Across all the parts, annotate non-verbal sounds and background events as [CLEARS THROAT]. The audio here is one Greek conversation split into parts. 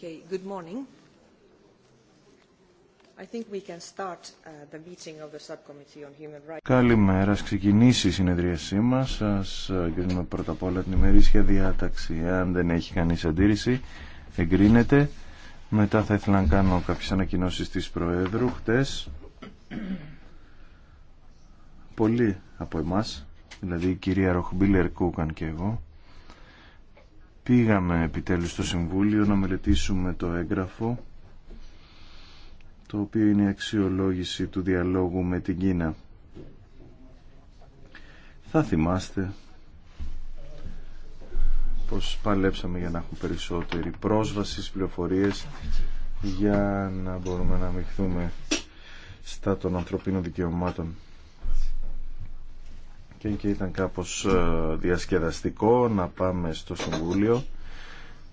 Okay, good morning. I think we can start uh, the meeting of the subcommittee on human rights. Καλημέρα, ας ξεκινήσει η συνεδρίασή μας. Σας εγκρίνουμε πρώτα απ' όλα την ημερήσια διάταξη. Αν δεν έχει κανεί αντίρρηση, εγκρίνεται. Μετά θα ήθελα να κάνω κάποιε ανακοινώσει τη Προέδρου. Χτες, πολλοί από εμάς, δηλαδή η κυρία Ροχμπίλερ Κούκαν και εγώ, πήγαμε επιτέλους στο Συμβούλιο να μελετήσουμε το έγγραφο το οποίο είναι η αξιολόγηση του διαλόγου με την Κίνα. Θα θυμάστε πως παλέψαμε για να έχουμε περισσότερη πρόσβαση στις πληροφορίες για να μπορούμε να μειχθούμε στα των ανθρωπίνων δικαιωμάτων και, και ήταν κάπως ε, διασκεδαστικό να πάμε στο Συμβούλιο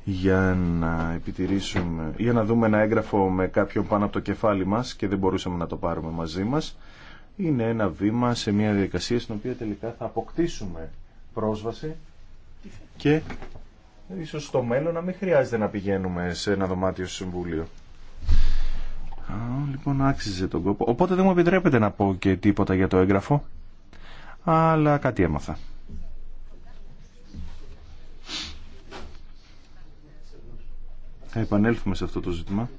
για να επιτηρήσουμε για να δούμε ένα έγγραφο με κάποιον πάνω από το κεφάλι μας και δεν μπορούσαμε να το πάρουμε μαζί μας είναι ένα βήμα σε μια διαδικασία στην οποία τελικά θα αποκτήσουμε πρόσβαση και ίσως στο μέλλον να μην χρειάζεται να πηγαίνουμε σε ένα δωμάτιο στο Συμβούλιο. λοιπόν, άξιζε τον κόπο. Οπότε δεν μου επιτρέπετε να πω και τίποτα για το έγγραφο αλλά κάτι έμαθα. Θα επανέλθουμε σε αυτό το ζήτημα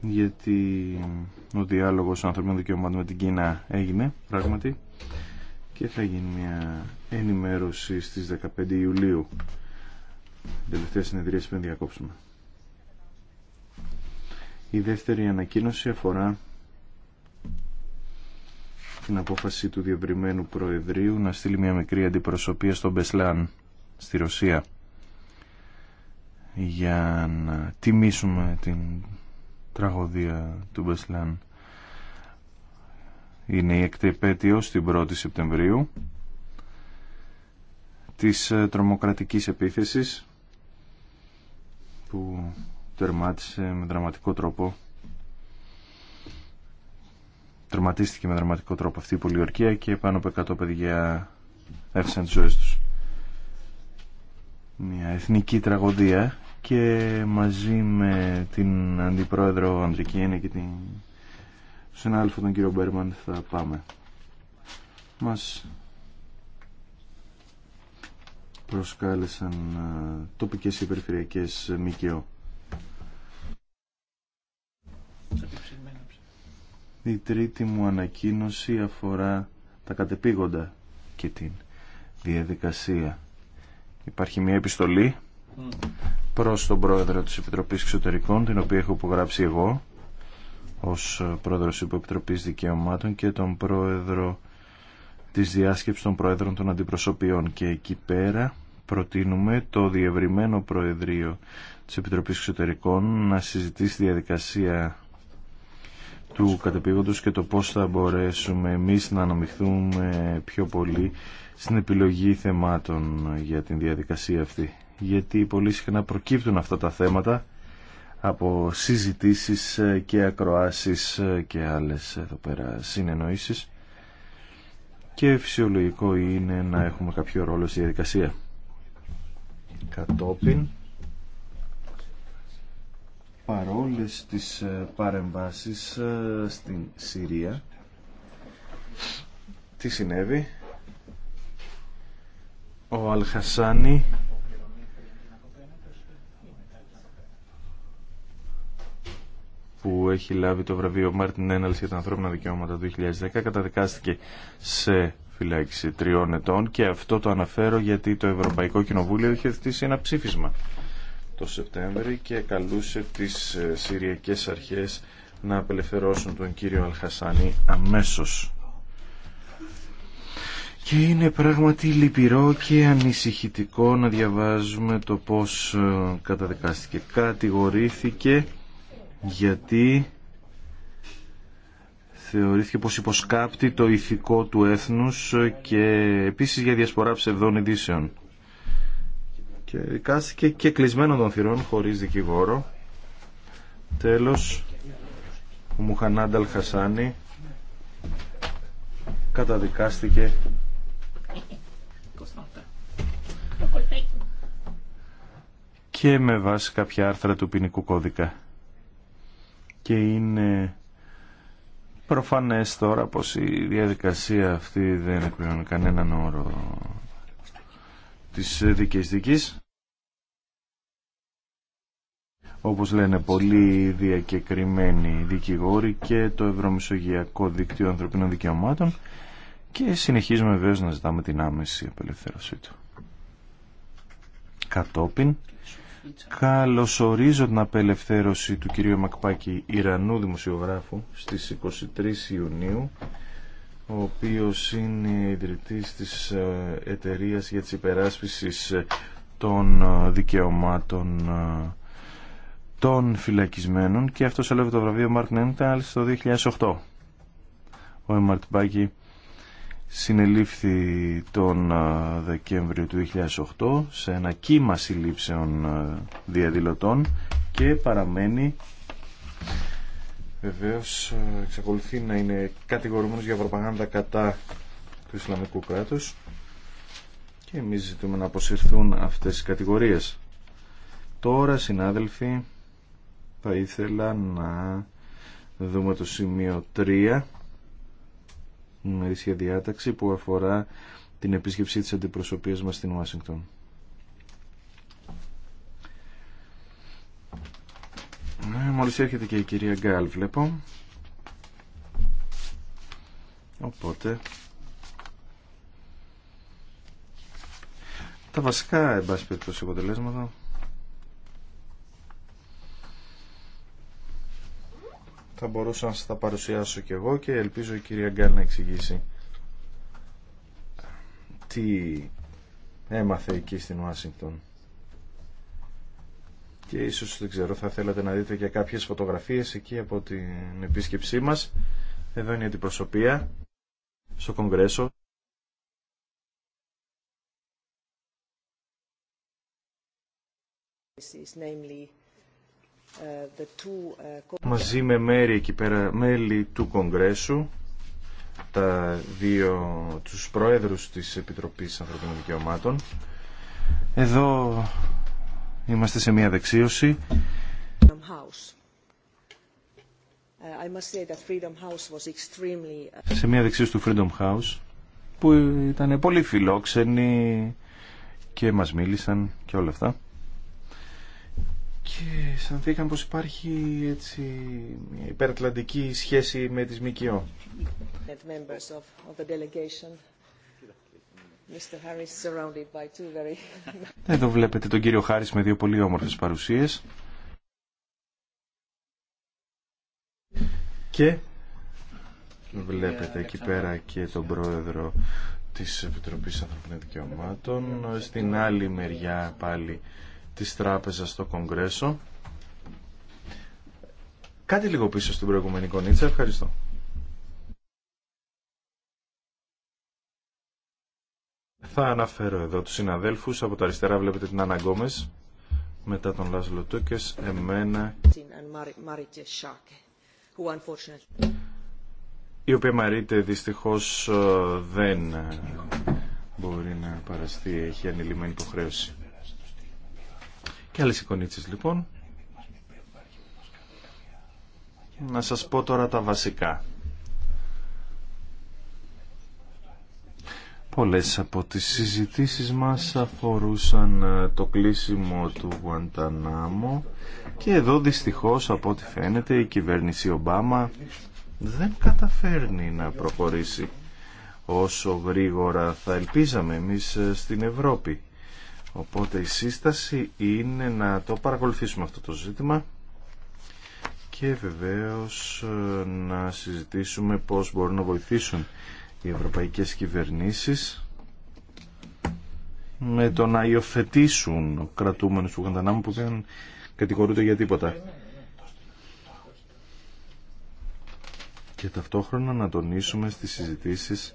γιατί ο διάλογος των ανθρωπίνων δικαιωμάτων με την Κίνα έγινε πράγματι και θα γίνει μια ενημέρωση στις 15 Ιουλίου τελευταία συνεδρία πριν διακόψουμε. Η δεύτερη ανακοίνωση αφορά την απόφαση του διευρυμένου Προεδρείου να στείλει μια μικρή αντιπροσωπεία στον Μπεσλάν, στη Ρωσία, για να τιμήσουμε την τραγωδία του Μπεσλάν. Είναι η εκτεπέτειο την 1η Σεπτεμβρίου της ε, τρομοκρατικής επίθεσης που τερμάτισε με δραματικό τρόπο τερματίστηκε με δραματικό τρόπο αυτή η πολιορκία και πάνω από 100 παιδιά έφυσαν τις ζωές τους. Μια εθνική τραγωδία και μαζί με την Αντιπρόεδρο Ανδρικιένη και την συνάδελφο τον κύριο Μπέρμαν θα πάμε. Μας προσκάλεσαν ε, τοπικές υπερφυριακές ΜΚΟ. Η τρίτη μου ανακοίνωση αφορά τα κατεπήγοντα και την διαδικασία. Υπάρχει μια επιστολή προς τον πρόεδρο της Επιτροπής Εξωτερικών, την οποία έχω υπογράψει εγώ ως πρόεδρος Υποεπιτροπής Δικαιωμάτων και τον πρόεδρο της διάσκεψης των πρόεδρων των Αντιπροσωπείων. και εκεί πέρα προτείνουμε το διευρυμένο Προεδρείο της Επιτροπής Εξωτερικών να συζητήσει διαδικασία του κατεπήγοντος και το πώς θα μπορέσουμε εμείς να αναμειχθούμε πιο πολύ στην επιλογή θεμάτων για την διαδικασία αυτή. Γιατί πολύ συχνά προκύπτουν αυτά τα θέματα από συζητήσεις και ακροάσεις και άλλες εδώ πέρα συνεννοήσεις και φυσιολογικό είναι να έχουμε κάποιο ρόλο στη διαδικασία. Κατόπιν παρόλες τις ε, παρεμβάσεις ε, στην Συρία τι συνέβη ο Αλχασάνη που έχει λάβει το βραβείο Μάρτιν Έναλς για τα ανθρώπινα δικαιώματα του 2010 καταδικάστηκε σε φυλάκιση τριών ετών και αυτό το αναφέρω γιατί το Ευρωπαϊκό Κοινοβούλιο είχε θέσει ένα ψήφισμα το Σεπτέμβρη και καλούσε τις ε, Συριακές Αρχές να απελευθερώσουν τον κύριο Αλχασάνη αμέσως. Και είναι πράγματι λυπηρό και ανησυχητικό να διαβάζουμε το πώς ε, καταδικάστηκε. Κατηγορήθηκε γιατί θεωρήθηκε πως υποσκάπτει το ηθικό του έθνους και επίσης για διασπορά ψευδών ειδήσεων και δικάστηκε και κλεισμένο των θυρών χωρίς δικηγόρο. Τέλος, ο Μουχανάνταλ Χασάνη καταδικάστηκε και με βάση κάποια άρθρα του ποινικού κώδικα. Και είναι προφανές τώρα πως η διαδικασία αυτή δεν εκπληρώνει κανέναν όρο της δικαιιστικής. Όπως λένε πολλοί διακεκριμένοι δικηγόροι και το Ευρωμισογειακό Δίκτυο Ανθρωπίνων Δικαιωμάτων και συνεχίζουμε βέβαια να ζητάμε την άμεση απελευθέρωσή του. Κατόπιν, καλωσορίζω την απελευθέρωση του κυρίου Μακπάκη Ιρανού δημοσιογράφου στις 23 Ιουνίου ο οποίος είναι ιδρυτής της ε, εταιρείας για τις υπεράσπισης ε, των ε, δικαιωμάτων των φυλακισμένων και αυτός έλαβε το βραβείο Μάρκ Νένταλ στο 2008. Ο Μαρτ Μπάκη συνελήφθη τον Δεκέμβριο του 2008 σε ένα κύμα συλλήψεων διαδηλωτών και παραμένει Βεβαίω ε, εξακολουθεί να είναι κατηγορούμενος για προπαγάνδα κατά του Ισλαμικού κράτους και εμεί ζητούμε να αποσυρθούν αυτές οι κατηγορίες. Τώρα, συνάδελφοι, θα ήθελα να δούμε το σημείο 3 μερίσια διάταξη που αφορά την επίσκεψή της αντιπροσωπείας μας στην Ουάσιγκτον. μόλις έρχεται και η κυρία Γκάλ βλέπω οπότε τα βασικά εν πάση περιπτώσει αποτελέσματα θα μπορούσα να σα τα παρουσιάσω και εγώ και ελπίζω η κυρία Γκάλ να εξηγήσει τι έμαθε εκεί στην Ουάσιγκτον και ίσως δεν ξέρω θα θέλατε να δείτε και κάποιες φωτογραφίες εκεί από την επίσκεψή μας εδώ είναι η αντιπροσωπεία στο Κογκρέσο uh, uh, μαζί με μέρη εκεί πέρα, μέλη του Κογκρέσου τα δύο τους πρόεδρους της Επιτροπής Ανθρωπίνων Δικαιωμάτων εδώ Είμαστε σε μια δεξίωση. Σε μια δεξίωση του Freedom House που ήταν πολύ φιλόξενοι και μας μίλησαν και όλα αυτά. Και αισθανθήκαν πως υπάρχει έτσι μια υπερατλαντική σχέση με τις ΜΚΟ. [LAUGHS] Εδώ βλέπετε τον κύριο Χάρις με δύο πολύ όμορφες παρουσίες. Και βλέπετε εκεί πέρα και τον πρόεδρο της Επιτροπής Ανθρωπινών Δικαιωμάτων. Στην άλλη μεριά πάλι της τράπεζας στο Κογκρέσο. Κάτι λίγο πίσω στην προηγούμενη κονίτσα. Ευχαριστώ. Θα αναφέρω εδώ τους συναδέλφους. Από τα αριστερά βλέπετε την Άννα Γκόμες, μετά τον Λάζλο Τούκες, εμένα, η οποία Μαρίτε δυστυχώς ε, δεν μπορεί να παραστεί, έχει ανηλυμένη υποχρέωση. Και άλλες εικονίτσες λοιπόν. Να σας πω τώρα τα βασικά. Πολλές από τις συζητήσεις μας αφορούσαν ε, το κλείσιμο του Γουαντανάμο και εδώ δυστυχώς από ό,τι φαίνεται η κυβέρνηση Ομπάμα δεν καταφέρνει να προχωρήσει όσο γρήγορα θα ελπίζαμε εμείς ε, στην Ευρώπη. Οπότε η σύσταση είναι να το παρακολουθήσουμε αυτό το ζήτημα και βεβαίως ε, να συζητήσουμε πώς μπορούν να βοηθήσουν οι ευρωπαϊκές κυβερνήσεις με το να υιοθετήσουν κρατούμενους του Γαντανάμου που δεν κατηγορούνται για τίποτα. Και ταυτόχρονα να τονίσουμε στις συζητήσεις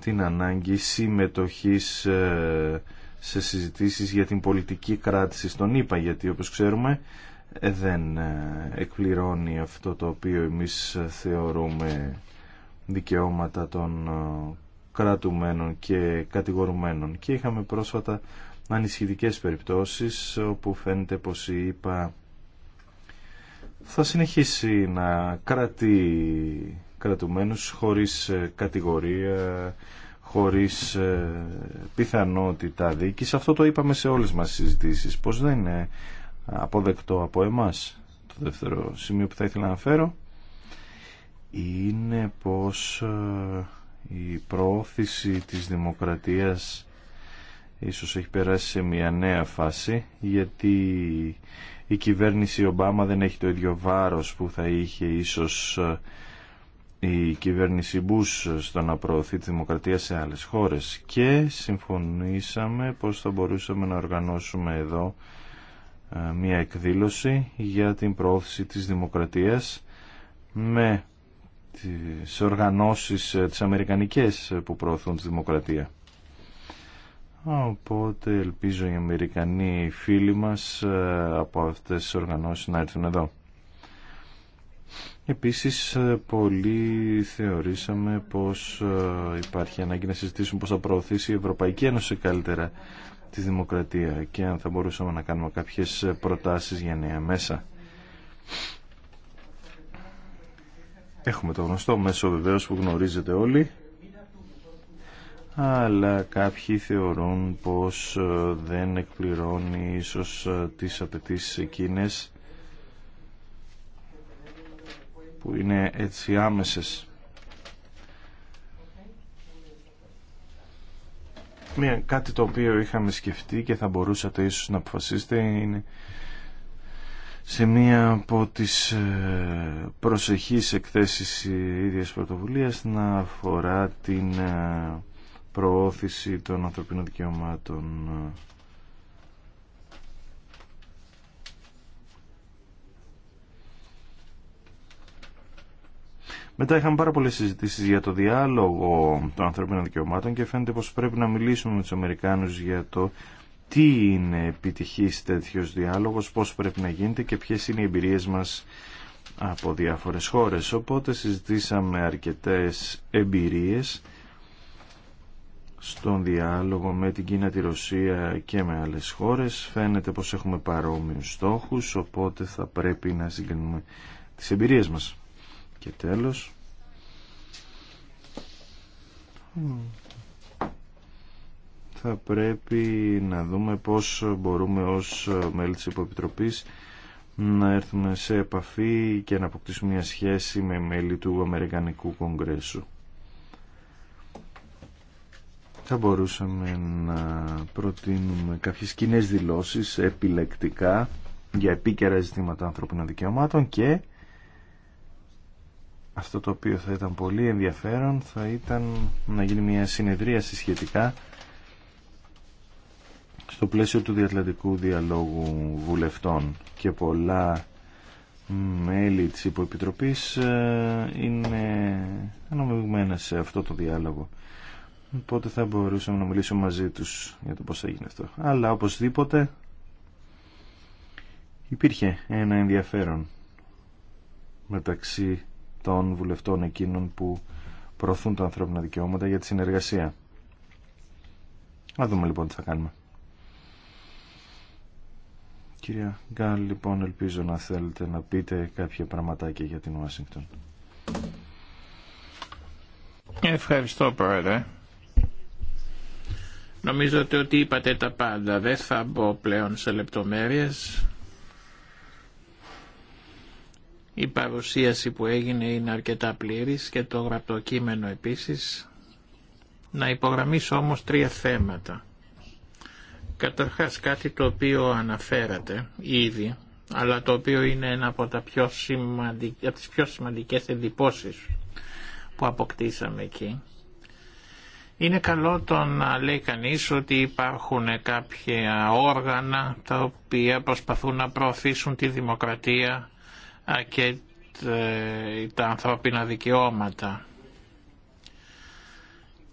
την ανάγκη συμμετοχής ε, σε συζητήσεις για την πολιτική κράτηση στον ΗΠΑ, γιατί όπως ξέρουμε ε, δεν ε, εκπληρώνει αυτό το οποίο εμείς θεωρούμε δικαιώματα των ε, κρατουμένων και κατηγορουμένων και είχαμε πρόσφατα ανησυχητικές περιπτώσεις όπου φαίνεται πως η ΕΠΑ θα συνεχίσει να κρατεί κρατουμένους χωρίς ε, κατηγορία, χωρίς ε, πιθανότητα δίκης. Αυτό το είπαμε σε όλες μας συζητήσεις, πως δεν είναι αποδεκτό από εμάς. Το δεύτερο σημείο που θα ήθελα να αναφέρω είναι πως ε, η προώθηση της δημοκρατίας ίσως έχει περάσει σε μια νέα φάση γιατί η κυβέρνηση Ομπάμα δεν έχει το ίδιο βάρος που θα είχε ίσως ε, η κυβέρνηση Μπούς στο να προωθεί τη δημοκρατία σε άλλες χώρες και συμφωνήσαμε πως θα μπορούσαμε να οργανώσουμε εδώ ε, μια εκδήλωση για την προώθηση της δημοκρατίας με τις οργανώσεις ε, τις αμερικανικές ε, που προωθούν τη δημοκρατία. Οπότε ελπίζω οι Αμερικανοί φίλοι μας ε, από αυτές τις οργανώσεις να έρθουν εδώ. Επίσης, πολλοί θεωρήσαμε πως υπάρχει ανάγκη να συζητήσουμε πώς θα προωθήσει η Ευρωπαϊκή Ένωση καλύτερα τη δημοκρατία και αν θα μπορούσαμε να κάνουμε κάποιες προτάσεις για νέα μέσα. Έχουμε το γνωστό μέσο βεβαίως που γνωρίζετε όλοι, αλλά κάποιοι θεωρούν πως ε, δεν εκπληρώνει ίσως ε, τις απαιτήσει εκείνες που είναι έτσι άμεσες. Μια, κάτι το οποίο είχαμε σκεφτεί και θα μπορούσατε ίσως να αποφασίσετε είναι σε μία από τις ε, προσεχείς εκθέσεις ίδιας πρωτοβουλίας να αφορά την ε, προώθηση των ανθρωπίνων δικαιωμάτων Μετά είχαμε πάρα πολλές συζητήσεις για το διάλογο των ανθρωπίνων δικαιωμάτων και φαίνεται πως πρέπει να μιλήσουμε με τους Αμερικάνους για το τι είναι επιτυχής τέτοιος διάλογος, πώς πρέπει να γίνεται και ποιες είναι οι εμπειρίες μας από διάφορες χώρες. Οπότε συζητήσαμε αρκετές εμπειρίες στον διάλογο με την Κίνα, τη Ρωσία και με άλλες χώρες. Φαίνεται πως έχουμε παρόμοιους στόχους, οπότε θα πρέπει να συγκρινούμε τις εμπειρίες μας. Και τέλος θα πρέπει να δούμε πώς μπορούμε ως μέλη της Υποεπιτροπής να έρθουμε σε επαφή και να αποκτήσουμε μια σχέση με μέλη του Αμερικανικού Κογκρέσου. Θα μπορούσαμε να προτείνουμε κάποιες κοινέ δηλώσεις επιλεκτικά για επίκαιρα ζητήματα ανθρωπίνων δικαιωμάτων και αυτό το οποίο θα ήταν πολύ ενδιαφέρον θα ήταν να γίνει μια συνεδρίαση σχετικά στο πλαίσιο του διατλαντικού διαλόγου βουλευτών και πολλά μέλη της υποεπιτροπής ε, είναι αναμειγμένες σε αυτό το διάλογο. Οπότε θα μπορούσαμε να μιλήσουμε μαζί τους για το πώς θα γίνει αυτό. Αλλά οπωσδήποτε υπήρχε ένα ενδιαφέρον μεταξύ των βουλευτών εκείνων που προωθούν τα ανθρώπινα δικαιώματα για τη συνεργασία. Να δούμε λοιπόν τι θα κάνουμε. Κυρία Γκάλ, λοιπόν, ελπίζω να θέλετε να πείτε κάποια πραγματάκια για την Ουάσιγκτον. Ευχαριστώ, Πρόεδρε. Νομίζω ότι είπατε τα πάντα. Δεν θα μπω πλέον σε λεπτομέρειες. Η παρουσίαση που έγινε είναι αρκετά πλήρης και το γραπτοκείμενο επίσης. Να υπογραμμίσω όμως τρία θέματα. Καταρχάς κάτι το οποίο αναφέρατε ήδη, αλλά το οποίο είναι ένα από, τα πιο σημαντικ... από τις πιο σημαντικές εντυπώσεις που αποκτήσαμε εκεί. Είναι καλό το να λέει κανείς ότι υπάρχουν κάποια όργανα τα οποία προσπαθούν να προωθήσουν τη δημοκρατία και ε, τα ανθρώπινα δικαιώματα.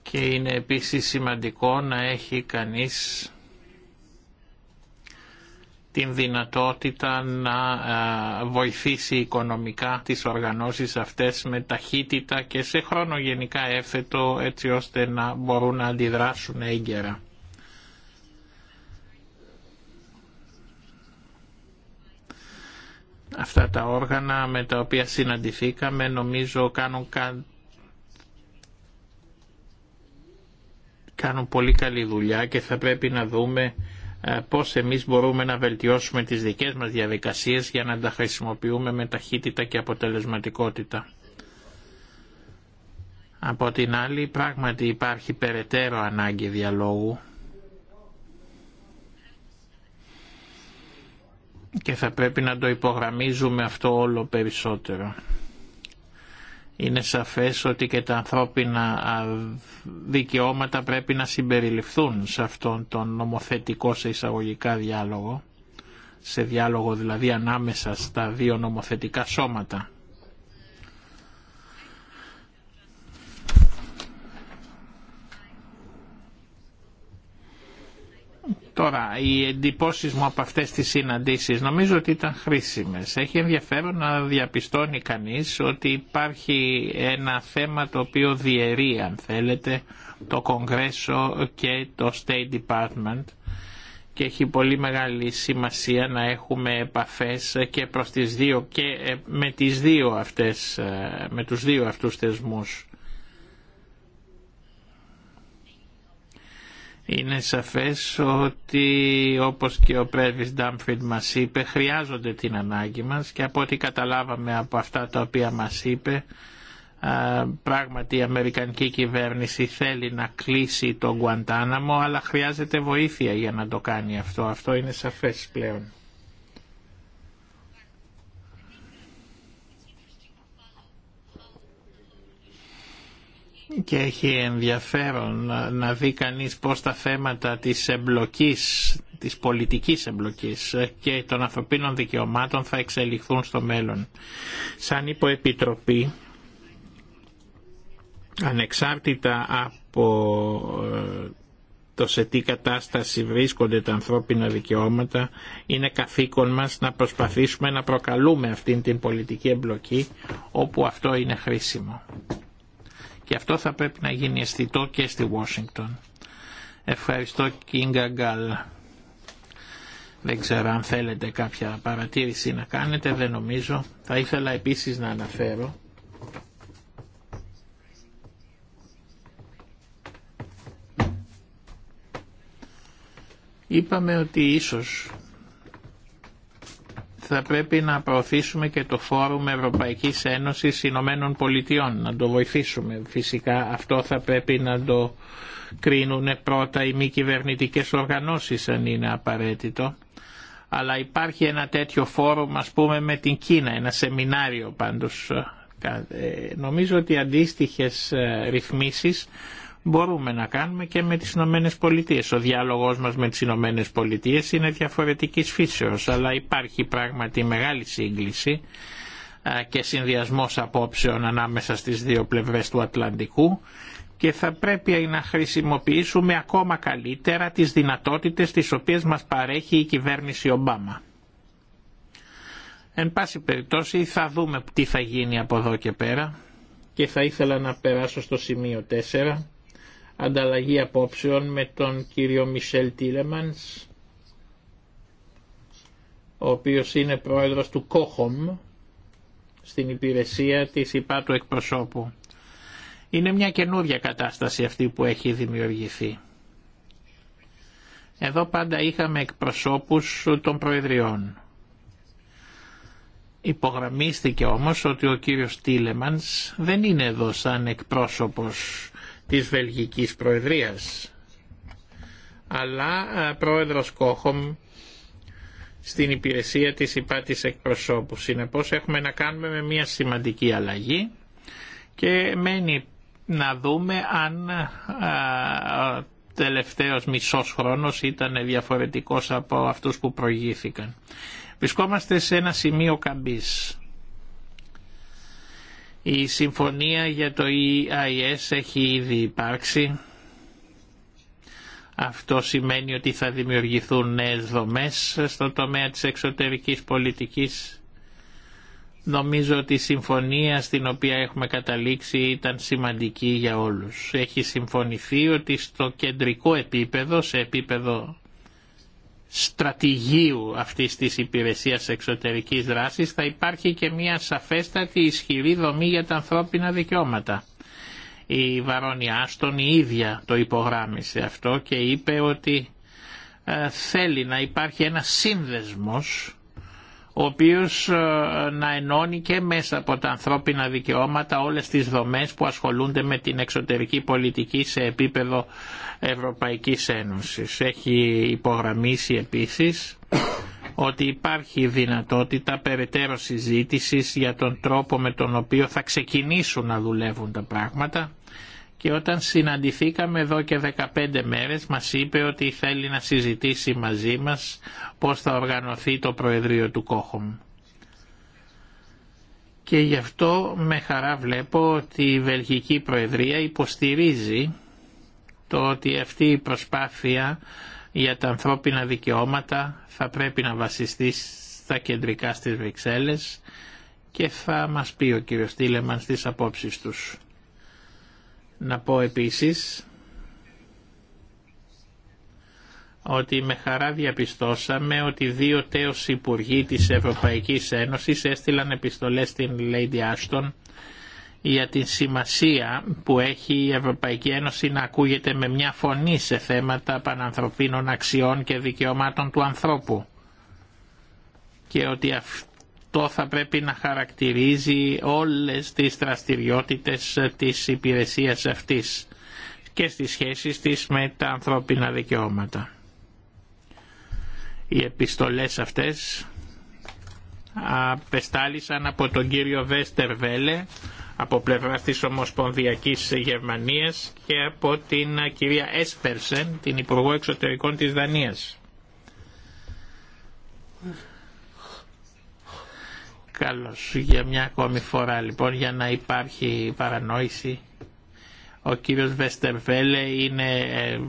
Και είναι επίσης σημαντικό να έχει κανείς την δυνατότητα να ε, βοηθήσει οικονομικά τις οργανώσεις αυτές με ταχύτητα και σε χρόνο γενικά έφετο έτσι ώστε να μπορούν να αντιδράσουν έγκαιρα. Αυτά τα όργανα με τα οποία συναντηθήκαμε νομίζω κάνουν, κα... κάνουν πολύ καλή δουλειά και θα πρέπει να δούμε ε, πώς εμείς μπορούμε να βελτιώσουμε τις δικές μας διαδικασίες για να τα χρησιμοποιούμε με ταχύτητα και αποτελεσματικότητα. Από την άλλη πράγματι υπάρχει περαιτέρω ανάγκη διαλόγου και θα πρέπει να το υπογραμμίζουμε αυτό όλο περισσότερο. Είναι σαφές ότι και τα ανθρώπινα δικαιώματα πρέπει να συμπεριληφθούν σε αυτόν τον νομοθετικό σε εισαγωγικά διάλογο, σε διάλογο δηλαδή ανάμεσα στα δύο νομοθετικά σώματα. Τώρα, οι εντυπώσεις μου από αυτές τις συναντήσεις νομίζω ότι ήταν χρήσιμες. Έχει ενδιαφέρον να διαπιστώνει κανείς ότι υπάρχει ένα θέμα το οποίο διαιρεί, αν θέλετε, το Κογκρέσο και το State Department και έχει πολύ μεγάλη σημασία να έχουμε επαφές και δύο και ε, με τις δύο αυτές, ε, με τους δύο αυτούς θεσμούς. Είναι σαφές ότι όπως και ο πρέβης Ντάμφιλ μας είπε χρειάζονται την ανάγκη μας και από ό,τι καταλάβαμε από αυτά τα οποία μας είπε πράγματι η Αμερικανική κυβέρνηση θέλει να κλείσει τον Γκουαντάναμο αλλά χρειάζεται βοήθεια για να το κάνει αυτό. Αυτό είναι σαφές πλέον. και έχει ενδιαφέρον να δει κανείς πώς τα θέματα της εμπλοκής, της πολιτικής εμπλοκής και των ανθρωπίνων δικαιωμάτων θα εξελιχθούν στο μέλλον. Σαν υποεπιτροπή, ανεξάρτητα από ε, το σε τι κατάσταση βρίσκονται τα ανθρώπινα δικαιώματα, είναι καθήκον μας να προσπαθήσουμε να προκαλούμε αυτήν την πολιτική εμπλοκή όπου αυτό είναι χρήσιμο. Και αυτό θα πρέπει να γίνει αισθητό και στη Washington. Ευχαριστώ Κίνγκα Γκάλ. Δεν ξέρω αν θέλετε κάποια παρατήρηση να κάνετε, δεν νομίζω. Θα ήθελα επίσης να αναφέρω Είπαμε ότι ίσως θα πρέπει να προωθήσουμε και το Φόρουμ Ευρωπαϊκής Ένωσης Ηνωμένων Πολιτειών, να το βοηθήσουμε. Φυσικά αυτό θα πρέπει να το κρίνουν πρώτα οι μη κυβερνητικέ οργανώσεις αν είναι απαραίτητο. Αλλά υπάρχει ένα τέτοιο φόρουμ ας πούμε με την Κίνα, ένα σεμινάριο πάντως. Ε, νομίζω ότι αντίστοιχες ε, ρυθμίσεις μπορούμε να κάνουμε και με τις Ηνωμένε Πολιτείε. Ο διάλογός μας με τις Ηνωμένε Πολιτείε είναι διαφορετικής φύσεως, αλλά υπάρχει πράγματι μεγάλη σύγκληση και συνδυασμός απόψεων ανάμεσα στις δύο πλευρές του Ατλαντικού και θα πρέπει να χρησιμοποιήσουμε ακόμα καλύτερα τις δυνατότητες τις οποίες μας παρέχει η κυβέρνηση Ομπάμα. Εν πάση περιπτώσει θα δούμε τι θα γίνει από εδώ και πέρα και θα ήθελα να περάσω στο σημείο 4 ανταλλαγή απόψεων με τον κύριο Μισελ Τίλεμανς, ο οποίος είναι πρόεδρος του ΚΟΧΟΜ στην υπηρεσία της ΥΠΑ του εκπροσώπου. Είναι μια καινούργια κατάσταση αυτή που έχει δημιουργηθεί. Εδώ πάντα είχαμε εκπροσώπους των προεδριών. Υπογραμμίστηκε όμως ότι ο κύριος Τίλεμανς δεν είναι εδώ σαν εκπρόσωπος της Βελγικής Προεδρίας. Αλλά πρόεδρος Κόχομ στην υπηρεσία της υπάτης εκπροσώπου. Συνεπώς έχουμε να κάνουμε με μια σημαντική αλλαγή και μένει να δούμε αν α, τελευταίος μισός χρόνος ήταν διαφορετικός από αυτούς που προηγήθηκαν. Βρισκόμαστε σε ένα σημείο καμπής. Η συμφωνία για το EIS έχει ήδη υπάρξει. Αυτό σημαίνει ότι θα δημιουργηθούν νέες δομές στο τομέα της εξωτερικής πολιτικής. Νομίζω ότι η συμφωνία στην οποία έχουμε καταλήξει ήταν σημαντική για όλους. Έχει συμφωνηθεί ότι στο κεντρικό επίπεδο, σε επίπεδο στρατηγίου αυτής της υπηρεσίας εξωτερικής δράσης θα υπάρχει και μια σαφέστατη ισχυρή δομή για τα ανθρώπινα δικαιώματα. Η Βαρόνια Άστον η ίδια το υπογράμμισε αυτό και είπε ότι ε, θέλει να υπάρχει ένα σύνδεσμος ο οποίος ε, να ενώνει και μέσα από τα ανθρώπινα δικαιώματα όλες τις δομές που ασχολούνται με την εξωτερική πολιτική σε επίπεδο Ευρωπαϊκής Ένωσης. Έχει υπογραμμίσει επίσης ότι υπάρχει δυνατότητα περαιτέρω συζήτηση για τον τρόπο με τον οποίο θα ξεκινήσουν να δουλεύουν τα πράγματα και όταν συναντηθήκαμε εδώ και 15 μέρες μας είπε ότι θέλει να συζητήσει μαζί μας πώς θα οργανωθεί το Προεδρείο του Κόχομ. Και γι' αυτό με χαρά βλέπω ότι η Βελγική Προεδρία υποστηρίζει το ότι αυτή η προσπάθεια για τα ανθρώπινα δικαιώματα θα πρέπει να βασιστεί στα κεντρικά στις Βρυξέλλες και θα μας πει ο κύριος Τίλεμαν στις απόψεις τους. Να πω επίσης ότι με χαρά διαπιστώσαμε ότι δύο τέος υπουργοί της Ευρωπαϊκής Ένωσης έστειλαν επιστολές στην Lady Ashton για την σημασία που έχει η Ευρωπαϊκή Ένωση να ακούγεται με μια φωνή σε θέματα πανανθρωπίνων αξιών και δικαιωμάτων του ανθρώπου και ότι αυτό θα πρέπει να χαρακτηρίζει όλες τις δραστηριότητες της υπηρεσίας αυτής και στις σχέσεις της με τα ανθρώπινα δικαιώματα. Οι επιστολές αυτές απεστάλησαν από τον κύριο Βέστερ Βέλε από πλευρά της Ομοσπονδιακής Γερμανίας και από την κυρία Έσπερσεν, την Υπουργό Εξωτερικών της Δανίας. Καλός για μια ακόμη φορά λοιπόν για να υπάρχει παρανόηση. Ο κύριος Βεστερβέλε είναι, ε,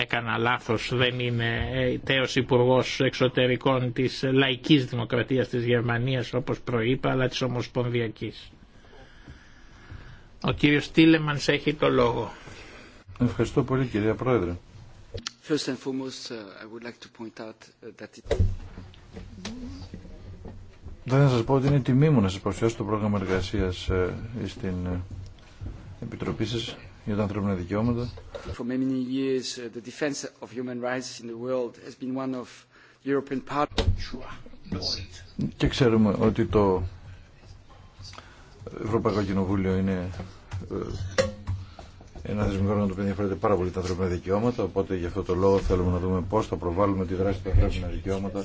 έκανα λάθος, δεν είναι ε, τέος υπουργό εξωτερικών της λαϊκής δημοκρατίας της Γερμανίας όπως προείπα, αλλά της Ομοσπονδιακής. Ο κύριος Τίλεμανς έχει το λόγο. Ευχαριστώ πολύ κυρία Πρόεδρε. First and foremost, uh, I would like to point out uh, that δεν θα σας πω ότι είναι τιμή μου να σας παρουσιάσω το πρόγραμμα εργασίας στην ε, ε, Επιτροπή σας για τα ανθρώπινα δικαιώματα. Και ξέρουμε ότι το Ευρωπαϊκό Κοινοβούλιο είναι ε, ένα θεσμικό όργανο το οποίο ενδιαφέρεται πάρα πολύ τα ανθρώπινα δικαιώματα. Οπότε γι' αυτό το λόγο θέλουμε να δούμε πώ θα προβάλλουμε τη δράση των ανθρώπινα δικαιώματα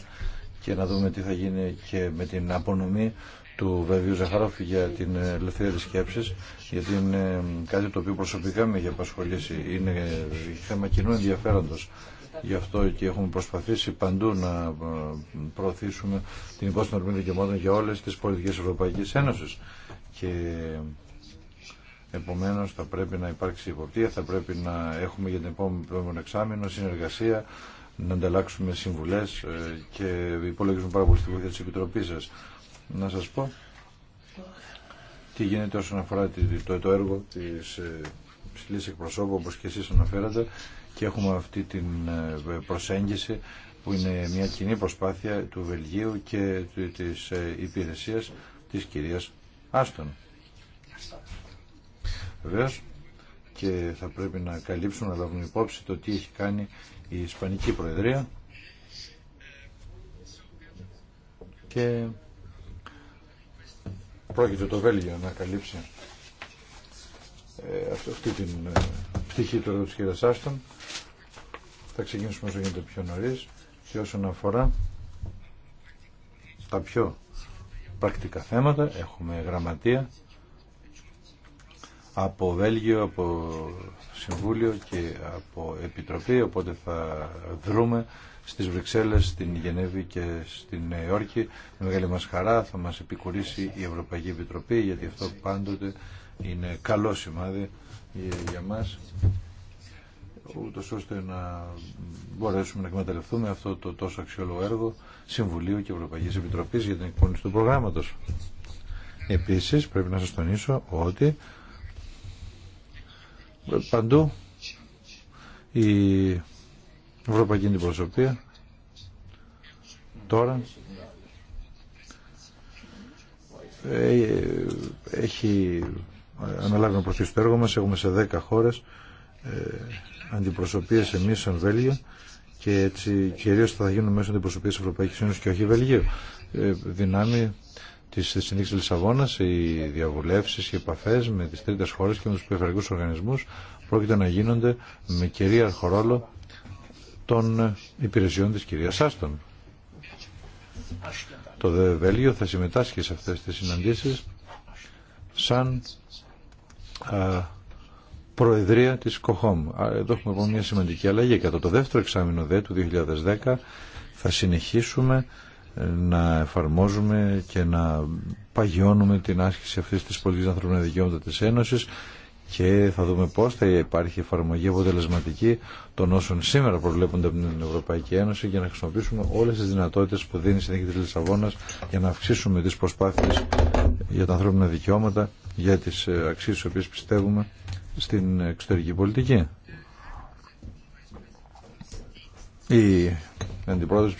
και να δούμε τι θα γίνει και με την απονομή του Βεβίου Ζαχαρόφη για την ελευθερία της σκέψης, γιατί είναι κάτι το οποίο προσωπικά με έχει απασχολήσει. Είναι θέμα κοινού ενδιαφέροντος. Γι' αυτό και έχουμε προσπαθήσει παντού να ε, προωθήσουμε την υπόσταση των ορμήνων για όλες τις πολιτικές Ευρωπαϊκής Ένωσης. Και επομένως θα πρέπει να υπάρξει υποπτία, θα πρέπει να έχουμε για την επόμενη εξάμεινο συνεργασία να ανταλλάξουμε συμβουλές ε, και υπολογίζουμε πάρα πολύ στη βοήθεια της Επιτροπής σας. Να σας πω τι γίνεται όσον αφορά το έργο της ε, ψηλής εκπροσώπου όπως και εσείς αναφέρατε και έχουμε αυτή την ε, προσέγγιση που είναι μια κοινή προσπάθεια του Βελγίου και της υπηρεσίας της κυρίας Άστον. Βεβαίω και θα πρέπει να καλύψουμε, να λάβουμε υπόψη το τι έχει κάνει η Ισπανική Προεδρία και πρόκειται το Βέλγιο να καλύψει ε, αυτή την ε, πτυχή του έργου της κυρίας Θα ξεκινήσουμε όσο γίνεται πιο νωρίς και όσον αφορά τα πιο πρακτικά θέματα έχουμε γραμματεία από Βέλγιο, από Συμβούλιο και από Επιτροπή, οπότε θα δρούμε στις Βρυξέλλες, στην Γενέβη και στην Νέα Υόρκη. Με μεγάλη μας χαρά θα μας επικουρήσει η Ευρωπαϊκή Επιτροπή, γιατί αυτό πάντοτε είναι καλό σημάδι για μας ούτω ώστε να μπορέσουμε να εκμεταλλευτούμε αυτό το τόσο αξιόλογο έργο Συμβουλίου και Ευρωπαϊκής Επιτροπής για την εκπόνηση του προγράμματος. Επίσης πρέπει να σας τονίσω ότι παντού η Ευρωπαϊκή Αντιπροσωπεία τώρα ε, έχει αναλάβει να προωθήσει το έργο μας. Έχουμε σε 10 χώρες ε, αντιπροσωπείες εμείς σαν Βέλγιο και έτσι κυρίως θα γίνουν μέσω αντιπροσωπείας Ευρωπαϊκής Ένωσης και όχι Βελγίου. Ε, δυνάμει της συνήθειας Λισαβόνας οι διαβουλευσει οι επαφές με τις τρίτες χώρες και με τους περιφερειακούς οργανισμούς πρόκειται να γίνονται με κυρίαρχο ρόλο των υπηρεσιών της κυρίας Άστον. Το ΔΕ Βέλγιο θα συμμετάσχει σε αυτές τις συναντήσεις σαν α, προεδρία της ΚΟΧΟΜ. Εδώ έχουμε μια σημαντική αλλαγή. Κατά το δεύτερο εξάμεινο ΔΕ του 2010 θα συνεχίσουμε να εφαρμόζουμε και να παγιώνουμε την άσκηση αυτής της πολιτικής ανθρώπινων δικαιώματα της Ένωσης και θα δούμε πώς θα υπάρχει εφαρμογή αποτελεσματική των όσων σήμερα προβλέπονται από την Ευρωπαϊκή Ένωση για να χρησιμοποιήσουμε όλες τις δυνατότητες που δίνει η Συνθήκη της Λισαβόνας για να αυξήσουμε τις προσπάθειες για τα ανθρώπινα δικαιώματα, για τις ε, αξίες τις οποίες πιστεύουμε στην εξωτερική πολιτική. Η αντιπρόεδρος,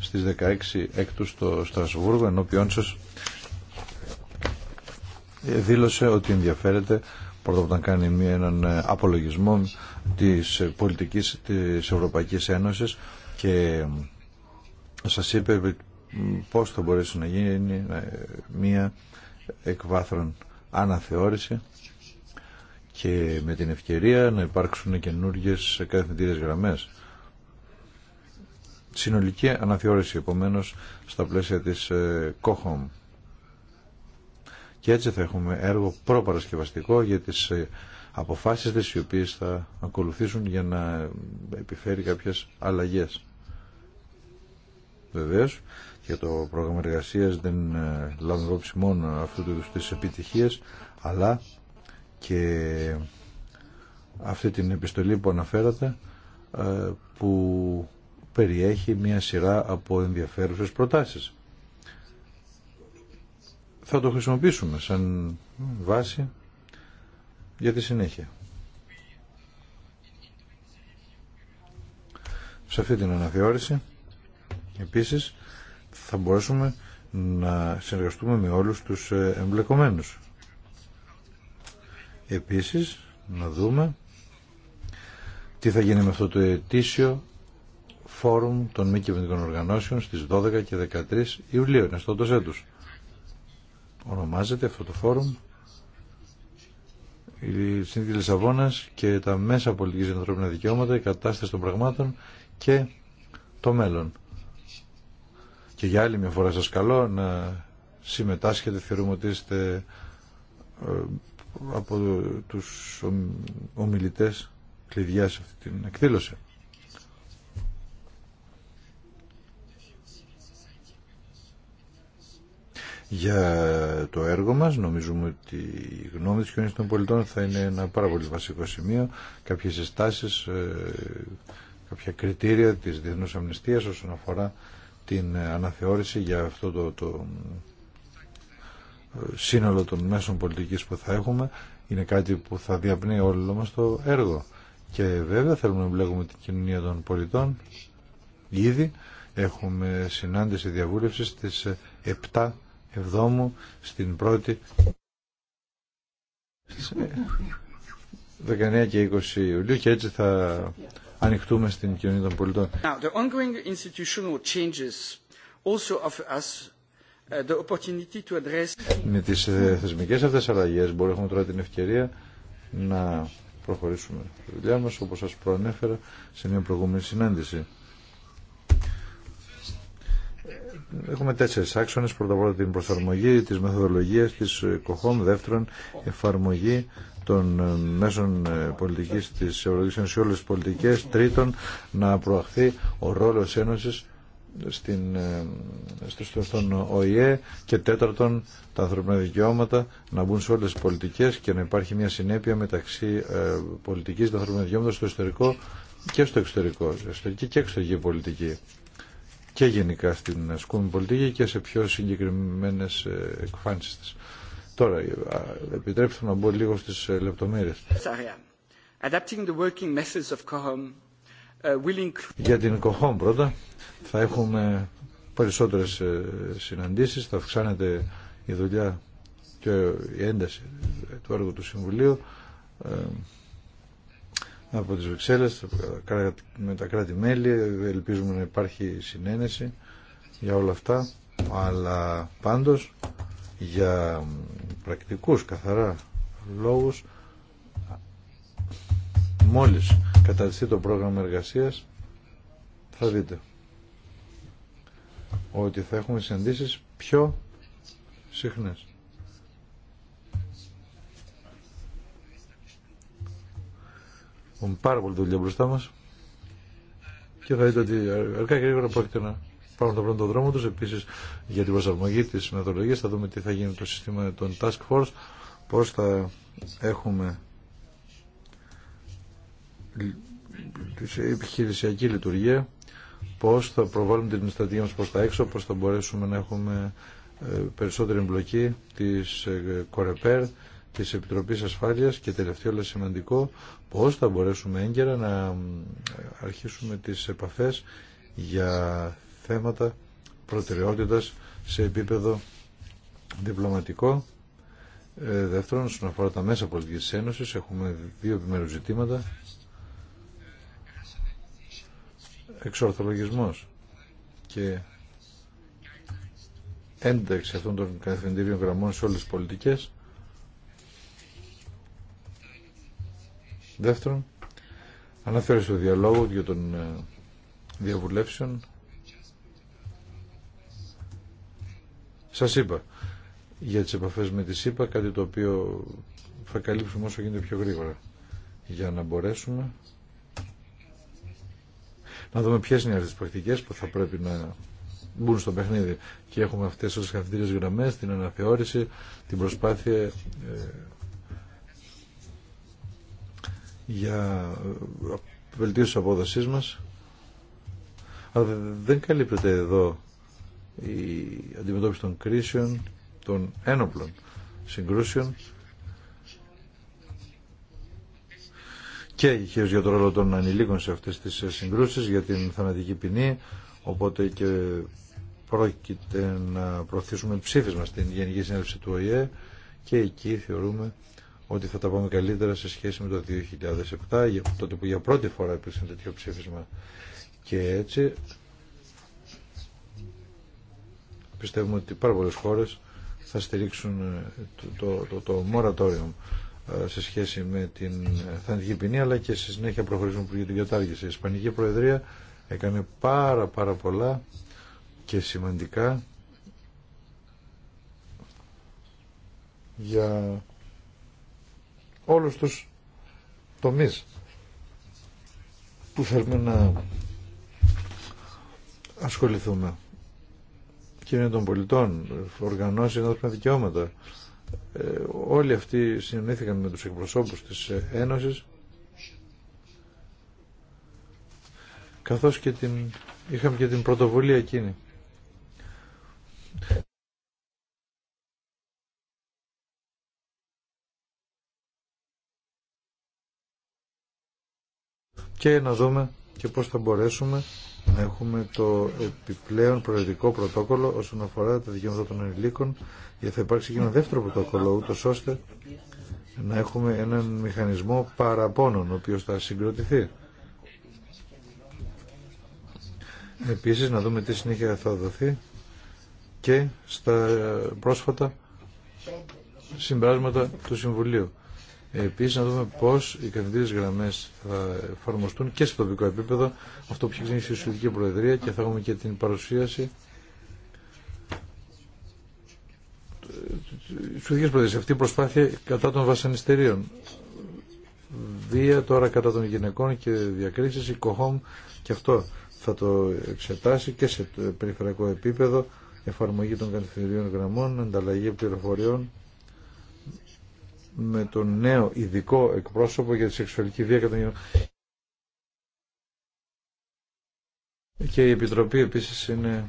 στις 16 έκτου στο Στρασβούργο ενώπιόν σας ε, δήλωσε ότι ενδιαφέρεται πρώτα όταν κάνει μία, έναν ε, απολογισμό της ε, πολιτικής της Ευρωπαϊκής Ένωσης και σας είπε πώς θα μπορέσει να γίνει μία εκβάθρον αναθεώρηση και με την ευκαιρία να υπάρξουν καινούργιες καθημερινές γραμμές συνολική αναθεώρηση επομένως στα πλαίσια της COHOM. Ε, και έτσι θα έχουμε έργο προπαρασκευαστικό για τις ε, αποφάσεις τις οι οποίες θα ακολουθήσουν για να επιφέρει κάποιες αλλαγές. Βεβαίως, και το πρόγραμμα εργασίας δεν ε, λάβουμε υπόψη μόνο αυτού του τις επιτυχίες, αλλά και αυτή την επιστολή που αναφέρατε που περιέχει μια σειρά από ενδιαφέρουσες προτάσεις. Θα το χρησιμοποιήσουμε σαν βάση για τη συνέχεια. Σε αυτή την αναθεώρηση επίσης θα μπορέσουμε να συνεργαστούμε με όλους τους ε, εμπλεκομένους. Επίσης να δούμε τι θα γίνει με αυτό το ετήσιο φόρουμ των μη κυβερνητικών οργανώσεων στις 12 και 13 Ιουλίου, είναι στο τους. Ονομάζεται αυτό το φόρουμ η Συνήθεια Λισαβόνα και τα μέσα πολιτικής για ανθρώπινα δικαιώματα, η κατάσταση των πραγμάτων και το μέλλον. Και για άλλη μια φορά σας καλώ να συμμετάσχετε, θεωρούμε ότι είστε ε, από τους ομιλητές κλειδιά σε αυτή την εκδήλωση. για το έργο μας. Νομίζουμε ότι η γνώμη της κοινωνίας των πολιτών θα είναι ένα πάρα πολύ βασικό σημείο. Κάποιες συστάσεις, ε, κάποια κριτήρια της Διεθνούς Αμνηστίας όσον αφορά την αναθεώρηση για αυτό το, το ε, σύνολο των μέσων πολιτικής που θα έχουμε. Είναι κάτι που θα διαπνέει όλο μας το έργο. Και βέβαια θέλουμε να εμπλέγουμε την κοινωνία των πολιτών. Ήδη έχουμε συνάντηση διαβούλευση στις 7 Εβδόμου στην πρώτη 19 ε, και 20 Ιουλίου και έτσι θα ανοιχτούμε στην κοινωνία των πολιτών. address... Με τις ε, θεσμικές αυτές αλλαγές μπορούμε τώρα την ευκαιρία να προχωρήσουμε τη δουλειά μας όπως σας προανέφερα σε μια προηγούμενη συνάντηση. Έχουμε τέσσερι άξονε, Πρώτα απ' όλα την προσαρμογή τη μεθοδολογία, τη ΚΟΧΟΜ. Δεύτερον, εφαρμογή των μέσων ε, πολιτική, τη Ευρωπαϊκής σε όλε τι πολιτικέ, Τρίτον, να προαχθεί ο ρόλο Ένωση στην, ε, στον ΟΗΕ και τέταρτον τα ανθρωπινά δικαιώματα να μπουν σε όλες τις πολιτικές και να υπάρχει μια συνέπεια μεταξύ ε, πολιτικής και ανθρωπινά δικαιώματα στο εσωτερικό και στο εξωτερικό, εσωτερική και εξωτερική πολιτική και γενικά στην ασκούμενη πολιτική και σε πιο συγκεκριμένες ε, εκφάνσεις της. Τώρα, ε, επιτρέψτε να μπω λίγο στις λεπτομέρειες. Για την ΚΟΧΟΜ πρώτα θα έχουμε περισσότερες ε, συναντήσεις, θα αυξάνεται η δουλειά και η ένταση του έργου του Συμβουλίου από τις Βεξέλλες, με τα κράτη-μέλη, ελπίζουμε να υπάρχει συνένεση για όλα αυτά, αλλά πάντως για πρακτικούς καθαρά λόγους μόλις καταρτιστεί το πρόγραμμα εργασίας θα δείτε ότι θα έχουμε συναντήσεις πιο συχνές. Έχουμε πάρα πολύ δουλειά μπροστά μα και θα δείτε ότι αρκά και γρήγορα πρόκειται να πάρουν τα πρώτο δρόμο του επίση για την προσαρμογή τη μεθοδολογία, θα δούμε τι θα γίνει το σύστημα των Task Force, πώ θα έχουμε επιχειρησιακή λειτουργία, πώ θα προβάλλουμε την στρατηγία μα προ τα έξω, πώ θα μπορέσουμε να έχουμε ε, περισσότερη εμπλοκή τη Κορεπέρ τη επιτροπή Ασφάλειας και τελευταίο αλλά σημαντικό πώς θα μπορέσουμε έγκαιρα να αρχίσουμε τις επαφές για θέματα προτεραιότητας σε επίπεδο διπλωματικό. Ε, δεύτερον, όσον αφορά τα μέσα πολιτικής Ένωση, έχουμε δύο επιμέρου ζητήματα. Εξορθολογισμό και ένταξη αυτών των καθημερινών γραμμών σε όλες τι πολιτικέ. Δεύτερον, αναφέρει στο διαλόγο για των ε, διαβουλεύσεων. Σας είπα για τις επαφές με τη ΣΥΠΑ, κάτι το οποίο θα καλύψουμε όσο γίνεται πιο γρήγορα για να μπορέσουμε να δούμε ποιες είναι αυτές τις πρακτικές που θα πρέπει να μπουν στο παιχνίδι και έχουμε αυτές τις καθητήριες γραμμές, την αναθεώρηση, την προσπάθεια ε, για ε, βελτίωση απόδοσής μας αλλά δεν καλύπτεται εδώ η αντιμετώπιση των κρίσεων των ένοπλων συγκρούσεων και ηχείως για το ρόλο των ανηλίκων σε αυτές τις ε, συγκρούσεις για την θανατική ποινή οπότε και πρόκειται να προωθήσουμε ψήφισμα στην Γενική Συνέλευση του ΟΗΕ και εκεί θεωρούμε ότι θα τα πάμε καλύτερα σε σχέση με το 2007, τότε που για πρώτη φορά υπήρξε τέτοιο ψήφισμα. Και έτσι πιστεύουμε ότι πάρα πολλέ χώρε θα στηρίξουν ε, το, το, το, μορατόριο ε, σε σχέση με την ε, θανατική ποινή αλλά και στη συνέχεια προχωρήσουν για την κατάργηση. Η Ισπανική Προεδρία έκανε πάρα πάρα πολλά και σημαντικά για όλους τους τομείς που θέλουμε να ασχοληθούμε. Κοινωνία των πολιτών, οργανώσεις ενός δικαιώματα. Ε, όλοι αυτοί συνεννήθηκαν με τους εκπροσώπους της Ένωσης καθώς και την, είχαμε και την πρωτοβουλία εκείνη. και να δούμε και πώς θα μπορέσουμε να έχουμε το επιπλέον προεδρικό πρωτόκολλο όσον αφορά τα δικαιώματα των ενηλίκων γιατί θα υπάρξει και ένα δεύτερο πρωτόκολλο ούτω ώστε να έχουμε έναν μηχανισμό παραπώνων ο οποίος θα συγκροτηθεί. Επίσης να δούμε τι συνέχεια θα δοθεί και στα πρόσφατα συμπράσματα του Συμβουλίου. Επίση, να δούμε πώ οι καθημερινέ γραμμέ θα εφαρμοστούν και σε τοπικό επίπεδο. Αυτό που έχει ξεκινήσει η Σουηδική Προεδρία και θα έχουμε και την παρουσίαση τη Σουηδική Προεδρία. Αυτή η προσπάθεια κατά των βασανιστερίων. Βία τώρα κατά των γυναικών και διακρίσει, η ΚΟΧΟΜ και αυτό θα το εξετάσει και σε περιφερειακό επίπεδο. Εφαρμογή των καθημερινών γραμμών, ανταλλαγή πληροφοριών με τον νέο ειδικό εκπρόσωπο για τη σεξουαλική βία κατά τον Και η Επιτροπή επίσης είναι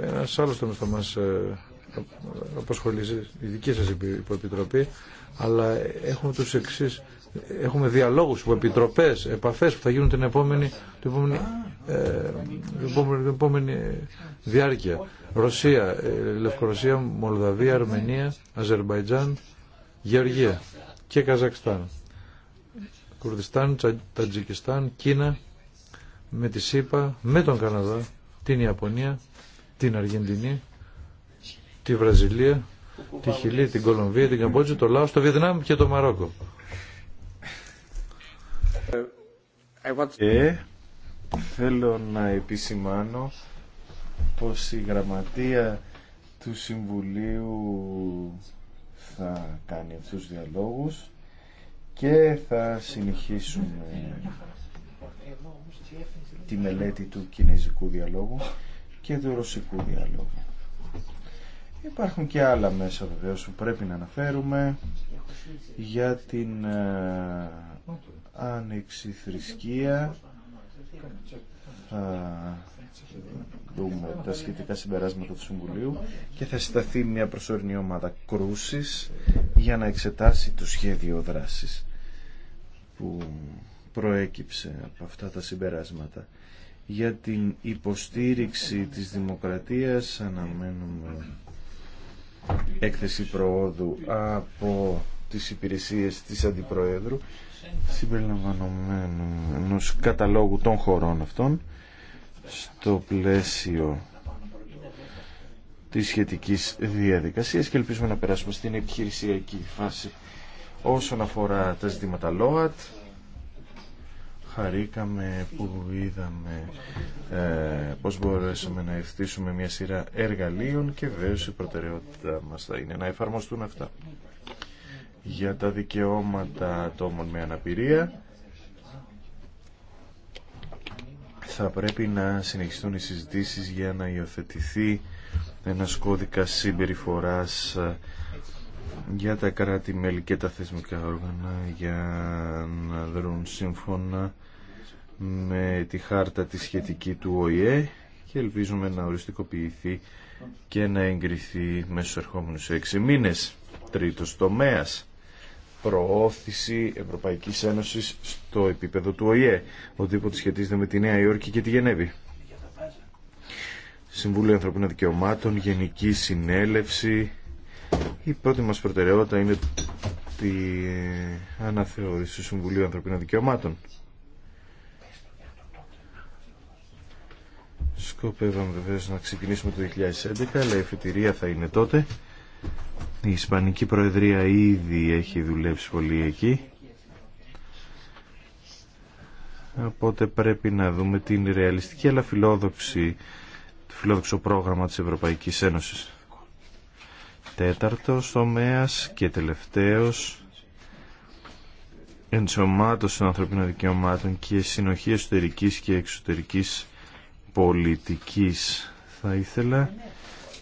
ένας άλλος τομέας που μας ε, απασχολεί, η δική σας υποεπιτροπή, αλλά έχουμε τους εξής έχουμε διαλόγους που επιτροπές, επαφές που θα γίνουν ε, την επόμενη, την επόμενη, διάρκεια. Ρωσία, ε, Λευκορωσία, Μολδαβία, Αρμενία, Αζερμπαϊτζάν, Γεωργία και Καζακστάν. Κουρδιστάν, Τατζικιστάν, Κίνα, με τη ΣΥΠΑ, με τον Καναδά, την Ιαπωνία, την Αργεντινή, τη Βραζιλία, τη Χιλή, την Κολομβία, την Καμπότζη, το Λάος, το Βιετνάμ και το Μαρόκο. Και θέλω να επισημάνω πως η γραμματεία του Συμβουλίου θα κάνει αυτούς τους διαλόγους και θα συνεχίσουμε τη μελέτη του κινέζικου διαλόγου και του ρωσικού διαλόγου. Υπάρχουν και άλλα μέσα βεβαίως που πρέπει να αναφέρουμε για την ε, άνοιξη θρησκεία. Θα δούμε τα σχετικά συμπεράσματα του Συμβουλίου και θα συσταθεί μια προσωρινή ομάδα κρούσης για να εξετάσει το σχέδιο δράσης που προέκυψε από αυτά τα συμπεράσματα. Για την υποστήριξη της δημοκρατίας αναμένουμε έκθεση προόδου από τις υπηρεσίες της Αντιπροέδρου συμπεριλαμβανομένου ενό καταλόγου των χωρών αυτών στο πλαίσιο της σχετικής διαδικασίας και ελπίζουμε να περάσουμε στην επιχειρησιακή φάση όσον αφορά τα ζητήματα ΛΟΑΤ χαρήκαμε που είδαμε ε, πώς μπορέσαμε να ευθύσουμε μια σειρά εργαλείων και βέβαια η προτεραιότητα μας θα είναι να εφαρμοστούν αυτά για τα δικαιώματα ατόμων με αναπηρία. Θα πρέπει να συνεχιστούν οι συζητήσεις για να υιοθετηθεί ένας κώδικας συμπεριφοράς ε, για τα κράτη-μέλη και τα θεσμικά όργανα για να δρουν σύμφωνα με τη χάρτα τη σχετική του ΟΗΕ και ελπίζουμε να οριστικοποιηθεί και να εγκριθεί μέσα στους ερχόμενους έξι μήνες. Τρίτος τομέας προώθηση Ευρωπαϊκής Ένωσης στο επίπεδο του ΟΗΕ, οτιδήποτε σχετίζεται με τη Νέα Υόρκη και τη Γενέβη. Συμβούλιο Ανθρωπίνων Δικαιωμάτων, Γενική Συνέλευση. Η πρώτη μας προτεραιότητα είναι τη αναθεώρηση του Συμβουλίου Ανθρωπίνων Δικαιωμάτων. Σκοπεύαμε βεβαίως να ξεκινήσουμε το 2011, αλλά η εφετηρία θα είναι τότε. Η Ισπανική Προεδρία ήδη έχει δουλέψει πολύ εκεί. Οπότε πρέπει να δούμε την ρεαλιστική αλλά φιλόδοξη, το φιλόδοξο πρόγραμμα της Ευρωπαϊκής Ένωσης. Τέταρτος τομέας και τελευταίος ενσωμάτωση των ανθρωπίνων δικαιωμάτων και συνοχή εσωτερικής και εξωτερικής πολιτικής θα ήθελα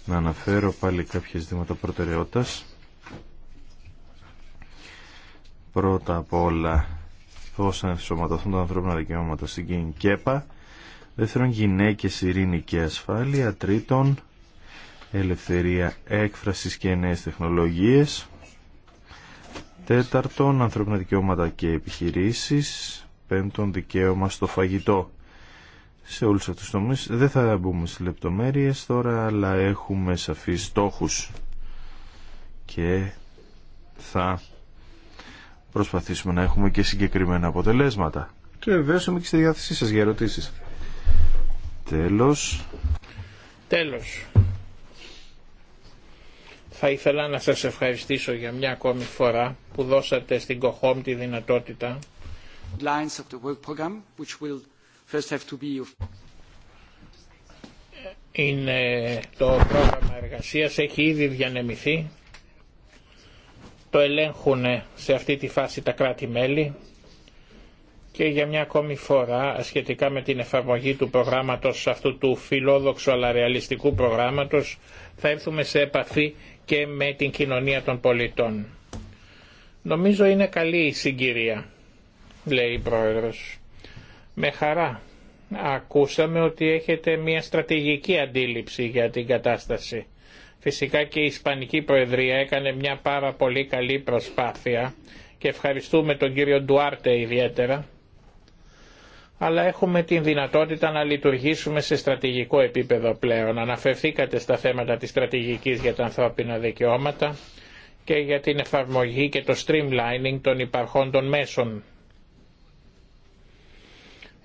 να αναφέρω πάλι κάποια ζητήματα προτεραιότητας. Πρώτα απ' όλα πώς να ενσωματωθούν τα ανθρώπινα δικαιώματα στην ΚΕΠΑ. Δεύτερον, γυναίκες, ειρήνη και ασφάλεια. Τρίτον, ελευθερία έκφρασης και νέες τεχνολογίες. Τέταρτον, ανθρώπινα δικαιώματα και επιχειρήσεις. Πέμπτον, δικαίωμα στο φαγητό σε όλους αυτούς τους τομείς. Δεν θα μπούμε στις λεπτομέρειες τώρα, αλλά έχουμε σαφείς στόχους και θα προσπαθήσουμε να έχουμε και συγκεκριμένα αποτελέσματα. Και βεβαίω είμαι και στη διάθεσή σας για ερωτήσεις. Τέλος. Τέλος. Θα ήθελα να σας ευχαριστήσω για μια ακόμη φορά που δώσατε στην Κοχόμ τη δυνατότητα είναι το πρόγραμμα εργασίας, έχει ήδη διανεμηθεί. Το ελέγχουν σε αυτή τη φάση τα κράτη-μέλη και για μια ακόμη φορά σχετικά με την εφαρμογή του προγράμματος αυτού του φιλόδοξου αλλά ρεαλιστικού προγράμματος θα έρθουμε σε επαφή και με την κοινωνία των πολιτών. Νομίζω είναι καλή η συγκυρία, λέει η Πρόεδρος. Με χαρά ακούσαμε ότι έχετε μια στρατηγική αντίληψη για την κατάσταση. Φυσικά και η Ισπανική Προεδρία έκανε μια πάρα πολύ καλή προσπάθεια και ευχαριστούμε τον κύριο Ντουάρτε ιδιαίτερα. Αλλά έχουμε την δυνατότητα να λειτουργήσουμε σε στρατηγικό επίπεδο πλέον. Αναφερθήκατε στα θέματα της στρατηγικής για τα ανθρώπινα δικαιώματα και για την εφαρμογή και το streamlining των υπαρχών των μέσων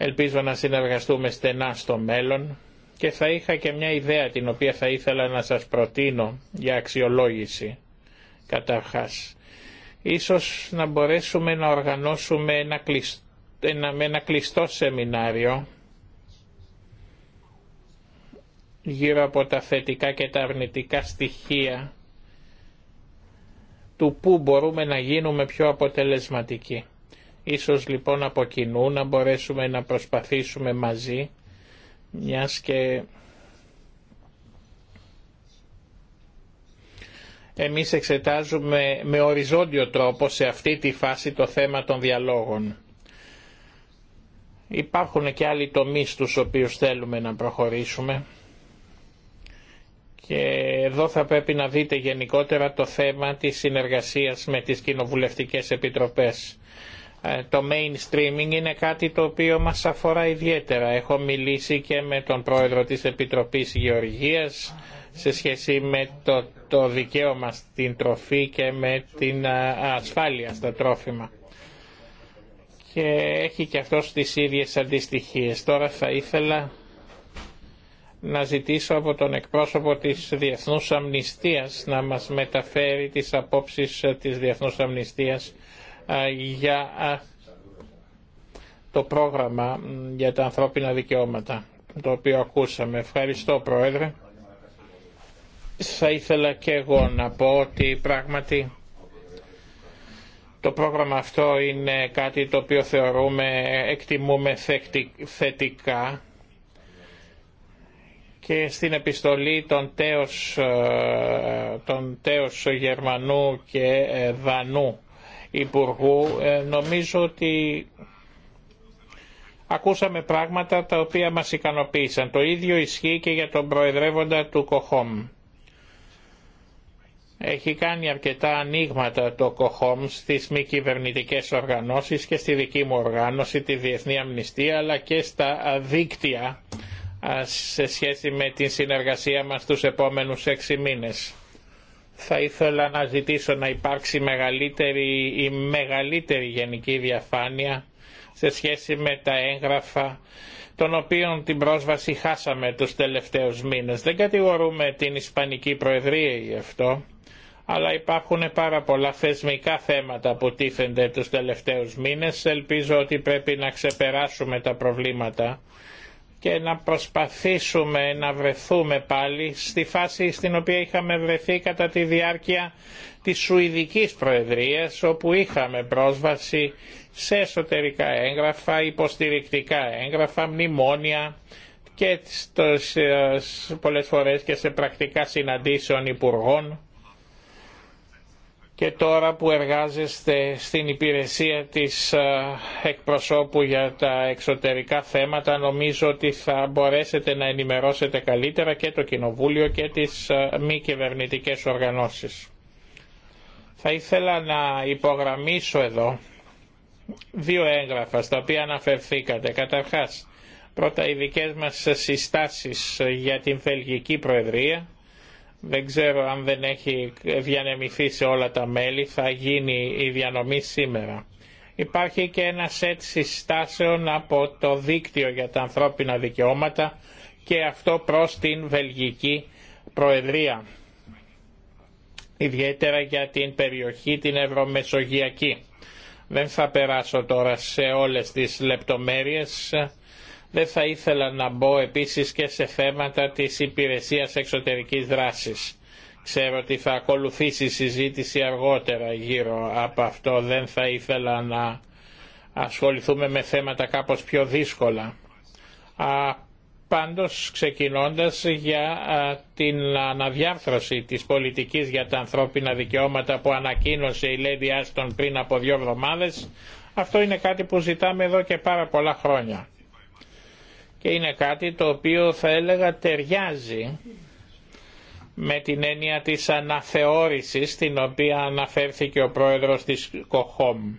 Ελπίζω να συνεργαστούμε στενά στο μέλλον και θα είχα και μια ιδέα την οποία θα ήθελα να σας προτείνω για αξιολόγηση καταρχάς. Ίσως να μπορέσουμε να οργανώσουμε ένα κλειστό, ένα κλειστό σεμινάριο γύρω από τα θετικά και τα αρνητικά στοιχεία του πού μπορούμε να γίνουμε πιο αποτελεσματικοί. Ίσως λοιπόν από κοινού να μπορέσουμε να προσπαθήσουμε μαζί, μιας και εμείς εξετάζουμε με οριζόντιο τρόπο σε αυτή τη φάση το θέμα των διαλόγων. Υπάρχουν και άλλοι τομείς τους οποίους θέλουμε να προχωρήσουμε και εδώ θα πρέπει να δείτε γενικότερα το θέμα της συνεργασίας με τις κοινοβουλευτικές επιτροπές. Ε, το mainstreaming είναι κάτι το οποίο μας αφορά ιδιαίτερα. Έχω μιλήσει και με τον πρόεδρο της Επιτροπής Γεωργίας σε σχέση με το, το δικαίωμα στην τροφή και με την ε, ασφάλεια στα τρόφιμα. Και έχει και αυτός τις ίδιες αντιστοιχίες. Τώρα θα ήθελα να ζητήσω από τον εκπρόσωπο της Διεθνούς Αμνηστίας να μας μεταφέρει τις απόψεις ε, της Διεθνούς Αμνηστίας ε, για ε, το πρόγραμμα για τα ανθρώπινα δικαιώματα, το οποίο ακούσαμε. Ευχαριστώ Πρόεδρε. Θα ήθελα και εγώ να πω ότι πράγματι το πρόγραμμα αυτό είναι κάτι το οποίο θεωρούμε, εκτιμούμε θετικά και στην επιστολή των τέος, ε, των τέος Γερμανού και Δανού Υπουργού. Ε, νομίζω ότι ακούσαμε πράγματα τα οποία μας ικανοποίησαν. Το ίδιο ισχύει και για τον προεδρεύοντα του ΚΟΧΟΜ. Έχει κάνει αρκετά ανοίγματα το ΚΟΧΟΜ στις μη κυβερνητικέ οργανώσεις και στη δική μου οργάνωση, τη Διεθνή Αμνηστία, αλλά και στα δίκτυα σε σχέση με την συνεργασία μας τους επόμενους έξι μήνες θα ήθελα να ζητήσω να υπάρξει μεγαλύτερη, η μεγαλύτερη γενική διαφάνεια σε σχέση με τα έγγραφα των οποίων την πρόσβαση χάσαμε τους τελευταίους μήνες. Δεν κατηγορούμε την Ισπανική Προεδρία γι' αυτό, αλλά υπάρχουν πάρα πολλά θεσμικά θέματα που τίθενται τους τελευταίους μήνες. Ελπίζω ότι πρέπει να ξεπεράσουμε τα προβλήματα και να προσπαθήσουμε να βρεθούμε πάλι στη φάση στην οποία είχαμε βρεθεί κατά τη διάρκεια της Σουηδικής Προεδρίας όπου είχαμε πρόσβαση σε εσωτερικά έγγραφα, υποστηρικτικά έγγραφα, μνημόνια και ε, πολλές φορές και σε πρακτικά συναντήσεων υπουργών και τώρα που εργάζεστε στην υπηρεσία της ε, εκπροσώπου για τα εξωτερικά θέματα νομίζω ότι θα μπορέσετε να ενημερώσετε καλύτερα και το Κοινοβούλιο και τις ε, μη κυβερνητικέ οργανώσεις. Θα ήθελα να υπογραμμίσω εδώ δύο έγγραφα στα οποία αναφερθήκατε. Καταρχάς, πρώτα οι δικές μας συστάσεις για την Φελγική Προεδρία δεν ξέρω αν δεν έχει διανεμηθεί σε όλα τα μέλη, θα γίνει η διανομή σήμερα. Υπάρχει και ένα σετ συστάσεων από το δίκτυο για τα ανθρώπινα δικαιώματα και αυτό προς την Βελγική Προεδρία. Ιδιαίτερα για την περιοχή την Ευρωμεσογειακή. Δεν θα περάσω τώρα σε όλες τις λεπτομέρειες δεν θα ήθελα να μπω επίσης και σε θέματα της υπηρεσίας εξωτερικής δράσης. Ξέρω ότι θα ακολουθήσει συζήτηση αργότερα γύρω από αυτό. Δεν θα ήθελα να ασχοληθούμε με θέματα κάπως πιο δύσκολα. Α, πάντως ξεκινώντας για την αναδιάρθρωση της πολιτικής για τα ανθρώπινα δικαιώματα που ανακοίνωσε η Lady Άστον πριν από δύο εβδομάδες, αυτό είναι κάτι που ζητάμε εδώ και πάρα πολλά χρόνια και είναι κάτι το οποίο θα έλεγα ταιριάζει με την έννοια της αναθεώρησης την οποία αναφέρθηκε ο πρόεδρος της ΚΟΧΟΜ.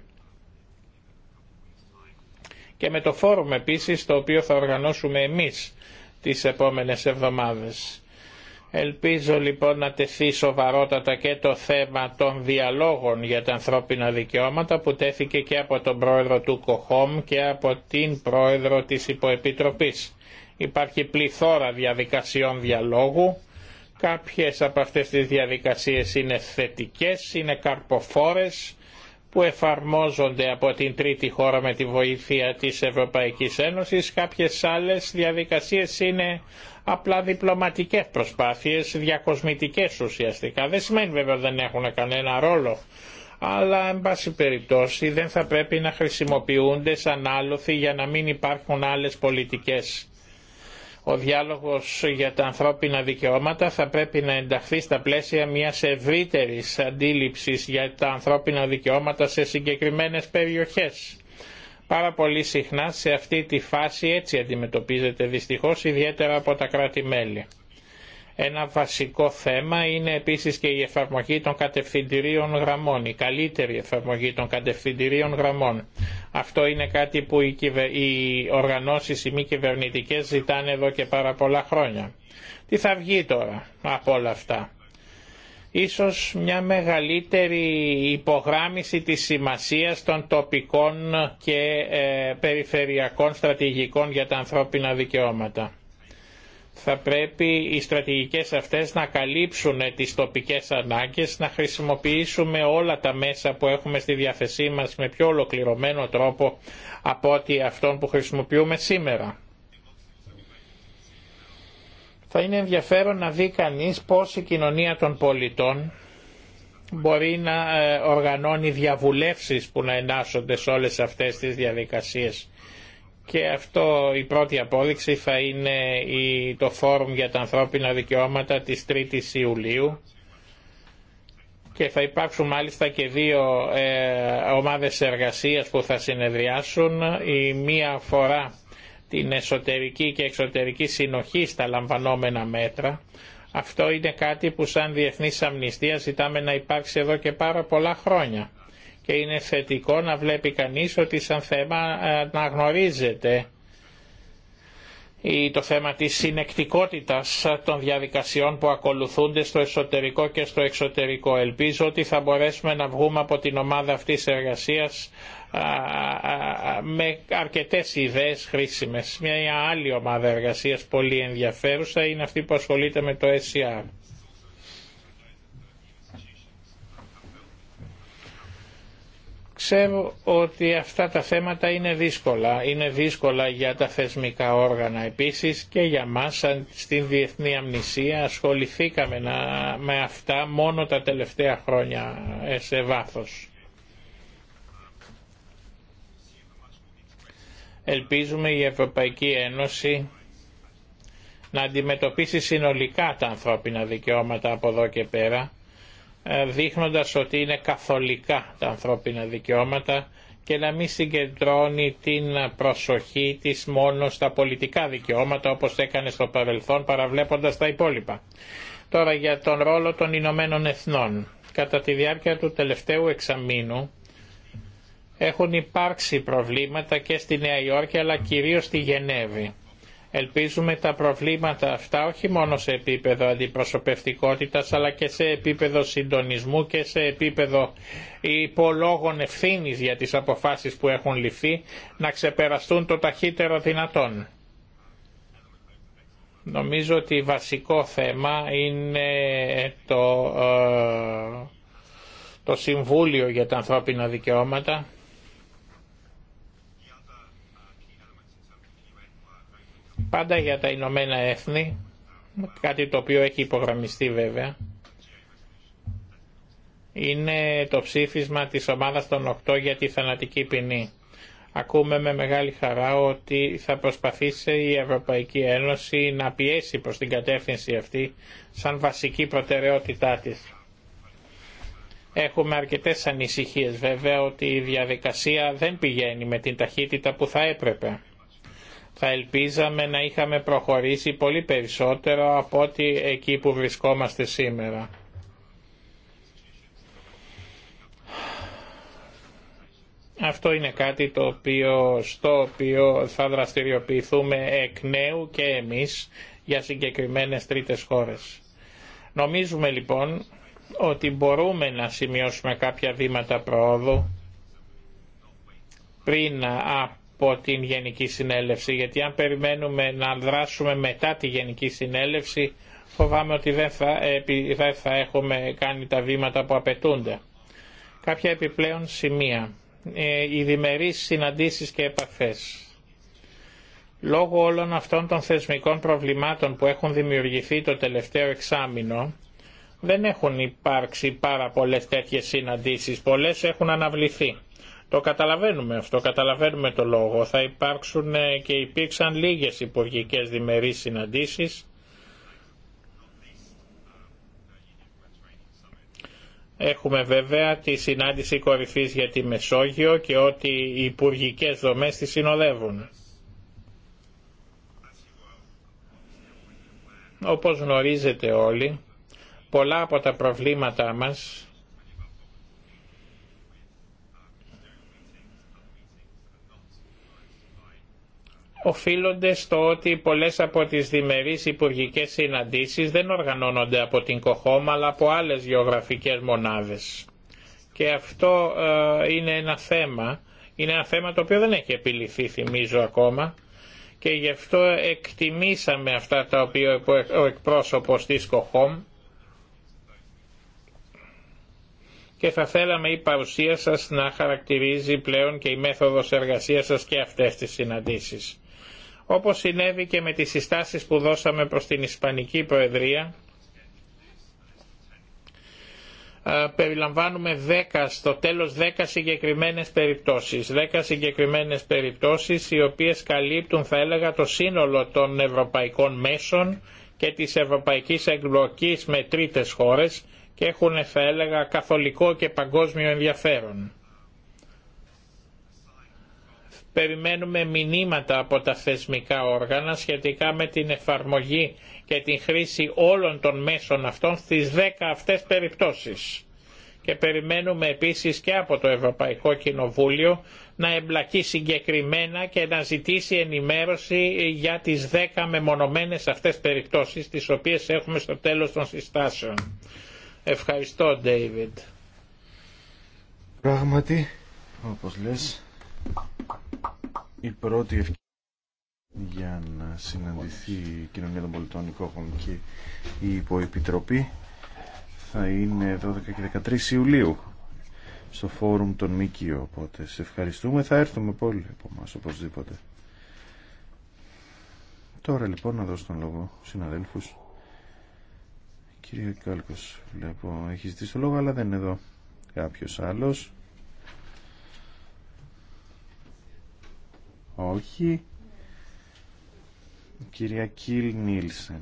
Και με το φόρουμ επίσης το οποίο θα οργανώσουμε εμείς τις επόμενες εβδομάδες. Ελπίζω λοιπόν να τεθεί σοβαρότατα και το θέμα των διαλόγων για τα ανθρώπινα δικαιώματα που τέθηκε και από τον πρόεδρο του ΚΟΧΟΜ και από την πρόεδρο της Υποεπιτροπής. Υπάρχει πληθώρα διαδικασιών διαλόγου. Κάποιες από αυτές τις διαδικασίες είναι θετικές, είναι καρποφόρες που εφαρμόζονται από την τρίτη χώρα με τη βοήθεια της Ευρωπαϊκής Ένωσης. Κάποιες άλλες διαδικασίες είναι απλά διπλωματικές προσπάθειες, διακοσμητικές ουσιαστικά. Δεν σημαίνει βέβαια δεν έχουν κανένα ρόλο, αλλά εν πάση περιπτώσει δεν θα πρέπει να χρησιμοποιούνται σαν άλοθη για να μην υπάρχουν άλλες πολιτικές. Ο διάλογος για τα ανθρώπινα δικαιώματα θα πρέπει να ενταχθεί στα πλαίσια μιας ευρύτερης αντίληψης για τα ανθρώπινα δικαιώματα σε συγκεκριμένες περιοχές Πάρα πολύ συχνά σε αυτή τη φάση έτσι αντιμετωπίζεται δυστυχώς ιδιαίτερα από τα κράτη-μέλη. Ένα βασικό θέμα είναι επίσης και η εφαρμογή των κατευθυντηρίων γραμμών, η καλύτερη εφαρμογή των κατευθυντηρίων γραμμών. Αυτό είναι κάτι που οι, κυβε... οι οργανώσεις, οι μη κυβερνητικέ ζητάνε εδώ και πάρα πολλά χρόνια. Τι θα βγει τώρα από όλα αυτά ίσως μια μεγαλύτερη υπογράμμιση της σημασίας των τοπικών και ε, περιφερειακών στρατηγικών για τα ανθρώπινα δικαιώματα. Θα πρέπει οι στρατηγικές αυτές να καλύψουν ε, τις τοπικές ανάγκες, να χρησιμοποιήσουμε όλα τα μέσα που έχουμε στη διάθεσή μας με πιο ολοκληρωμένο τρόπο από ό,τι αυτόν που χρησιμοποιούμε σήμερα. Θα είναι ενδιαφέρον να δει κανείς πώς η κοινωνία των πολιτών μπορεί να ε, οργανώνει διαβουλεύσεις που να ενάσσονται σε όλες αυτές τις διαδικασίες. Και αυτό η πρώτη απόδειξη θα είναι το Φόρουμ για τα Ανθρώπινα Δικαιώματα της 3ης Ιουλίου και θα υπάρξουν μάλιστα και δύο ε, ομάδες εργασίας που θα συνεδριάσουν. Η μία φορά την εσωτερική και εξωτερική συνοχή στα λαμβανόμενα μέτρα. Αυτό είναι κάτι που σαν Διεθνής Αμνηστία ζητάμε να υπάρξει εδώ και πάρα πολλά χρόνια. Και είναι θετικό να βλέπει κανείς ότι σαν θέμα ε, να γνωρίζεται το θέμα της συνεκτικότητας των διαδικασιών που ακολουθούνται στο εσωτερικό και στο εξωτερικό. Ελπίζω ότι θα μπορέσουμε να βγούμε από την ομάδα αυτής εργασίας με αρκετές ιδέες χρήσιμες. Μια άλλη ομάδα εργασίας πολύ ενδιαφέρουσα είναι αυτή που ασχολείται με το SCR. Ξέρω ότι αυτά τα θέματα είναι δύσκολα. Είναι δύσκολα για τα θεσμικά όργανα επίσης και για μας στην Διεθνή Αμνησία ασχοληθήκαμε με αυτά μόνο τα τελευταία χρόνια ε, σε βάθος. Ελπίζουμε η Ευρωπαϊκή Ένωση να αντιμετωπίσει συνολικά τα ανθρώπινα δικαιώματα από εδώ και πέρα, ε, δείχνοντας ότι είναι καθολικά τα ανθρώπινα δικαιώματα και να μην συγκεντρώνει την προσοχή της μόνο στα πολιτικά δικαιώματα όπως έκανε στο παρελθόν παραβλέποντας τα υπόλοιπα. Τώρα για τον ρόλο των Ηνωμένων Εθνών. Κατά τη διάρκεια του τελευταίου εξαμήνου έχουν υπάρξει προβλήματα και στη Νέα Υόρκη αλλά κυρίως στη Γενέβη. Ελπίζουμε τα προβλήματα αυτά όχι μόνο σε επίπεδο αντιπροσωπευτικότητας αλλά και σε επίπεδο συντονισμού και σε επίπεδο υπολόγων ευθύνη για τις αποφάσεις που έχουν ληφθεί να ξεπεραστούν το ταχύτερο δυνατόν. Νομίζω ότι βασικό θέμα είναι το, ε, το Συμβούλιο για τα Ανθρώπινα Δικαιώματα Πάντα για τα Ηνωμένα Έθνη, κάτι το οποίο έχει υπογραμμιστεί βέβαια, είναι το ψήφισμα της ομάδας των 8 για τη θανατική ποινή. Ακούμε με μεγάλη χαρά ότι θα προσπαθήσει η Ευρωπαϊκή Ένωση να πιέσει προς την κατεύθυνση αυτή σαν βασική προτεραιότητά της. Έχουμε αρκετές ανησυχίες βέβαια ότι η διαδικασία δεν πηγαίνει με την ταχύτητα που θα έπρεπε θα ελπίζαμε να είχαμε προχωρήσει πολύ περισσότερο από ότι εκεί που βρισκόμαστε σήμερα. Αυτό είναι κάτι το οποίο, στο οποίο θα δραστηριοποιηθούμε εκ νέου και εμείς για συγκεκριμένες τρίτες χώρες. Νομίζουμε λοιπόν ότι μπορούμε να σημειώσουμε κάποια βήματα προόδου πριν από την Γενική Συνέλευση, γιατί αν περιμένουμε να δράσουμε μετά τη Γενική Συνέλευση, φοβάμαι ότι δεν θα, έχουμε κάνει τα βήματα που απαιτούνται. Κάποια επιπλέον σημεία. Ε, οι διμερείς συναντήσεις και επαφές. Λόγω όλων αυτών των θεσμικών προβλημάτων που έχουν δημιουργηθεί το τελευταίο εξάμεινο, δεν έχουν υπάρξει πάρα πολλές τέτοιες συναντήσεις. Πολλές έχουν αναβληθεί. Το καταλαβαίνουμε αυτό, καταλαβαίνουμε το λόγο. Θα υπάρξουν ε, και υπήρξαν λίγες υπουργικές διμερείς συναντήσεις. Έχουμε βέβαια τη συνάντηση κορυφής για τη Μεσόγειο και ότι οι υπουργικές δομές τη συνοδεύουν. Όπως γνωρίζετε όλοι, πολλά από τα προβλήματά μας οφείλονται στο ότι πολλές από τις διμερείς υπουργικές συναντήσεις δεν οργανώνονται από την Κοχώμα αλλά από άλλες γεωγραφικές μονάδες. Και αυτό ε, είναι ένα θέμα, είναι ένα θέμα το οποίο δεν έχει επιληθεί θυμίζω ακόμα και γι' αυτό εκτιμήσαμε αυτά τα οποία ο εκπρόσωπος της Κοχόμ και θα θέλαμε η παρουσία σας να χαρακτηρίζει πλέον και η μέθοδος εργασίας σας και αυτές τις συναντήσεις. Όπως συνέβη και με τις συστάσεις που δώσαμε προς την Ισπανική Προεδρία, περιλαμβάνουμε 10, στο τέλος 10 συγκεκριμένες περιπτώσεις. 10 συγκεκριμένες περιπτώσεις οι οποίες καλύπτουν θα έλεγα το σύνολο των ευρωπαϊκών μέσων και της ευρωπαϊκής εκδοχής με τρίτες χώρες και έχουν θα έλεγα καθολικό και παγκόσμιο ενδιαφέρον. Περιμένουμε μηνύματα από τα θεσμικά όργανα σχετικά με την εφαρμογή και την χρήση όλων των μέσων αυτών στις 10 αυτές περιπτώσεις. Και περιμένουμε επίσης και από το Ευρωπαϊκό Κοινοβούλιο να εμπλακεί συγκεκριμένα και να ζητήσει ενημέρωση για τις 10 μεμονωμένες αυτές περιπτώσεις τις οποίες έχουμε στο τέλος των συστάσεων. Ευχαριστώ, Ντέιβιντ. Πράγματι, όπως λες, η πρώτη ευκαιρία για να συναντηθεί η κοινωνία των πολιτών οικόχων και η υποεπιτροπή θα είναι 12 και 13 Ιουλίου στο φόρουμ των ΜΚΙΟ οπότε σε ευχαριστούμε θα έρθουμε πολύ από εμάς οπωσδήποτε τώρα λοιπόν να δώσω τον λόγο συναδέλφους κύριε Κάλκος βλέπω έχει ζητήσει το λόγο αλλά δεν είναι εδώ κάποιος άλλος Όχι. Κυρία Κιλ Νίλσεν.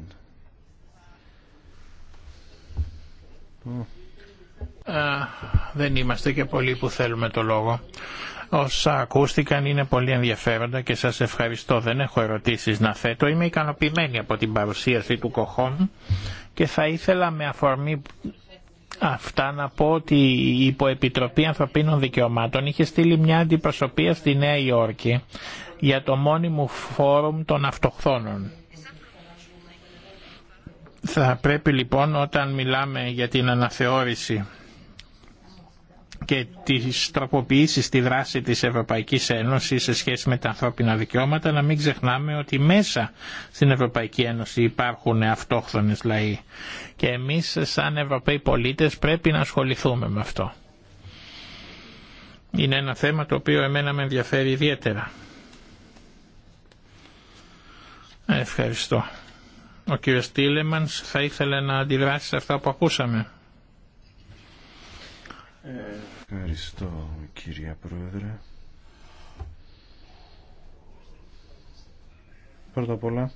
Ε, δεν είμαστε και πολλοί που θέλουμε το λόγο. Όσα ακούστηκαν είναι πολύ ενδιαφέροντα και σας ευχαριστώ. Δεν έχω ερωτήσεις να θέτω. Είμαι ικανοποιημένη από την παρουσίαση του Κοχών και θα ήθελα με αφορμή Αυτά να πω ότι η Υποεπιτροπή Ανθρωπίνων Δικαιωμάτων είχε στείλει μια αντιπροσωπεία στη Νέα Υόρκη για το μόνιμο φόρουμ των αυτοχθόνων. Θα πρέπει λοιπόν όταν μιλάμε για την αναθεώρηση και τις τροποποιήσεις στη δράση της Ευρωπαϊκής Ένωσης σε σχέση με τα ανθρώπινα δικαιώματα να μην ξεχνάμε ότι μέσα στην Ευρωπαϊκή Ένωση υπάρχουν αυτόχθονες λαοί και εμείς σαν Ευρωπαίοι πολίτες πρέπει να ασχοληθούμε με αυτό. Είναι ένα θέμα το οποίο εμένα με ενδιαφέρει ιδιαίτερα. Ευχαριστώ. Ο κύριος Τίλεμανς θα ήθελε να αντιδράσει σε αυτά που ακούσαμε. Ε, Ευχαριστώ κυρία Πρόεδρε. Πρώτα απ' όλα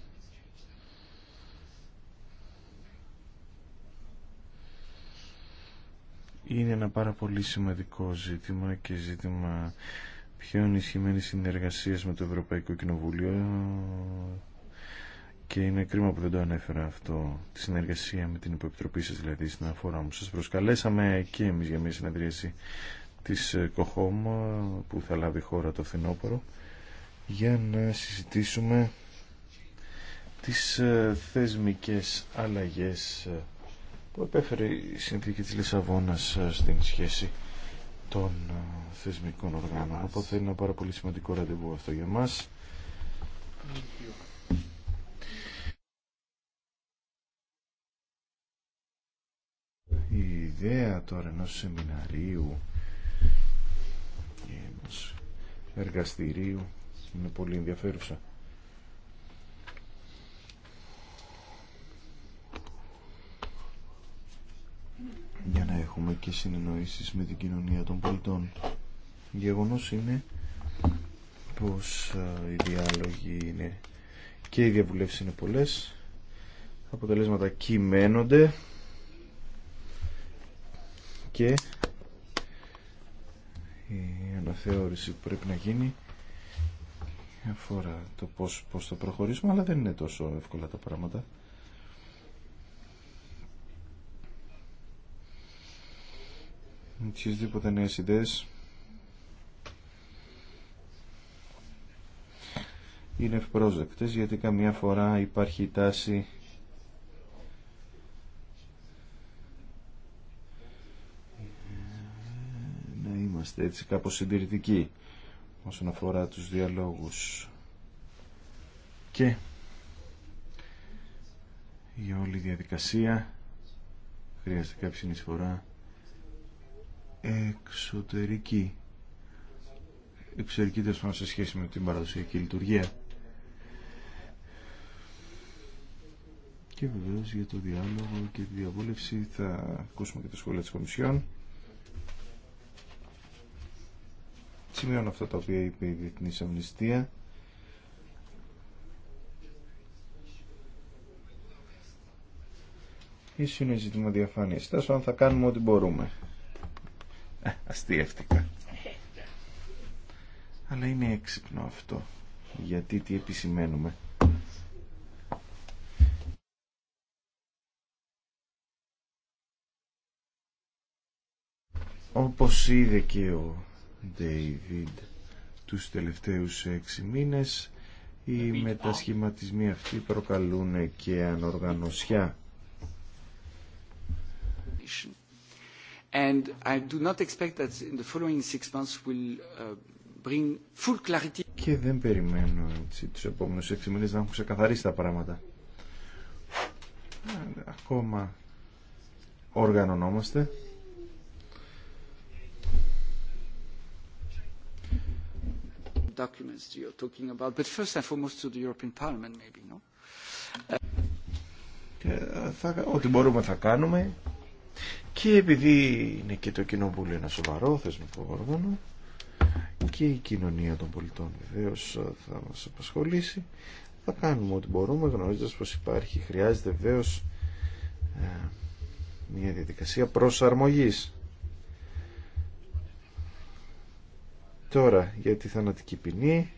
είναι ένα πάρα πολύ σημαντικό ζήτημα και ζήτημα πιο ενισχυμένη συνεργασία με το Ευρωπαϊκό Κοινοβούλιο και είναι κρίμα που δεν το ανέφερα αυτό τη συνεργασία με την υποεπιτροπή σας δηλαδή στην αφορά μου. Σας προσκαλέσαμε και εμείς για μια συνεδρίαση της ε, ΚΟΧΟΜ που θα λάβει χώρα το φθινόπωρο για να συζητήσουμε τις ε, θεσμικές αλλαγές ε, που επέφερε η συνθήκη της Λισαβόνας στην σχέση των θεσμικών οργάνων. Οπότε είναι ένα πάρα πολύ σημαντικό ραντεβού αυτό για μας. ιδέα τώρα ενό σεμιναρίου και ενό εργαστηρίου είναι πολύ ενδιαφέρουσα. για να έχουμε και συνεννοήσεις με την κοινωνία των πολιτών. Γεγονός είναι πως οι διάλογοι είναι και οι διαβουλεύσεις είναι πολλές, αποτελέσματα κειμένονται και η αναθεώρηση που πρέπει να γίνει αφορά το πώς, πώς θα προχωρήσουμε αλλά δεν είναι τόσο εύκολα τα πράγματα οτιδήποτε νέες ιδέες είναι ευπρόσδεκτες γιατί καμιά φορά υπάρχει η τάση έτσι κάπως συντηρητικοί όσον αφορά τους διαλόγους. Και για όλη διαδικασία χρειάζεται κάποια συνεισφορά εξωτερική εξωτερική δεσπάνω σε σχέση με την παραδοσιακή λειτουργία και βεβαίως για το διάλογο και τη διαβούλευση θα ακούσουμε και τα σχόλια της Κομισιόν σημειώνω αυτά τα οποία είπε η Διεθνή Αμνηστία. Ίσως είναι ζήτημα διαφάνειας. τόσο αν θα κάνουμε ό,τι μπορούμε. Αστείευτηκα. Αλλά είναι έξυπνο αυτό. Γιατί τι επισημαίνουμε. Όπως είδε και ο David τους τελευταίους έξι μήνες οι oh. μετασχηματισμοί αυτοί προκαλούν και ανοργανωσιά and I do not expect that in the following six months will uh, bring full clarity. Και δεν περιμένω έτσι, τους επόμενους έξι μήνες να έχουν ξεκαθαρίσει τα πράγματα. Ε, ακόμα οργανωνόμαστε. Ό,τι μπορούμε θα κάνουμε και επειδή είναι και το κοινό Κοινοβούλιο ένα σοβαρό θεσμικό όργανο και η κοινωνία των πολιτών βεβαίω ε, θα μας απασχολήσει θα κάνουμε ό,τι μπορούμε γνωρίζοντας πως υπάρχει χρειάζεται βεβαίω ε, μια διαδικασία προσαρμογής Τώρα, για τη θανατική ποινή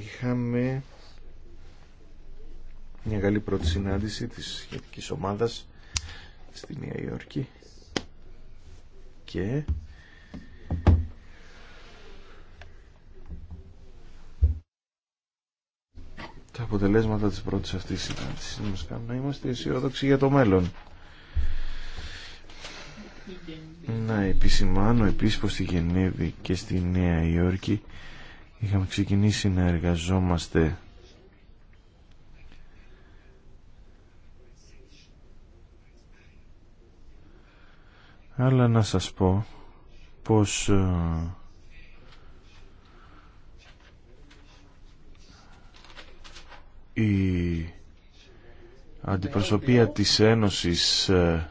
είχαμε μια καλή πρώτη συνάντηση της σχετικής ομάδας στη Νέα Υόρκη και τα αποτελέσματα της πρώτης αυτής συνάντησης μας κάνουν να είμαστε αισιόδοξοι για το μέλλον. Να επισημάνω επίσης πως στη Γενέβη και στη Νέα Υόρκη είχαμε ξεκινήσει να εργαζόμαστε αλλά να σας πω πως ε, η αντιπροσωπεία της Ένωσης ε,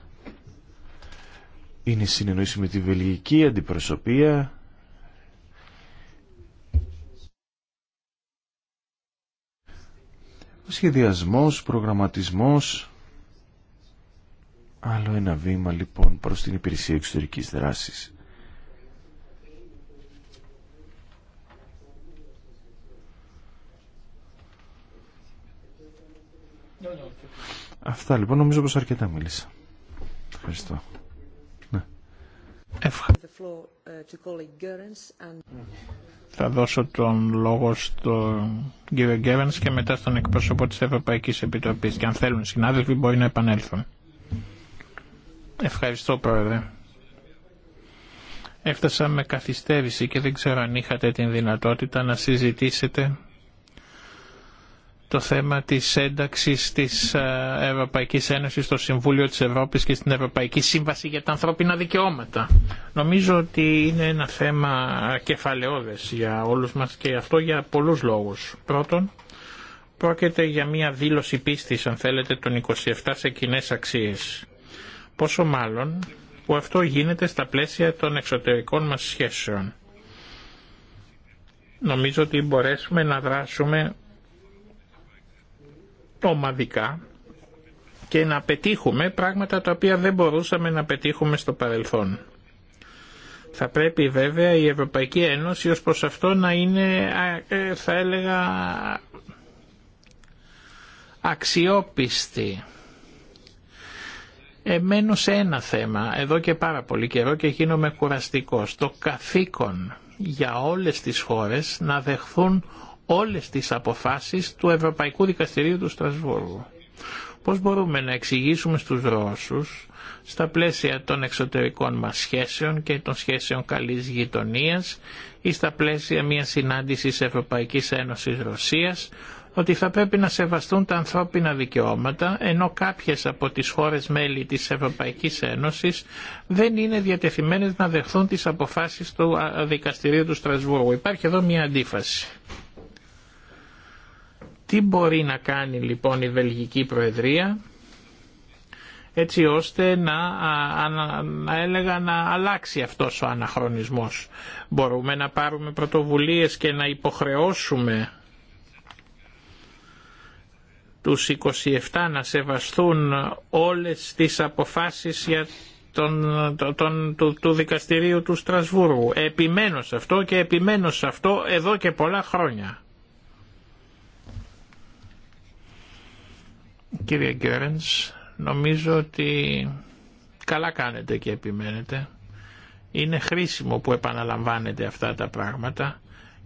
είναι συνεννόηση με τη βελγική αντιπροσωπεία ο σχεδιασμός, προγραμματισμός άλλο ένα βήμα λοιπόν προς την υπηρεσία εξωτερικής δράσης Αυτά λοιπόν νομίζω πως αρκετά μίλησα. Ευχαριστώ. Uh, Θα δώσω τον λόγο στον κύριο Γκέρενς και μετά στον εκπρόσωπο της Ευρωπαϊκής Επιτροπής και αν θέλουν συνάδελφοι μπορεί να επανέλθουν. Ευχαριστώ πρόεδρε. Έφτασα με καθυστέρηση και δεν ξέρω αν είχατε την δυνατότητα να συζητήσετε το θέμα της ένταξης της ε, Ευρωπαϊκής Ένωσης στο Συμβούλιο της Ευρώπης και στην Ευρωπαϊκή Σύμβαση για τα ανθρώπινα δικαιώματα. Νομίζω ότι είναι ένα θέμα κεφαλαιόδες για όλους μας και αυτό για πολλούς λόγους. Πρώτον, πρόκειται για μια δήλωση πίστης, αν θέλετε, των 27 σε κοινέ αξίες. Πόσο μάλλον που αυτό γίνεται στα πλαίσια των εξωτερικών μας σχέσεων. Νομίζω ότι μπορέσουμε να δράσουμε ομαδικά και να πετύχουμε πράγματα τα οποία δεν μπορούσαμε να πετύχουμε στο παρελθόν. Θα πρέπει βέβαια η Ευρωπαϊκή Ένωση ως προς αυτό να είναι, ε, θα έλεγα, αξιόπιστη. Εμένω σε ένα θέμα, εδώ και πάρα πολύ καιρό και γίνομαι κουραστικός, το καθήκον για όλες τις χώρες να δεχθούν όλες τις αποφάσεις του Ευρωπαϊκού Δικαστηρίου του Στρασβούργου. Πώς μπορούμε να εξηγήσουμε στους Ρώσους στα πλαίσια των εξωτερικών μας σχέσεων και των σχέσεων καλής γειτονίας ή στα πλαίσια μιας συνάντησης Ευρωπαϊκής Ένωσης Ρωσίας ότι θα πρέπει να σεβαστούν τα ανθρώπινα δικαιώματα ενώ κάποιες από τις χώρες μέλη της Ευρωπαϊκής Ένωσης δεν είναι διατεθειμένες να δεχθούν τις αποφάσεις του δικαστηρίου του Στρασβούργου. Υπάρχει εδώ μια αντίφαση. Τι μπορεί να κάνει λοιπόν η Βελγική Προεδρία έτσι ώστε να, να έλεγα να αλλάξει αυτός ο αναχρονισμός. Μπορούμε να πάρουμε πρωτοβουλίες και να υποχρεώσουμε τους 27 να σεβαστούν όλες τις αποφάσεις για του, του δικαστηρίου του Στρασβούργου. Επιμένω σε αυτό και επιμένω σε αυτό εδώ και πολλά χρόνια. Κύριε Γκέρενς, νομίζω ότι καλά κάνετε και επιμένετε. Είναι χρήσιμο που επαναλαμβάνετε αυτά τα πράγματα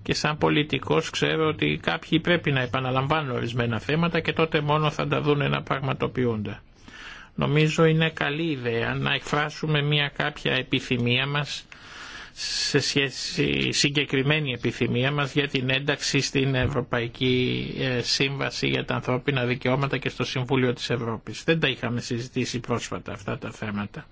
και σαν πολιτικός ξέρω ότι κάποιοι πρέπει να επαναλαμβάνουν ορισμένα θέματα και τότε μόνο θα τα δουν να πραγματοποιούνται. Νομίζω είναι καλή ιδέα να εκφράσουμε μια κάποια επιθυμία μας σε σχέση συγκεκριμένη επιθυμία μας για την ένταξη στην Ευρωπαϊκή ε, Σύμβαση για τα Ανθρώπινα Δικαιώματα και στο Συμβούλιο της Ευρώπης. Δεν τα είχαμε συζητήσει πρόσφατα αυτά τα θέματα.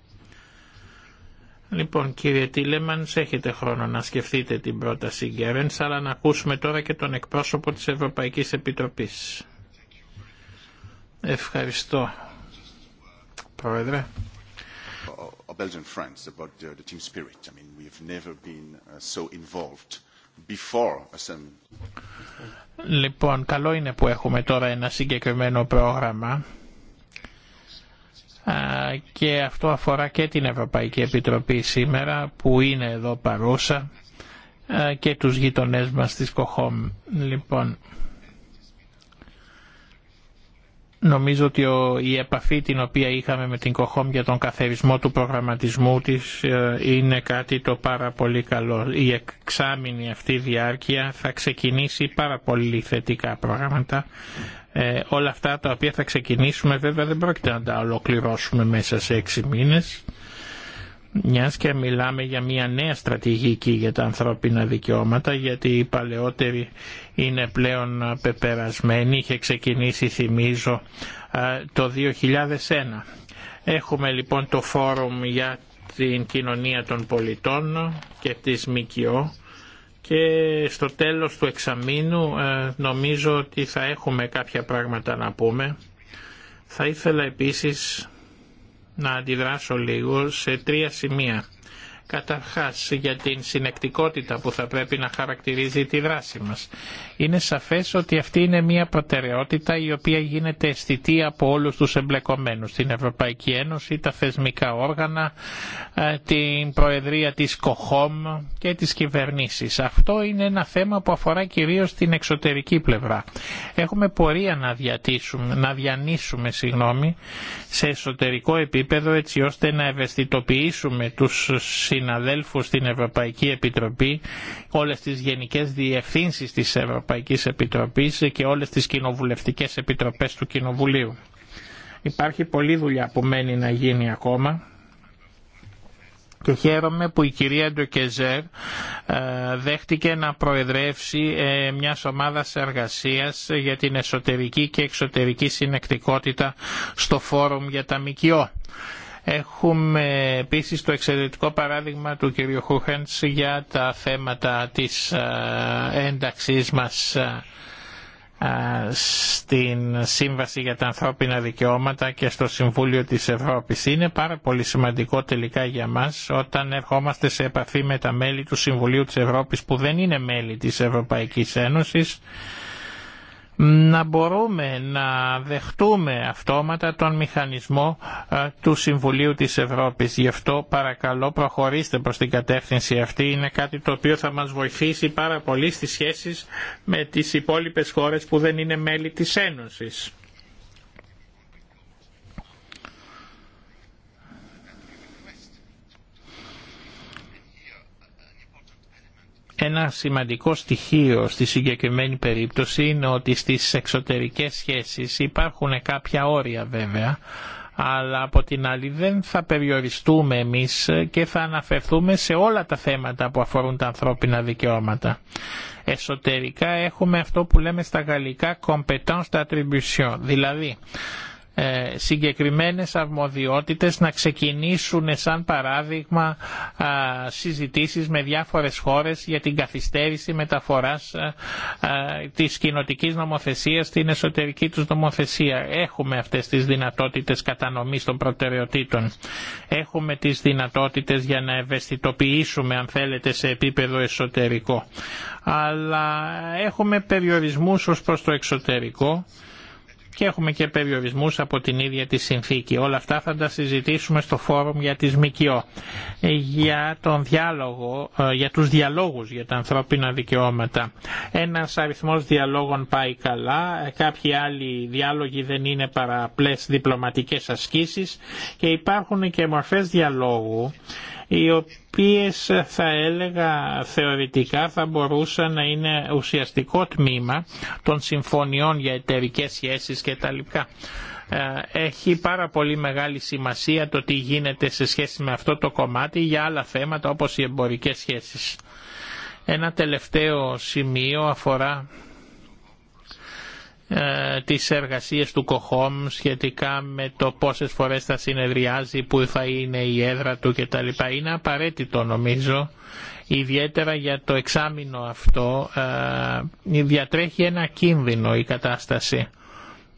Λοιπόν κύριε Τίλεμαν, έχετε χρόνο να σκεφτείτε την πρόταση Γκέρενς αλλά να ακούσουμε τώρα και τον εκπρόσωπο της Ευρωπαϊκής Επιτροπής. Ευχαριστώ Πρόεδρε our Belgian friends about the team spirit. I mean, never been uh, so involved before a Λοιπόν, καλό είναι που έχουμε τώρα ένα συγκεκριμένο πρόγραμμα και αυτό αφορά και την Ευρωπαϊκή Επιτροπή σήμερα που είναι εδώ παρούσα και τους γειτονές μας της ΚΟΧΟΜ. Λοιπόν, Νομίζω ότι η επαφή την οποία είχαμε με την Κοχόμ για τον καθαρισμό του προγραμματισμού της ε, είναι κάτι το πάρα πολύ καλό. Η εξάμηνη αυτή διάρκεια θα ξεκινήσει πάρα πολύ θετικά προγράμματα. Ε, όλα αυτά τα οποία θα ξεκινήσουμε βέβαια δεν πρόκειται να τα ολοκληρώσουμε μέσα σε έξι μήνες. Μια και μιλάμε για μια νέα στρατηγική για τα ανθρώπινα δικαιώματα γιατί οι παλαιότερη είναι πλέον πεπερασμένη, είχε ξεκινήσει θυμίζω το 2001. Έχουμε λοιπόν το φόρουμ για την κοινωνία των πολιτών και της ΜΚΟ και στο τέλος του εξαμήνου νομίζω ότι θα έχουμε κάποια πράγματα να πούμε. Θα ήθελα επίσης να αντιδράσω λίγο σε τρία σημεία. Καταρχάς για την συνεκτικότητα που θα πρέπει να χαρακτηρίζει τη δράση μας. Είναι σαφές ότι αυτή είναι μια προτεραιότητα η οποία γίνεται αισθητή από όλους τους εμπλεκομένους. Την Ευρωπαϊκή Ένωση, τα θεσμικά όργανα, ε, την Προεδρία της ΚΟΧΟΜ και τις κυβερνήσεις. Αυτό είναι ένα θέμα που αφορά κυρίως την εξωτερική πλευρά. Έχουμε πορεία να, να διανύσουμε συγγνώμη, σε εσωτερικό επίπεδο έτσι ώστε να ευαισθητοποιήσουμε τους συναδέλφους στην Ευρωπαϊκή Επιτροπή, όλες τις γενικές διευθύνσεις της Ευρωπαϊκής Επιτροπής και όλες τις κοινοβουλευτικές επιτροπές του Κοινοβουλίου. Υπάρχει πολλή δουλειά που μένει να γίνει ακόμα και χαίρομαι που η κυρία Ντοκεζέρ ε, δέχτηκε να προεδρεύσει ε, μια ομάδα εργασίας για την εσωτερική και εξωτερική συνεκτικότητα στο φόρουμ για τα ΜΚΟ. Έχουμε επίσης το εξαιρετικό παράδειγμα του κ. Χούχεντς για τα θέματα της ε, ένταξής μας ε, ε, στην Σύμβαση για τα Ανθρώπινα Δικαιώματα και στο Συμβούλιο της Ευρώπης. Είναι πάρα πολύ σημαντικό τελικά για μας όταν ερχόμαστε σε επαφή με τα μέλη του Συμβουλίου της Ευρώπης που δεν είναι μέλη της Ευρωπαϊκής Ένωσης να μπορούμε να δεχτούμε αυτόματα τον μηχανισμό ε, του Συμβουλίου της Ευρώπης. Γι' αυτό παρακαλώ προχωρήστε προς την κατεύθυνση αυτή. Είναι κάτι το οποίο θα μας βοηθήσει πάρα πολύ στις σχέσεις με τις υπόλοιπες χώρες που δεν είναι μέλη της Ένωσης. Ένα σημαντικό στοιχείο στη συγκεκριμένη περίπτωση είναι ότι στις εξωτερικές σχέσεις υπάρχουν κάποια όρια βέβαια, αλλά από την άλλη δεν θα περιοριστούμε εμείς και θα αναφερθούμε σε όλα τα θέματα που αφορούν τα ανθρώπινα δικαιώματα. Εσωτερικά έχουμε αυτό που λέμε στα γαλλικά competence d'attribution, δηλαδή ε, συγκεκριμένες αρμοδιότητες να ξεκινήσουν σαν παράδειγμα συζητήσεις με διάφορες χώρες για την καθυστέρηση μεταφοράς της κοινοτική νομοθεσίας στην εσωτερική τους νομοθεσία. Έχουμε αυτές τις δυνατότητες κατανομής των προτεραιοτήτων. Έχουμε τις δυνατότητες για να ευαισθητοποιήσουμε αν θέλετε σε επίπεδο εσωτερικό. Αλλά έχουμε περιορισμούς ως προς το εξωτερικό και έχουμε και περιορισμού από την ίδια τη συνθήκη. Όλα αυτά θα τα συζητήσουμε στο φόρουμ για τη ΜΚΟ. Ε, για τον διάλογο, ε, για τους διαλόγους για τα ανθρώπινα δικαιώματα. Ένας αριθμός διαλόγων πάει καλά, ε, κάποιοι άλλοι διάλογοι δεν είναι παραπλές διπλωματικές ασκήσεις και υπάρχουν και μορφές διαλόγου οι οποίες θα έλεγα θεωρητικά θα μπορούσαν να είναι ουσιαστικό τμήμα των συμφωνιών για εταιρικές σχέσεις κτλ. Ε, έχει πάρα πολύ μεγάλη σημασία το τι γίνεται σε σχέση με αυτό το κομμάτι για άλλα θέματα όπως οι εμπορικές σχέσεις. Ένα τελευταίο σημείο αφορά ε, τις εργασίες του Κοχόμ σχετικά με το πόσες φορές θα συνεδριάζει, που θα είναι η έδρα του κτλ. Είναι απαραίτητο νομίζω, ιδιαίτερα για το εξάμεινο αυτό, ε, διατρέχει ένα κίνδυνο η κατάσταση.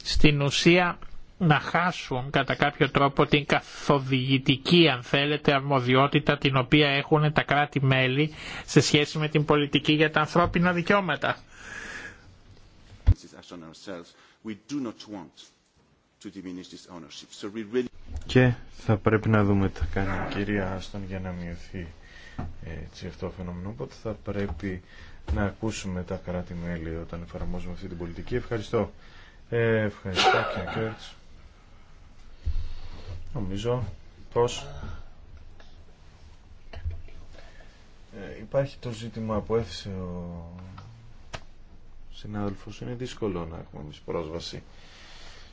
Στην ουσία να χάσουν κατά κάποιο τρόπο την καθοδηγητική αν θέλετε αρμοδιότητα την οποία έχουν τα κράτη-μέλη σε σχέση με την πολιτική για τα ανθρώπινα δικαιώματα. Και θα πρέπει να δούμε τι θα κάνει η κυρία Άστον για να μειωθεί έτσι, αυτό το φαινόμενο. Οπότε θα πρέπει να ακούσουμε τα κράτη-μέλη όταν εφαρμόζουμε αυτή την πολιτική. Ευχαριστώ. Ε, ευχαριστώ κύριε Κέρτς. Νομίζω πως ε, υπάρχει το ζήτημα που έθεσε ο Συνάδελφου είναι δύσκολο να έχουμε εμεί πρόσβαση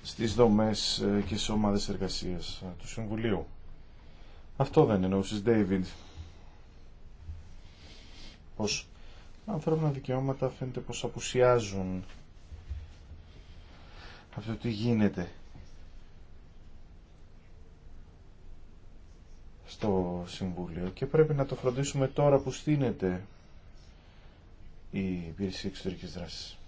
στις δομές ε, και στι ομάδες εργασίας ε, του Συμβουλίου. Αυτό δεν εννοούσε, Ντέιβιντ. Πως ανθρώπινα δικαιώματα φαίνεται πως απουσιάζουν αυτό τι γίνεται στο Συμβούλιο και πρέπει να το φροντίσουμε τώρα που στείνεται η υπηρεσία εξωτερικής δράσης.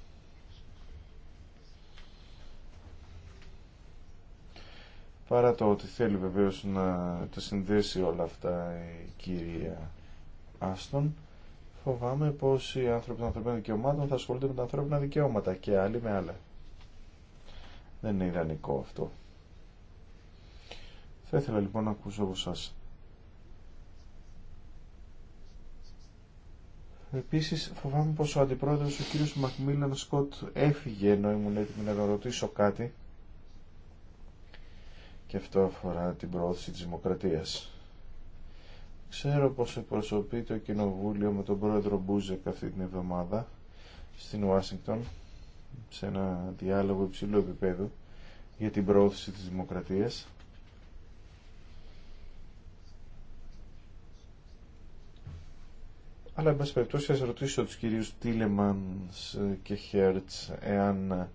Παρά το ότι θέλει βεβαίως να τα συνδέσει όλα αυτά η κυρία Άστον, φοβάμαι πως οι άνθρωποι των ανθρωπίνων δικαιωμάτων θα ασχολούνται με τα ανθρώπινα δικαιώματα και άλλοι με άλλα. Δεν είναι ιδανικό αυτό. Θα ήθελα λοιπόν να ακούσω από σας Επίσης φοβάμαι πω ο αντιπρόεδρος, ο κύριος Μακμίλαν Σκοτ, έφυγε ενώ ήμουν έτοιμη να ρωτήσω κάτι. Και αυτό αφορά την προώθηση της δημοκρατίας. Ξέρω πως εκπροσωπεί το κοινοβούλιο με τον πρόεδρο Μπούζεκ αυτή την εβδομάδα στην Ουάσιγκτον σε ένα διάλογο υψηλού επίπεδου για την προώθηση της δημοκρατίας Αλλά, εν πάση περιπτώσει, θα ρωτήσω τους κυρίους Τίλεμανς και Χέρτς εάν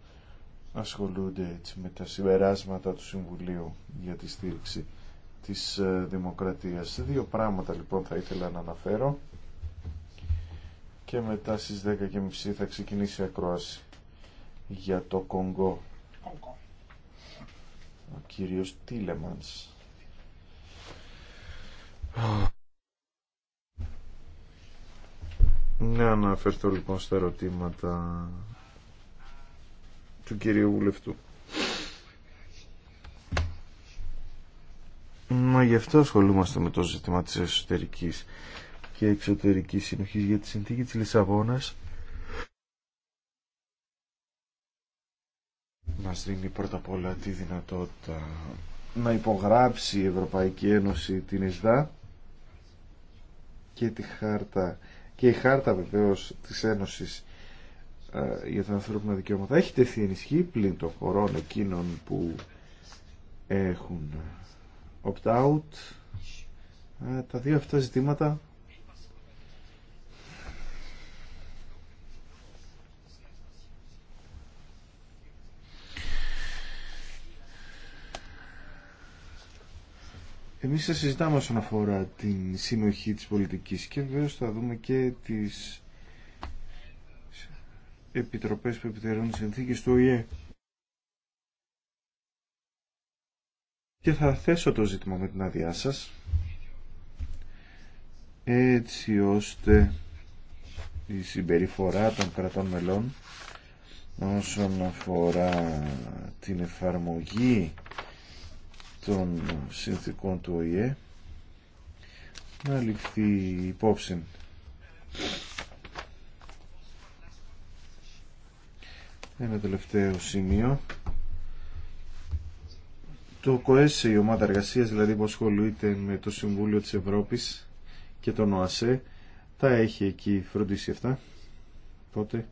ασχολούνται με τα συμπεράσματα του Συμβουλίου για τη στήριξη της ε, Δημοκρατίας. Δύο πράγματα, λοιπόν, θα ήθελα να αναφέρω και μετά στις 10.30 θα ξεκινήσει η ακρόαση για το Κονγκό. Ο κύριος Τίλεμανς. Να αναφερθώ λοιπόν στα ερωτήματα του κυρίου Βουλευτού. Μα γι' αυτό ασχολούμαστε με το ζήτημα της εσωτερικής και εξωτερικής συνοχής για τη συνθήκη της Λισαβόνας. Μας δίνει πρώτα απ' όλα τη δυνατότητα να υπογράψει η Ευρωπαϊκή Ένωση την ΕΣΔΑ και τη χάρτα και η χάρτα βεβαίως της Ένωσης ε, για τα ανθρώπινα δικαιώματα έχει τεθεί ενισχύ πλην των χωρών εκείνων που έχουν opt-out. Ε, τα δύο αυτά ζητήματα Εμείς θα συζητάμε όσον αφορά την συνοχή της πολιτικής και βέβαια θα δούμε και τις επιτροπές που επιτερώνουν συνθήκες του ΟΗΕ. Και θα θέσω το ζήτημα με την άδειά σας έτσι ώστε η συμπεριφορά των κρατών μελών όσον αφορά την εφαρμογή των συνθήκων του ΟΗΕ να ληφθεί υπόψη. Ένα τελευταίο σημείο. Το ΚΟΕΣ, η ομάδα εργασίας δηλαδή που ασχολείται με το Συμβούλιο της Ευρώπης και τον ΟΑΣΕ, τα έχει εκεί φροντίσει αυτά. Τότε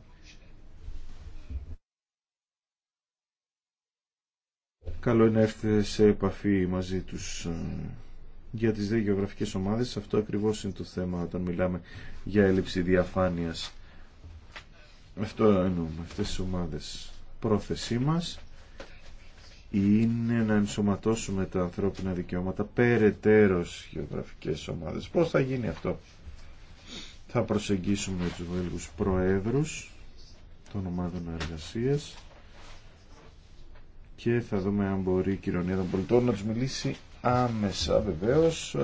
καλό είναι να έρθετε σε επαφή μαζί τους ε, για τις δύο γεωγραφικές ομάδες. Αυτό ακριβώς είναι το θέμα όταν μιλάμε για έλλειψη διαφάνειας. Αυτό εννοούμε, αυτές τις ομάδες. Πρόθεσή μας είναι να ενσωματώσουμε τα ανθρώπινα δικαιώματα περαιτέρω στις γεωγραφικές ομάδες. Πώς θα γίνει αυτό. Θα προσεγγίσουμε τους Βέλγους Προέδρους των ομάδων εργασίας και θα δούμε αν μπορεί η κοινωνία των πολιτών να τους μιλήσει άμεσα βεβαίως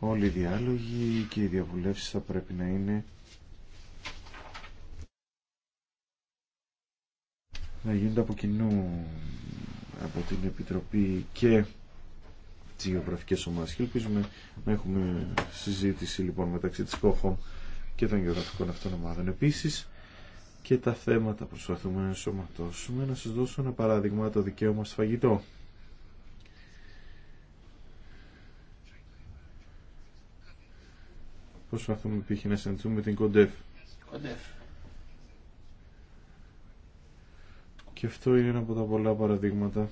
όλοι οι διάλογοι και οι διαβουλεύσεις θα πρέπει να είναι να γίνονται από κοινού από την Επιτροπή και τις γεωγραφικές ομάδες και ελπίζουμε να έχουμε συζήτηση λοιπόν μεταξύ της ΚΟΧΟΜ και των γεωγραφικών αυτών ομάδων επίσης και τα θέματα προσπαθούμε να ενσωματώσουμε. Να σας δώσω ένα παράδειγμα το δικαίωμα στο φαγητό. Προσπαθούμε π.χ. να συνεχίσουμε την Κοντεφ. Κοντεφ. Και αυτό είναι ένα από τα πολλά παραδείγματα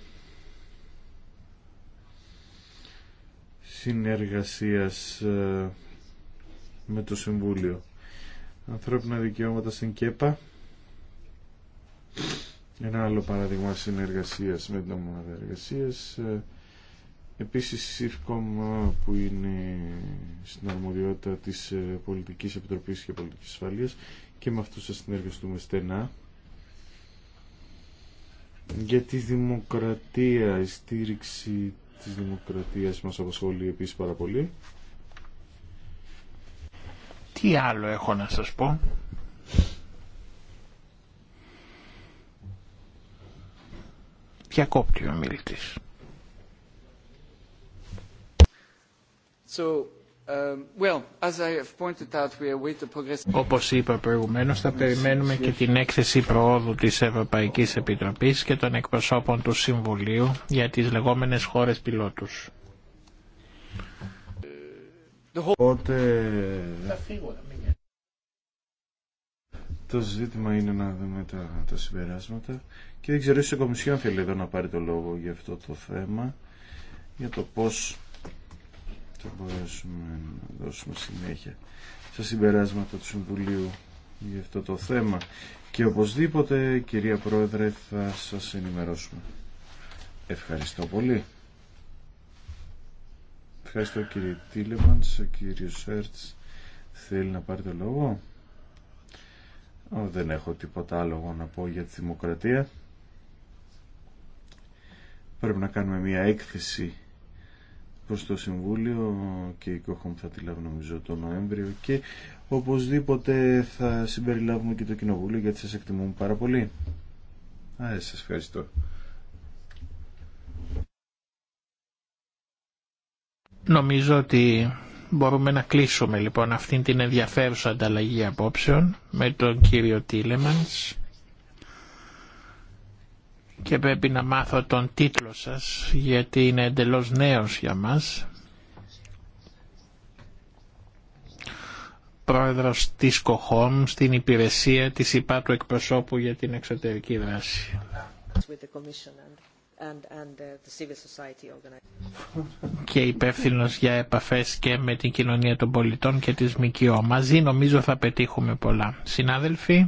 συνεργασίας ε, με το Συμβούλιο. Ανθρώπινα δικαιώματα στην ΚΕΠΑ. Ένα άλλο παράδειγμα συνεργασίας με την ομάδα εργασίας. Ε, επίσης η ΣΥΡΚΟΜ ε, που είναι στην αρμοδιότητα της ε, Πολιτικής Επιτροπής και Πολιτικής Ασφαλείας και με αυτούς θα συνεργαστούμε στενά. Για τη δημοκρατία, η στήριξη της δημοκρατίας μας απασχολεί επίσης πάρα πολύ. Τι άλλο έχω να σας πω Διακόπτει ο μιλητής. So, Όπως είπα προηγουμένως, θα περιμένουμε και την έκθεση προόδου της Ευρωπαϊκής Επιτροπής και των εκπροσώπων του Συμβουλίου για τις λεγόμενες χώρες πιλότους. Οπότε το ζήτημα είναι να δούμε τα, τα συμπεράσματα και δεν ξέρω ίσως η Κομισιόν θέλει εδώ να πάρει το λόγο για αυτό το θέμα για το πώς θα μπορέσουμε να δώσουμε συνέχεια στα συμπεράσματα του Συμβουλίου για αυτό το θέμα και οπωσδήποτε κυρία Πρόεδρε θα σας ενημερώσουμε. Ευχαριστώ πολύ. Ευχαριστώ κύριε Τίλεμαντς, ο κύριος Σέρτς θέλει να πάρει το λόγο. Δεν έχω τίποτα άλλο να πω για τη δημοκρατία. Πρέπει να κάνουμε μια έκθεση προς το Συμβούλιο και η ΚΟΧΟΜ θα τη λάβει νομίζω το Νοέμβριο και οπωσδήποτε θα συμπεριλάβουμε και το Κοινοβούλιο γιατί σας εκτιμούμε πάρα πολύ. Α, ε, σας ευχαριστώ. Νομίζω ότι Μπορούμε να κλείσουμε λοιπόν αυτήν την ενδιαφέρουσα ανταλλαγή απόψεων με τον κύριο Τίλεμανς και πρέπει να μάθω τον τίτλο σας γιατί είναι εντελώς νέος για μας. Πρόεδρος της ΚΟΧΟΜ στην υπηρεσία της ΥΠΑ του εκπροσώπου για την εξωτερική δράση. Uh, και υπεύθυνο για επαφές και με την κοινωνία των πολιτών και της ΜΚΟ. Μαζί νομίζω θα πετύχουμε πολλά. Συνάδελφοι,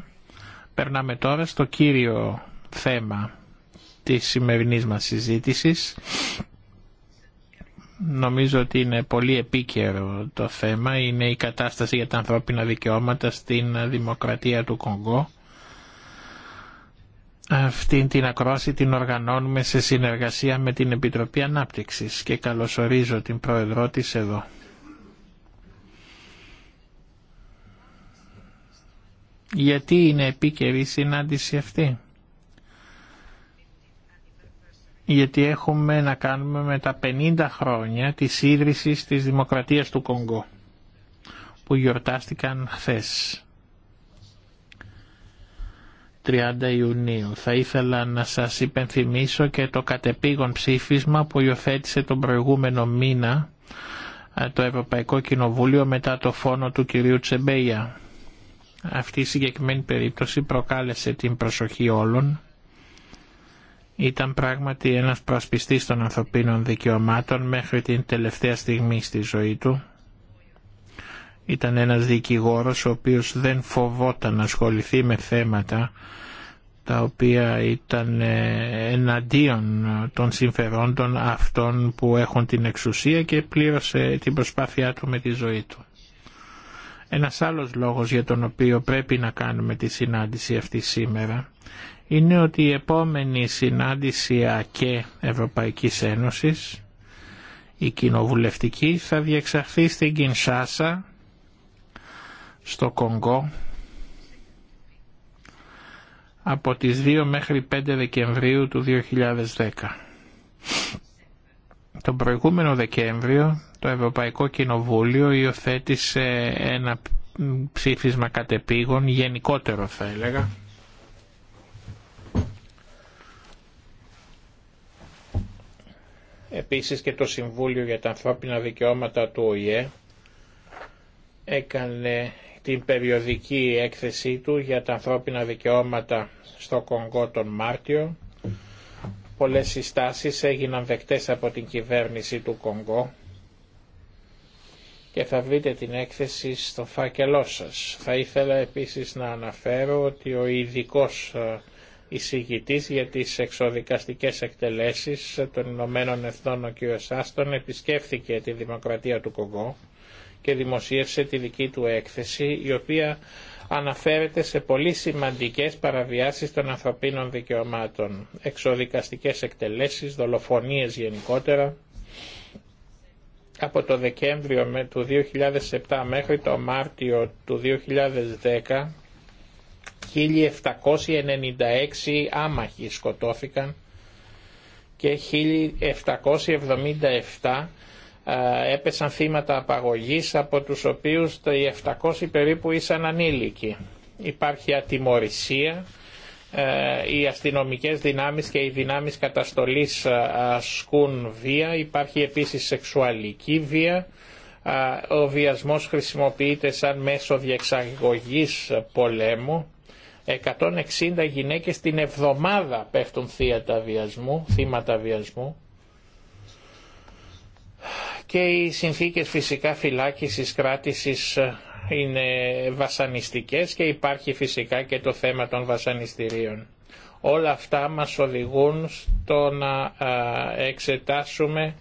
περνάμε τώρα στο κύριο θέμα της σημερινής μας συζήτησης. Νομίζω ότι είναι πολύ επίκαιρο το θέμα. Είναι η κατάσταση για τα ανθρώπινα δικαιώματα στην δημοκρατία του Κονγκό αυτή την ακρόαση την οργανώνουμε σε συνεργασία με την Επιτροπή Ανάπτυξης και καλωσορίζω την Πρόεδρό της εδώ. Γιατί είναι επίκαιρη η συνάντηση αυτή. Γιατί έχουμε να κάνουμε με τα 50 χρόνια της ίδρυσης της Δημοκρατίας του Κονγκό που γιορτάστηκαν χθες. 30 Ιουνίου. Θα ήθελα να σας υπενθυμίσω και το κατεπήγον ψήφισμα που υιοθέτησε τον προηγούμενο μήνα το Ευρωπαϊκό Κοινοβούλιο μετά το φόνο του κυρίου Τσεμπέια. Αυτή η συγκεκριμένη περίπτωση προκάλεσε την προσοχή όλων. Ήταν πράγματι ένας προασπιστής των ανθρωπίνων δικαιωμάτων μέχρι την τελευταία στιγμή στη ζωή του ήταν ένας δικηγόρος ο οποίος δεν φοβόταν να ασχοληθεί με θέματα τα οποία ήταν ε, εναντίον των συμφερόντων αυτών που έχουν την εξουσία και πλήρωσε την προσπάθειά του με τη ζωή του. Ένας άλλος λόγος για τον οποίο πρέπει να κάνουμε τη συνάντηση αυτή σήμερα είναι ότι η επόμενη συνάντηση ΑΚΕ Ευρωπαϊκής Ένωσης, η κοινοβουλευτική, θα διεξαχθεί στην Κινσάσα στο Κονγκό από τις 2 μέχρι 5 Δεκεμβρίου του 2010. Τον προηγούμενο Δεκέμβριο το Ευρωπαϊκό Κοινοβούλιο υιοθέτησε ένα ψήφισμα κατεπήγων, γενικότερο θα έλεγα, Επίσης και το Συμβούλιο για τα Ανθρώπινα Δικαιώματα του ΟΗΕ έκανε την περιοδική έκθεσή του για τα ανθρώπινα δικαιώματα στο Κονγκό τον Μάρτιο. Πολλές συστάσεις έγιναν δεκτές από την κυβέρνηση του Κονγκό και θα βρείτε την έκθεση στο φάκελό σας. Θα ήθελα επίσης να αναφέρω ότι ο ειδικό ε, εισηγητής για τις εξοδικαστικές εκτελέσεις των Ηνωμένων Εθνών ο κ. επισκέφθηκε τη Δημοκρατία του Κονγκό και δημοσίευσε τη δική του έκθεση η οποία αναφέρεται σε πολύ σημαντικές παραβιάσεις των ανθρωπίνων δικαιωμάτων, εξοδικαστικές εκτελέσεις, δολοφονίες γενικότερα. Από το Δεκέμβριο του 2007 μέχρι το Μάρτιο του 2010, 1796 άμαχοι σκοτώθηκαν και 1777 έπεσαν θύματα απαγωγής από τους οποίους οι 700 περίπου ήσαν ανήλικοι. Υπάρχει ατιμορρησία, ε, οι αστυνομικές δυνάμεις και οι δυνάμεις καταστολής ασκούν βία, υπάρχει επίσης σεξουαλική βία, ο βιασμός χρησιμοποιείται σαν μέσο διεξαγωγής πολέμου, 160 γυναίκες την εβδομάδα πέφτουν θύματα βιασμού, θύματα βιασμού και οι συνθήκες φυσικά φυλάκισης, κράτησης ε, είναι βασανιστικές και υπάρχει φυσικά και το θέμα των βασανιστήριων. Όλα αυτά μας οδηγούν στο να ε, εξετάσουμε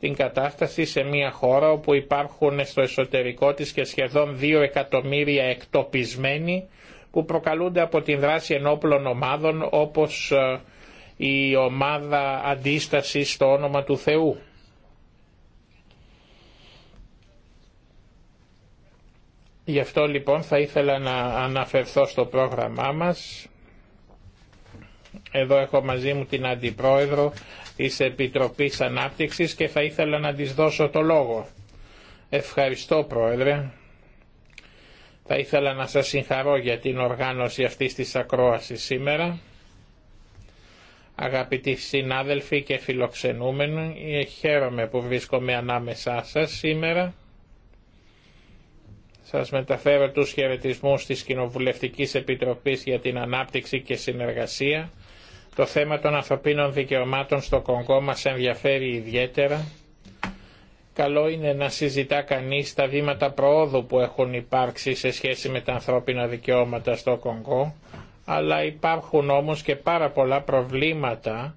την κατάσταση σε μια χώρα όπου υπάρχουν στο εσωτερικό της και σχεδόν δύο εκατομμύρια εκτοπισμένοι που προκαλούνται από την δράση ενόπλων ομάδων όπως ε, η ομάδα αντίστασης στο όνομα του Θεού. Γι' αυτό λοιπόν θα ήθελα να αναφερθώ στο πρόγραμμά μας. Εδώ έχω μαζί μου την Αντιπρόεδρο της Επιτροπής Ανάπτυξης και θα ήθελα να της δώσω το λόγο. Ευχαριστώ Πρόεδρε. Θα ήθελα να σας συγχαρώ για την οργάνωση αυτής της ακρόασης σήμερα. Αγαπητοί συνάδελφοι και φιλοξενούμενοι, χαίρομαι που βρίσκομαι ανάμεσά σας σήμερα. Σας μεταφέρω τους χαιρετισμούς της Κοινοβουλευτικής Επιτροπής για την Ανάπτυξη και Συνεργασία. Το θέμα των ανθρωπίνων δικαιωμάτων στο Κονγκό μας ενδιαφέρει ιδιαίτερα. Καλό είναι να συζητά κανείς τα βήματα προόδου που έχουν υπάρξει σε σχέση με τα ανθρώπινα δικαιώματα στο Κονγκό, αλλά υπάρχουν όμως και πάρα πολλά προβλήματα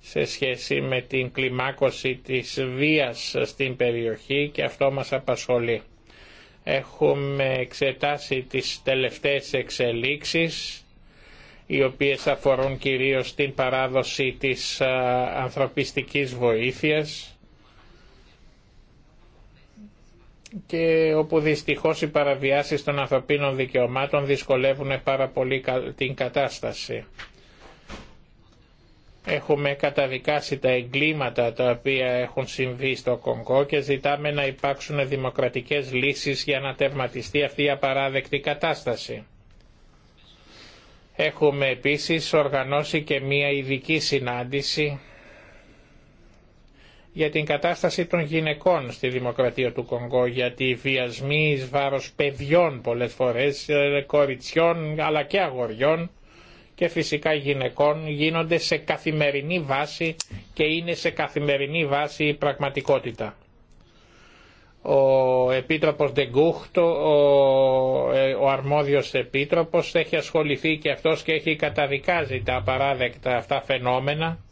σε σχέση με την κλιμάκωση της βίας στην περιοχή και αυτό μας απασχολεί. Έχουμε εξετάσει τις τελευταίες εξελίξεις οι οποίες αφορούν κυρίως την παράδοση της ανθρωπιστικής βοήθειας και όπου δυστυχώς οι παραβιάσεις των ανθρωπίνων δικαιωμάτων δυσκολεύουν πάρα πολύ την κατάσταση. Έχουμε καταδικάσει τα εγκλήματα τα οποία έχουν συμβεί στο Κονγκό και ζητάμε να υπάρξουν δημοκρατικές λύσεις για να τερματιστεί αυτή η απαράδεκτη κατάσταση. Έχουμε επίσης οργανώσει και μία ειδική συνάντηση για την κατάσταση των γυναικών στη Δημοκρατία του Κονγκό, γιατί οι βιασμοί εις βάρος παιδιών πολλές φορές, ε, κοριτσιών αλλά και αγοριών, και φυσικά γυναικών γίνονται σε καθημερινή βάση και είναι σε καθημερινή βάση η πραγματικότητα. Ο Επίτροπος Ντεγκούχτο, ο ε, αρμόδιος Επίτροπος, έχει ασχοληθεί και αυτός και έχει καταδικάζει τα απαράδεκτα αυτά φαινόμενα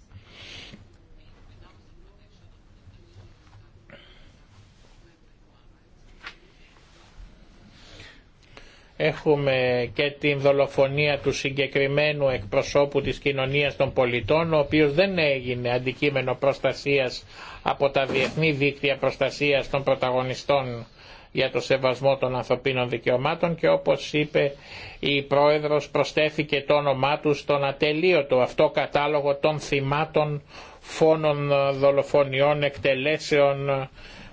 Έχουμε και την δολοφονία του συγκεκριμένου εκπροσώπου της κοινωνίας των πολιτών, ο οποίος δεν έγινε αντικείμενο προστασίας από τα διεθνή δίκτυα προστασίας των πρωταγωνιστών για το σεβασμό των ανθρωπίνων δικαιωμάτων και όπως είπε η Πρόεδρος προστέθηκε το όνομά του στον ατελείωτο αυτό κατάλογο των θυμάτων φόνων δολοφονιών, εκτελέσεων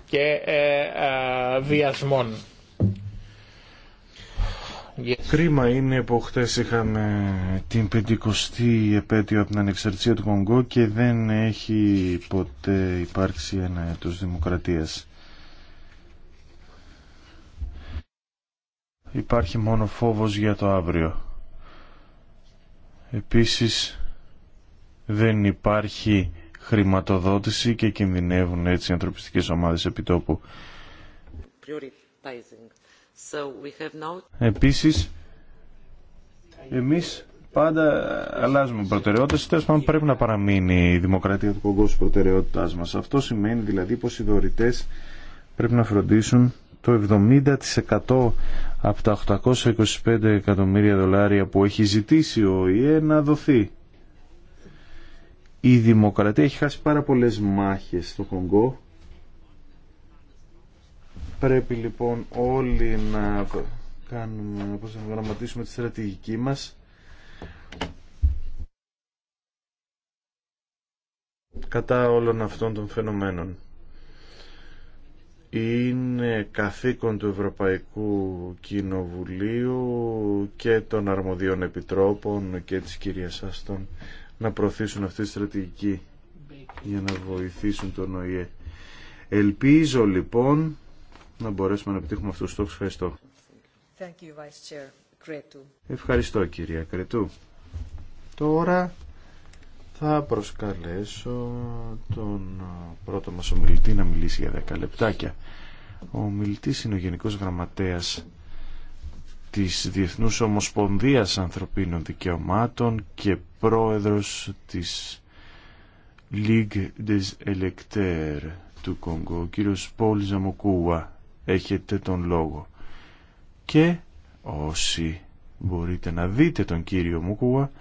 και ε, ε, βιασμών. Κρίμα είναι που χθε είχαμε την 50η επέτειο από την ανεξαρτησία του Κονγκό και δεν έχει ποτέ υπάρξει ένα έτος δημοκρατίας. Υπάρχει μόνο φόβος για το αύριο. Επίσης δεν υπάρχει χρηματοδότηση και κινδυνεύουν έτσι οι ανθρωπιστικές ομάδες επιτόπου. Επίσης, εμείς πάντα αλλάζουμε προτεραιότητες, τέλος πάντων πρέπει να παραμείνει η δημοκρατία του Κογκό προτεραιότητάς μας. Αυτό σημαίνει δηλαδή πως οι δωρητές πρέπει να φροντίσουν το 70% από τα 825 εκατομμύρια δολάρια που έχει ζητήσει ο ΙΕ να δοθεί. Η δημοκρατία έχει χάσει πάρα πολλές μάχες στο Κονγκό Πρέπει λοιπόν όλοι να κάνουμε, πώς να γραμματίσουμε τη στρατηγική μας. κατά όλων αυτών των φαινομένων. Είναι καθήκον του Ευρωπαϊκού Κοινοβουλίου και των αρμοδίων επιτρόπων και της κυρίας Άστον να προωθήσουν αυτή τη στρατηγική για να βοηθήσουν τον ΟΗΕ. Ελπίζω λοιπόν να μπορέσουμε να επιτύχουμε αυτούς τους στόχους. Ευχαριστώ. Ευχαριστώ κυρία Κρετού. Τώρα θα προσκαλέσω τον πρώτο μας ομιλητή να μιλήσει για 10 λεπτάκια. Ο ομιλητής είναι ο Γενικός Γραμματέας της Διεθνούς Ομοσπονδίας Ανθρωπίνων Δικαιωμάτων και πρόεδρος της League des Electeurs του Κονγκό, ο κύριος Πόλ Ζαμοκούα έχετε τον λόγο. Και όσοι μπορείτε να δείτε τον κύριο Μούκουα,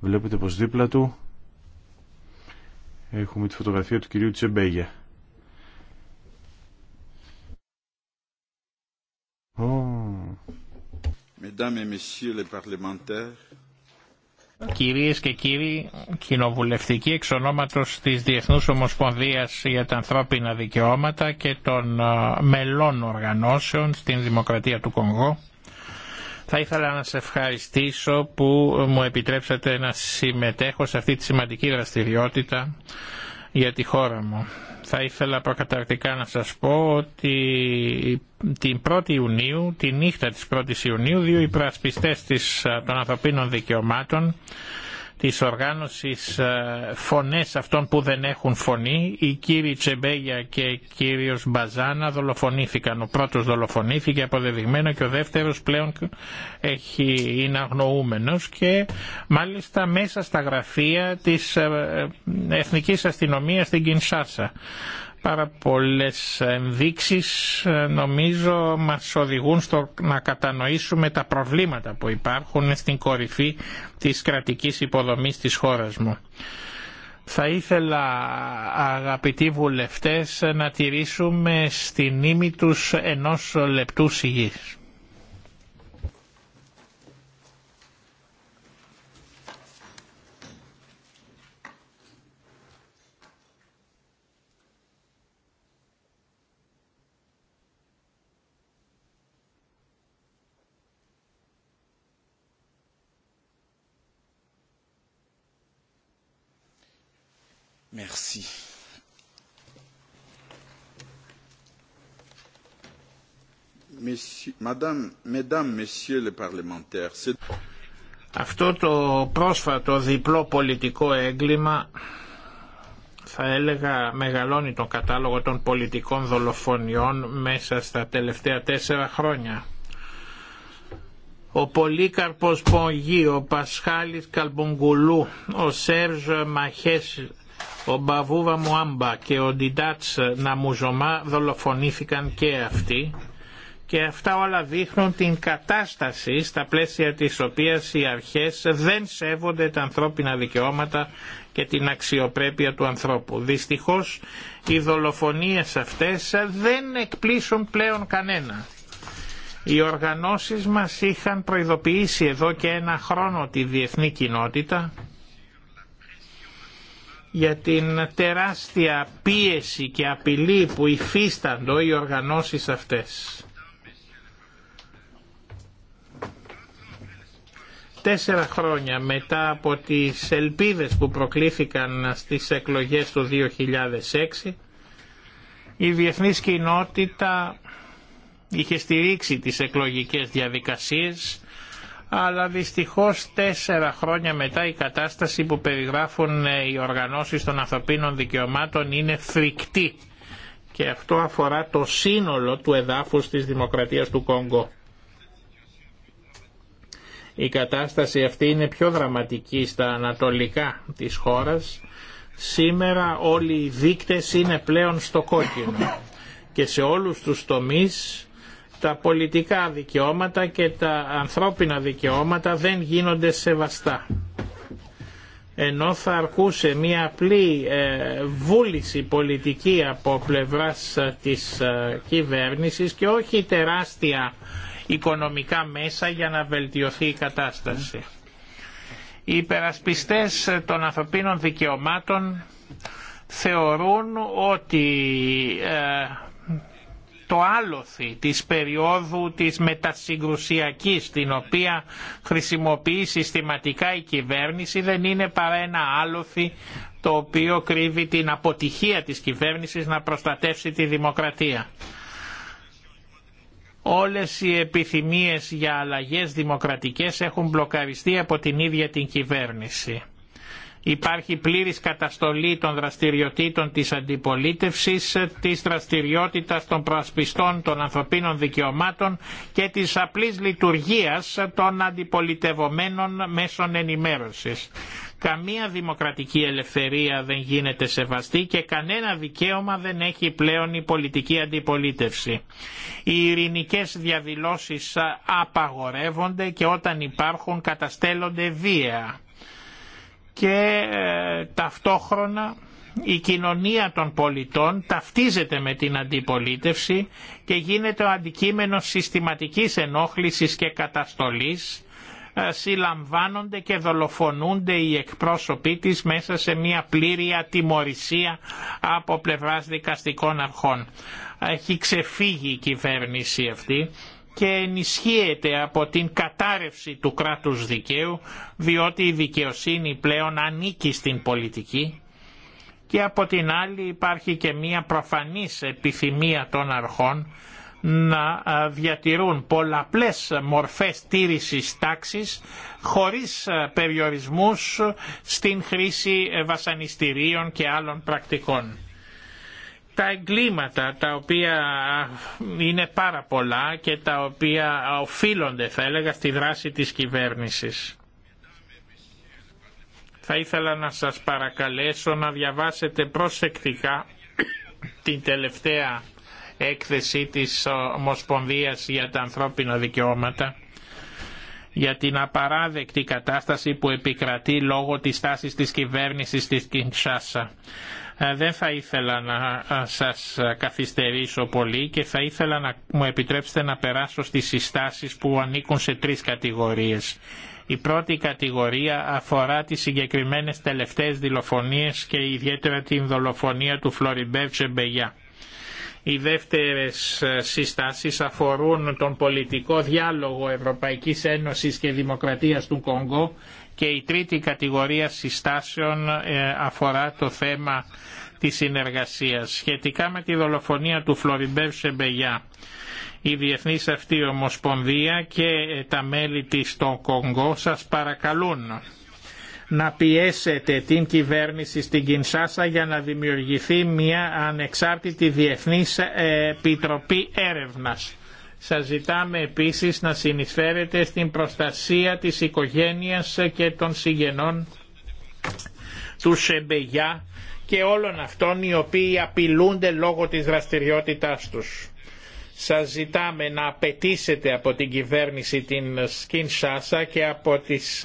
βλέπετε πως δίπλα του έχουμε τη φωτογραφία του κυρίου Τσεμπέγια. Mesdames et messieurs les parlementaires, Κυρίες και κύριοι, κοινοβουλευτική εξ ονόματος της Διεθνούς Ομοσπονδίας για τα Ανθρώπινα Δικαιώματα και των μελών οργανώσεων στην Δημοκρατία του Κονγκό, θα ήθελα να σε ευχαριστήσω που μου επιτρέψατε να συμμετέχω σε αυτή τη σημαντική δραστηριότητα για τη χώρα μου. Θα ήθελα προκαταρκτικά να σας πω ότι την 1η Ιουνίου, τη νύχτα της 1ης Ιουνίου, δύο υπρασπιστές των ανθρωπίνων δικαιωμάτων της οργάνωσης ε, φωνές αυτών που δεν έχουν φωνή. Οι κύριοι Τσεμπέγια και κύριος Μπαζάνα δολοφονήθηκαν. Ο πρώτος δολοφονήθηκε αποδεδειγμένο και ο δεύτερος πλέον έχει, είναι αγνοούμενος και μάλιστα μέσα στα γραφεία της ε, ε, Εθνικής Αστυνομίας στην Κινσάσα πάρα πολλές ενδείξεις ε, νομίζω μας οδηγούν στο να κατανοήσουμε τα προβλήματα που υπάρχουν στην κορυφή της κρατικής υποδομής της χώρας μου. Θα ήθελα αγαπητοί βουλευτές να τηρήσουμε στην ύμη τους ενός λεπτού σιγής. Αυτό το πρόσφατο διπλό πολιτικό έγκλημα θα έλεγα μεγαλώνει τον κατάλογο των πολιτικών δολοφονιών μέσα στα τελευταία τέσσερα χρόνια. Ο Πολύκαρπος Πογγί, ο Πασχάλης Καλμπογκουλού, ο Σέρζ Μαχές, ο Μπαβούβα Μουάμπα και ο Ντιντάτς Ναμουζωμά δολοφονήθηκαν και αυτοί και αυτά όλα δείχνουν την κατάσταση στα πλαίσια της οποίας οι αρχές δεν σέβονται τα ανθρώπινα δικαιώματα και την αξιοπρέπεια του ανθρώπου. Δυστυχώς οι δολοφονίες αυτές δεν εκπλήσουν πλέον κανένα. Οι οργανώσεις μας είχαν προειδοποιήσει εδώ και ένα χρόνο τη διεθνή κοινότητα για την τεράστια πίεση και απειλή που υφίσταντο οι οργανώσεις αυτές. Τέσσερα χρόνια μετά από τις ελπίδες που προκλήθηκαν στις εκλογές του 2006, η διεθνής κοινότητα είχε στηρίξει τις εκλογικές διαδικασίες, αλλά δυστυχώς τέσσερα χρόνια μετά η κατάσταση που περιγράφουν ε, οι οργανώσεις των ανθρωπίνων δικαιωμάτων είναι φρικτή και αυτό αφορά το σύνολο του εδάφους της Δημοκρατίας του Κόγκο. Η κατάσταση αυτή είναι πιο δραματική στα ανατολικά της χώρας. Σήμερα όλοι οι δείκτες είναι πλέον στο κόκκινο και σε όλους τους τομείς τα πολιτικά δικαιώματα και τα ανθρώπινα δικαιώματα δεν γίνονται σεβαστά. Ενώ θα αρκούσε μια απλή ε, βούληση πολιτική από πλευράς ε, της ε, κυβέρνησης και όχι τεράστια οικονομικά μέσα για να βελτιωθεί η κατάσταση. Οι υπερασπιστές των ανθρωπίνων δικαιωμάτων θεωρούν ότι ε, το άλοθη της περίοδου της μετασυγκρουσιακής την οποία χρησιμοποιεί συστηματικά η κυβέρνηση δεν είναι παρά ένα άλοθη το οποίο κρύβει την αποτυχία της κυβέρνησης να προστατεύσει τη δημοκρατία όλες οι επιθυμίες για αλλαγές δημοκρατικές έχουν μπλοκαριστεί από την ίδια την κυβέρνηση. Υπάρχει πλήρης καταστολή των δραστηριοτήτων της αντιπολίτευσης, της δραστηριότητας των προασπιστών των ανθρωπίνων δικαιωμάτων και της απλής λειτουργίας των αντιπολιτευομένων μέσων ενημέρωσης καμία δημοκρατική ελευθερία δεν γίνεται σεβαστή και κανένα δικαίωμα δεν έχει πλέον η πολιτική αντιπολίτευση. Οι ειρηνικές διαδηλώσεις απαγορεύονται και όταν υπάρχουν καταστέλλονται βία. Και ε, ταυτόχρονα η κοινωνία των πολιτών ταυτίζεται με την αντιπολίτευση και γίνεται ο αντικείμενο συστηματικής ενόχλησης και καταστολής ε, συλλαμβάνονται και δολοφονούνται οι εκπρόσωποι της μέσα σε μια πλήρη ατιμορρησία από πλευράς δικαστικών αρχών. Έχει ξεφύγει η κυβέρνηση αυτή και ενισχύεται από την κατάρρευση του κράτους δικαίου διότι η δικαιοσύνη πλέον ανήκει στην πολιτική και από την άλλη υπάρχει και μια προφανής επιθυμία των αρχών να διατηρούν πολλαπλές μορφές τήρησης τάξης χωρίς περιορισμούς στην χρήση ε, βασανιστήριων και άλλων πρακτικών. Τα εγκλήματα τα οποία είναι πάρα πολλά και τα οποία οφείλονται θα έλεγα στη δράση της κυβέρνησης. Θα ήθελα να σας παρακαλέσω να διαβάσετε προσεκτικά την τελευταία έκθεση της Ομοσπονδίας για τα ανθρώπινα δικαιώματα για την απαράδεκτη κατάσταση που επικρατεί λόγω της τάσης της κυβέρνησης της Κινσάσα. Ε, δεν θα ήθελα να ε, σας καθυστερήσω πολύ και θα ήθελα να μου επιτρέψετε να περάσω στις συστάσεις που ανήκουν σε τρεις κατηγορίες. Η πρώτη κατηγορία αφορά τις συγκεκριμένες τελευταίες δηλοφονίες και ιδιαίτερα την δολοφονία του Φλωριμπέρ Τσεμπεγιά. Οι δεύτερες ε, συστάσεις αφορούν τον πολιτικό διάλογο ευρωπαϊκή Ένωσης και Δημοκρατίας του Κονγκό και η τρίτη κατηγορία συστάσεων ε, αφορά το θέμα της συνεργασίας. Σχετικά με τη δολοφονία του Φλωριμπέρ Σεμπεγιά, η Διεθνής αυτή Ομοσπονδία και ε, τα μέλη της στο Κονγκό σας παρακαλούν να πιέσετε την κυβέρνηση στην Κινσάσα για να δημιουργηθεί μια ανεξάρτητη διεθνής ε, επιτροπή έρευνας. Σας ζητάμε επίσης να συνεισφέρετε στην προστασία της οικογένειας και των συγγενών του Σεμπεγιά και όλων αυτών οι οποίοι απειλούνται λόγω της δραστηριότητάς τους. Σας ζητάμε να απαιτήσετε από την κυβέρνηση την Κινσάσα και από τις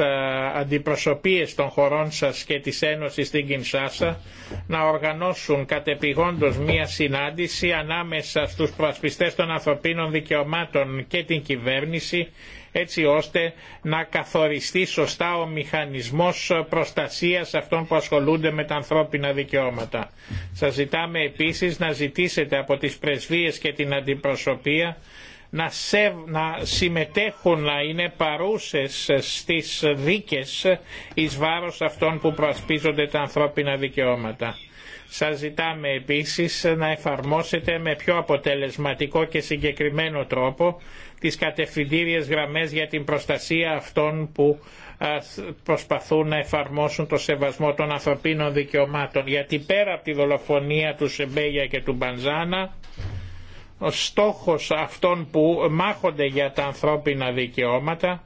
αντιπροσωπείες των χωρών σας και της Ένωσης στην Κινσάσα να οργανώσουν κατεπηγόντως μία συνάντηση ανάμεσα στους προασπιστές των ανθρωπίνων δικαιωμάτων και την κυβέρνηση έτσι ώστε να καθοριστεί σωστά ο μηχανισμός προστασίας αυτών που ασχολούνται με τα ανθρώπινα δικαιώματα. Σας ζητάμε επίσης να ζητήσετε από τις πρεσβείες και την αντιπροσωπεία να, σε, να συμμετέχουν, να είναι παρούσες στις δίκες εις βάρος αυτών που προασπίζονται τα ανθρώπινα δικαιώματα. Σας ζητάμε επίσης να εφαρμόσετε με πιο αποτελεσματικό και συγκεκριμένο τρόπο τις κατευθυντήριες γραμμές για την προστασία αυτών που προσπαθούν να εφαρμόσουν το σεβασμό των ανθρωπίνων δικαιωμάτων. Γιατί πέρα από τη δολοφονία του Σεμπέγια και του Μπανζάνα, ο στόχος αυτών που μάχονται για τα ανθρώπινα δικαιώματα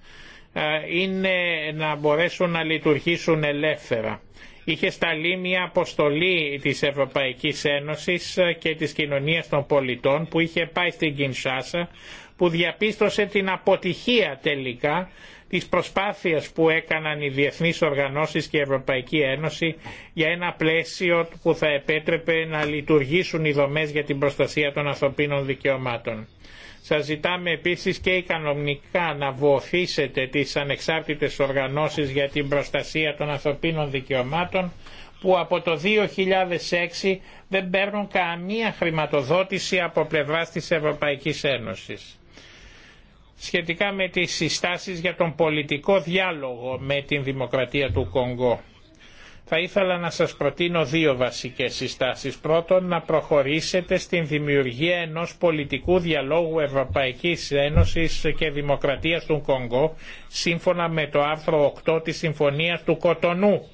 είναι να μπορέσουν να λειτουργήσουν ελεύθερα. Είχε σταλεί μια αποστολή της Ευρωπαϊκής Ένωσης και της κοινωνίας των πολιτών που είχε πάει στην Κινσάσα που διαπίστωσε την αποτυχία τελικά της προσπάθειας που έκαναν οι διεθνείς οργανώσεις και η Ευρωπαϊκή Ένωση για ένα πλαίσιο που θα επέτρεπε να λειτουργήσουν οι δομές για την προστασία των ανθρωπίνων δικαιωμάτων. Σας ζητάμε επίσης και ικανομικά να βοηθήσετε τις ανεξάρτητες οργανώσεις για την προστασία των ανθρωπίνων δικαιωμάτων που από το 2006 δεν παίρνουν καμία χρηματοδότηση από πλευράς της Ευρωπαϊκής Ένωσης σχετικά με τις συστάσεις για τον πολιτικό διάλογο με την δημοκρατία του Κονγκό. Θα ήθελα να σας προτείνω δύο βασικές συστάσεις. Πρώτον, να προχωρήσετε στην δημιουργία ενός πολιτικού διαλόγου Ευρωπαϊκής Ένωσης και Δημοκρατίας του Κονγκό, σύμφωνα με το άρθρο 8 της Συμφωνίας του Κοτονού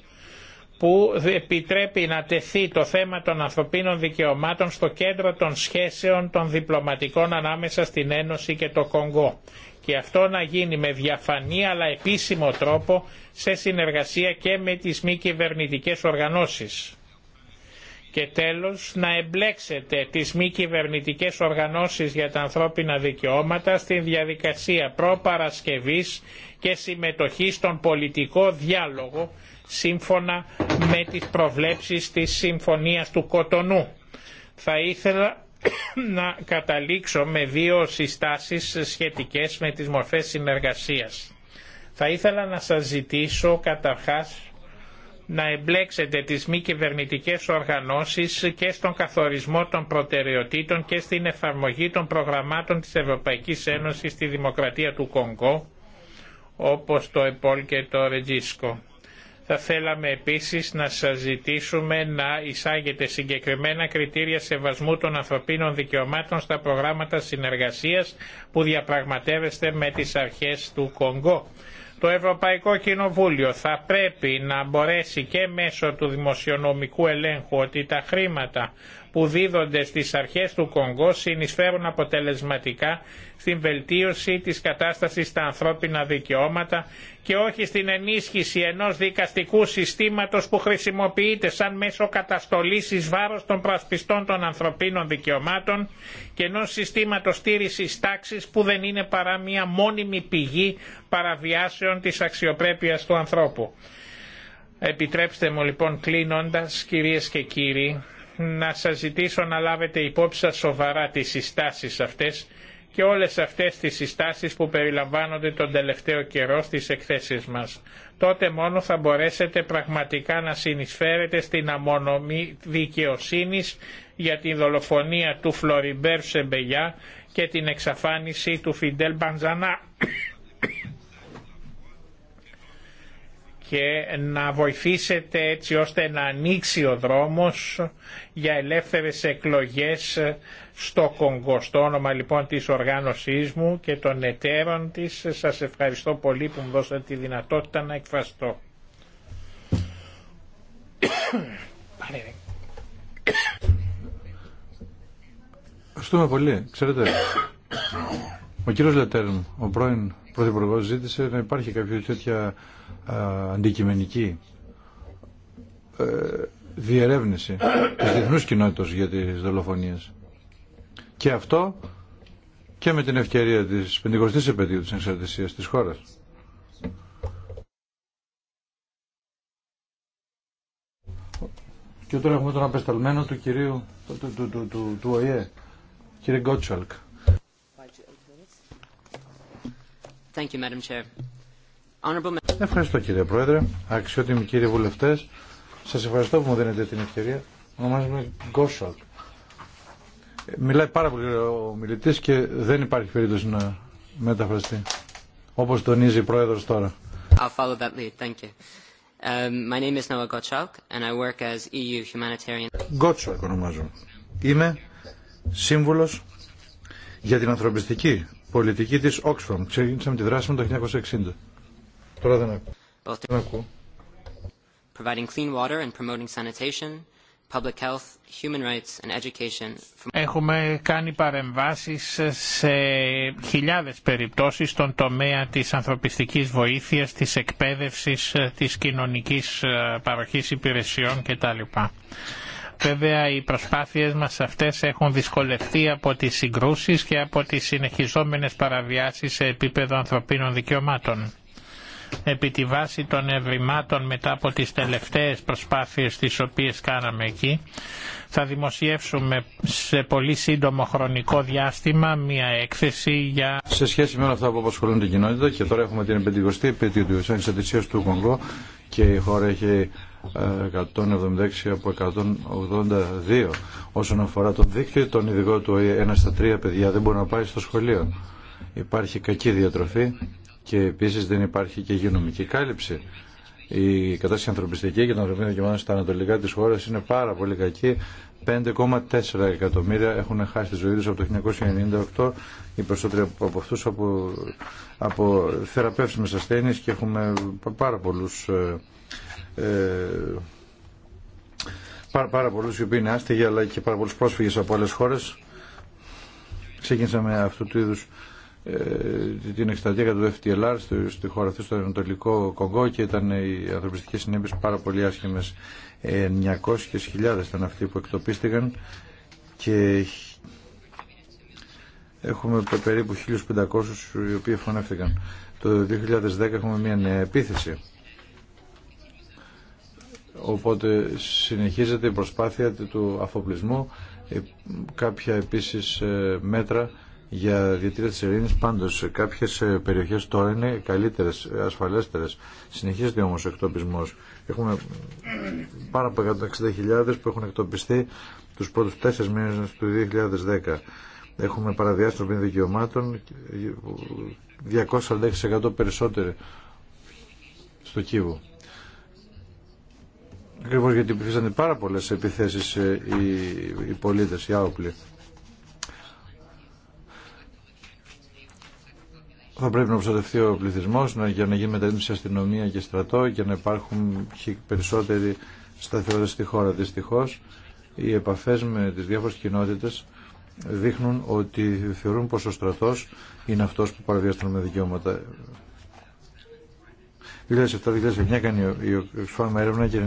που επιτρέπει να τεθεί το θέμα των ανθρωπίνων δικαιωμάτων στο κέντρο των σχέσεων των διπλωματικών ανάμεσα στην Ένωση και το Κονγκό και αυτό να γίνει με διαφανή αλλά επίσημο τρόπο σε συνεργασία και με τις μη κυβερνητικέ οργανώσεις. Και τέλος να εμπλέξετε τις μη κυβερνητικέ οργανώσεις για τα ανθρώπινα δικαιώματα στην διαδικασία προπαρασκευής και συμμετοχής στον πολιτικό διάλογο σύμφωνα με τις προβλέψεις της Συμφωνίας του Κοτονού. Θα ήθελα [COUGHS] να καταλήξω με δύο συστάσεις σχετικές με τις μορφές συνεργασίας. Θα ήθελα να σας ζητήσω καταρχάς να εμπλέξετε τις μη κυβερνητικέ οργανώσεις και στον καθορισμό των προτεραιοτήτων και στην εφαρμογή των προγραμμάτων της Ευρωπαϊκής Ένωσης στη Δημοκρατία του Κονγκό, όπως το ΕΠΟΛ και το Ρετζίσκο. Θα θέλαμε επίσης να σας ζητήσουμε να εισάγετε συγκεκριμένα κριτήρια σεβασμού των ανθρωπίνων δικαιωμάτων στα προγράμματα συνεργασίας που διαπραγματεύεστε με τις αρχές του Κονγκό. Το Ευρωπαϊκό Κοινοβούλιο θα πρέπει να μπορέσει και μέσω του δημοσιονομικού ελέγχου ότι τα χρήματα που δίδονται στις αρχές του Κονγκό συνεισφέρουν αποτελεσματικά στην βελτίωση της κατάστασης στα ανθρώπινα δικαιώματα και όχι στην ενίσχυση ενός δικαστικού συστήματος που χρησιμοποιείται σαν μέσο καταστολής εις βάρος των προασπιστών των ανθρωπίνων δικαιωμάτων και ενός συστήματος στήρησης τάξης που δεν είναι παρά μια μόνιμη πηγή παραβιάσεων της αξιοπρέπειας του ανθρώπου. Επιτρέψτε μου λοιπόν κλείνοντας κυρίες και κύριοι να σας ζητήσω να λάβετε υπόψη σας σοβαρά τις συστάσεις αυτές και όλες αυτές τις συστάσεις που περιλαμβάνονται τον τελευταίο καιρό στις εκθέσεις μας. Τότε μόνο θα μπορέσετε πραγματικά να συνεισφέρετε στην αμονομή δικαιοσύνης για την δολοφονία του Φλωριμπέρ Σεμπεγιά και την εξαφάνιση του Φιντέλ Μπανζανά και να βοηθήσετε έτσι ώστε να ανοίξει ο δρόμος για ελεύθερες εκλογές στο Κονγκό. Στο όνομα λοιπόν της οργάνωσής μου και των εταίρων της σας ευχαριστώ πολύ που μου δώσατε τη δυνατότητα να εκφραστώ. Ευχαριστούμε πολύ. Ξέρετε, ο κύριος Λετέρν, ο πρώην Πρωθυπουργός, ζήτησε να υπάρχει κάποια τέτοια αντικειμενική ε, διερεύνηση της διεθνούς κοινότητας για τις δολοφονίες. Και αυτό και με την ευκαιρία της 50ης επαιτίου της εξαρτησίας της χώρας. Και τώρα έχουμε τον απεσταλμένο του κυρίου του, του, του, του, κύριε Γκότσαλκ. Ευχαριστώ κύριε Πρόεδρε, αξιότιμοι κύριοι βουλευτέ. Σα ευχαριστώ που μου δίνετε την ευκαιρία. Ονομάζομαι Γκόσολτ. Μιλάει πάρα πολύ ο μιλητή και δεν υπάρχει περίπτωση να μεταφραστεί. όπω τονίζει η πρόεδρο τώρα. I'll ονομάζομαι. Είμαι σύμβουλο για την ανθρωπιστική πολιτική της Oxfam. Ξεκίνησαμε τη δράση μου το 1960. Έχουμε κάνει παρεμβάσεις σε χιλιάδες περιπτώσεις στον τομέα της ανθρωπιστικής βοήθειας, της εκπαίδευσης, της κοινωνικής ε, παροχής υπηρεσιών κτλ. Βέβαια οι προσπάθειες μας αυτές έχουν δυσκολευτεί από τις συγκρούσεις και από τις συνεχιζόμενες παραβιάσεις σε επίπεδο ανθρωπίνων δικαιωμάτων επί τη βάση των ευρημάτων μετά από τις τελευταίες προσπάθειες τις οποίες κάναμε εκεί. Θα δημοσιεύσουμε σε πολύ σύντομο χρονικό διάστημα μια έκθεση για... Σε σχέση με όλα αυτά που απασχολούν την κοινότητα και τώρα έχουμε την 50η επέτειο του του Κονγκό και η χώρα έχει 176 ε, από 182 όσον αφορά το δίκτυο τον ειδικό του ένα στα τρία παιδιά δεν μπορεί να πάει στο σχολείο υπάρχει κακή διατροφή και επίσης δεν υπάρχει και υγειονομική κάλυψη. Η κατάσταση ανθρωπιστική και των ανθρωπίνων δικαιωμάτων στα ανατολικά της χώρας είναι πάρα πολύ κακή. 5,4 εκατομμύρια έχουν χάσει τη ζωή τους από το 1998, οι περισσότεροι από αυτούς από, από θεραπεύσιμες ασθένειες και έχουμε πάρα πολλούς ε, ε πάρα, πολλούς οι οποίοι είναι άστιγοι αλλά και πάρα πολλούς πρόσφυγες από άλλες χώρες. Ξεκίνησα με αυτού του είδους ε, την εκστρατεία του FTLR στη χώρα αυτή στο Ανατολικό κογκό και ήταν οι ανθρωπιστικές συνέπειες πάρα πολύ άσχημες. 900.000 ε, ήταν αυτοί που εκτοπίστηκαν και έχουμε περίπου 1.500 οι οποίοι φωνεύτηκαν. Το 2010 έχουμε μια νέα επίθεση. Οπότε συνεχίζεται η προσπάθεια του αφοπλισμού, ε, κάποια επίσης μέτρα για διατήρηση της ειρήνης πάντως κάποιες ε, περιοχές τώρα είναι καλύτερες, ασφαλέστερες συνεχίζεται όμως ο εκτοπισμός έχουμε πάνω από 160.000 που έχουν εκτοπιστεί τους πρώτους τέσσερις μήνες του 2010 έχουμε παραδιαστροπη δικαιωμάτων 246% περισσότερο στο Κύβο. Ακριβώς γιατί υπήρχαν πάρα πολλές επιθέσεις ε, οι, οι πολίτες, οι άοπλοι θα πρέπει να προστατευτεί ο πληθυσμό για να γίνει μεταρρύθμιση αστυνομία και στρατό και να υπάρχουν περισσότεροι σταθερότητα στη χώρα. Δυστυχώ, οι επαφέ με τι διάφορε κοινότητε δείχνουν ότι θεωρούν πω ο στρατό είναι αυτό που παραβιάζει με δικαιώματα. 2007-2009 έκανε η Oxfam έρευνα και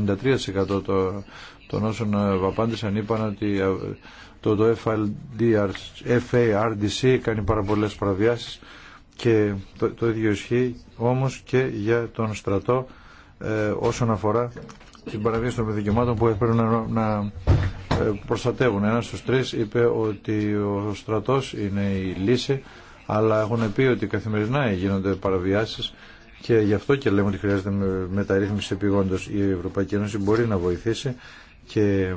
93% των όσων απάντησαν είπαν ότι το, FARDC κάνει πάρα πολλέ παραβιάσει. Και το, το ίδιο ισχύει όμως και για τον στρατό ε, όσον αφορά την παραβίαση των δικαιωμάτων που έπρεπε να, να ε, προστατεύουν. Ένας στους τρεις είπε ότι ο στρατός είναι η λύση, αλλά έχουν πει ότι καθημερινά γίνονται παραβιάσεις και γι' αυτό και λέμε ότι χρειάζεται μεταρρύθμιση επιγόντως. Η Ευρωπαϊκή Ένωση μπορεί να βοηθήσει και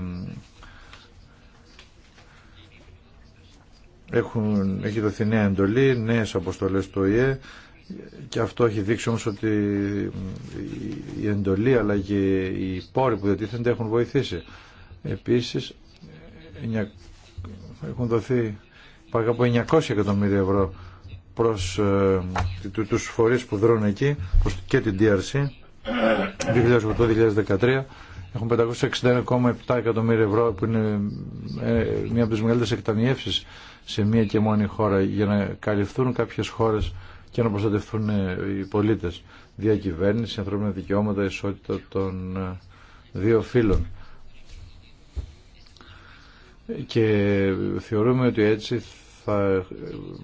Έχουν, έχει δοθεί νέα εντολή, νέες αποστολές του ΟΗΕ και αυτό έχει δείξει όμως ότι η εντολή αλλά και οι πόροι που διατίθενται έχουν βοηθήσει. Επίσης έχουν δοθεί πάνω από 900 εκατομμύρια ευρώ προς ε, τους φορείς που δρούν εκεί προς και την DRC 2008-2013 έχουν 561,7 εκατομμύρια ευρώ που είναι ε, μία από τις μεγαλύτερες εκταμιεύσεις σε μία και μόνη χώρα για να καλυφθούν κάποιες χώρες και να προστατευτούν ε, οι πολίτες. Διακυβέρνηση, ανθρώπινα δικαιώματα, ισότητα των ε, δύο φύλων. Και θεωρούμε ότι έτσι θα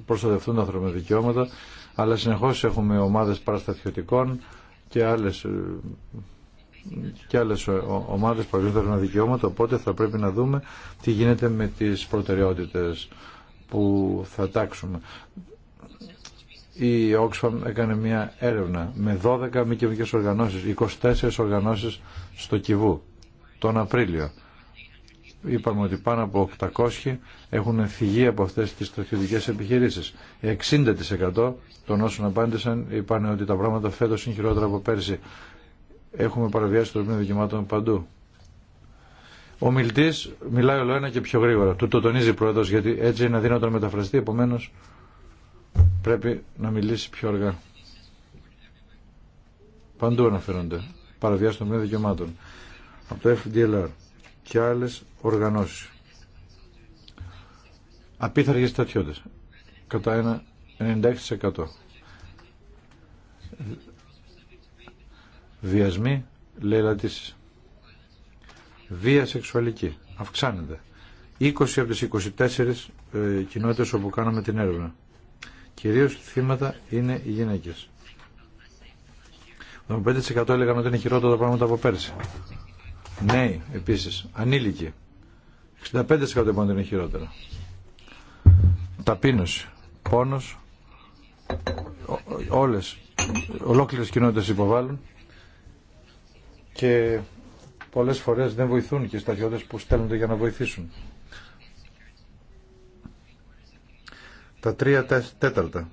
προστατευτούν τα ανθρώπινα δικαιώματα, αλλά συνεχώς έχουμε ομάδες παραστατιωτικών και άλλες ε, και άλλες ομάδες τα δικαιώματα, οπότε θα πρέπει να δούμε τι γίνεται με τι προτεραιότητε που θα τάξουμε. Η Oxfam έκανε μια έρευνα με 12 μη κυβερνητικέ οργανώσεις, 24 οργανώσεις στο Κιβού τον Απρίλιο. Είπαμε ότι πάνω από 800 έχουν φυγεί από αυτές τις στρατιωτικές επιχειρήσεις. 60% των όσων απάντησαν είπαν ότι τα πράγματα φέτος είναι χειρότερα από πέρσι. Έχουμε παραβιάσει το δικαιωμάτων παντού. Ο μιλητή μιλάει όλο και πιο γρήγορα. Του το τονίζει η γιατί έτσι είναι αδύνατο να μεταφραστεί. Επομένω πρέπει να μιλήσει πιο αργά. Παντού αναφέρονται παραβιάσει των μείων δικαιωμάτων από το FDLR και άλλε οργανώσει. Απίθαργε στρατιώτε. Κατά ένα 96%. Βιασμοί, λέει λατήσεις βία σεξουαλική αυξάνεται. 20 από τι 24 ε, κοινότητες όπου κάναμε την έρευνα. Κυρίως θύματα είναι οι γυναίκες. Το 5% έλεγαν ότι είναι χειρότερα τα πράγματα από πέρσι. Νέοι επίσης, ανήλικοι. 65% είπαν ότι είναι χειρότερα. Ταπείνωση, πόνος, όλες, Ολόκληρε κοινότητε υποβάλλουν και πολλές φορές δεν βοηθούν και οι στρατιώτες που στέλνονται για να βοηθήσουν. Τα τρία τέταρτα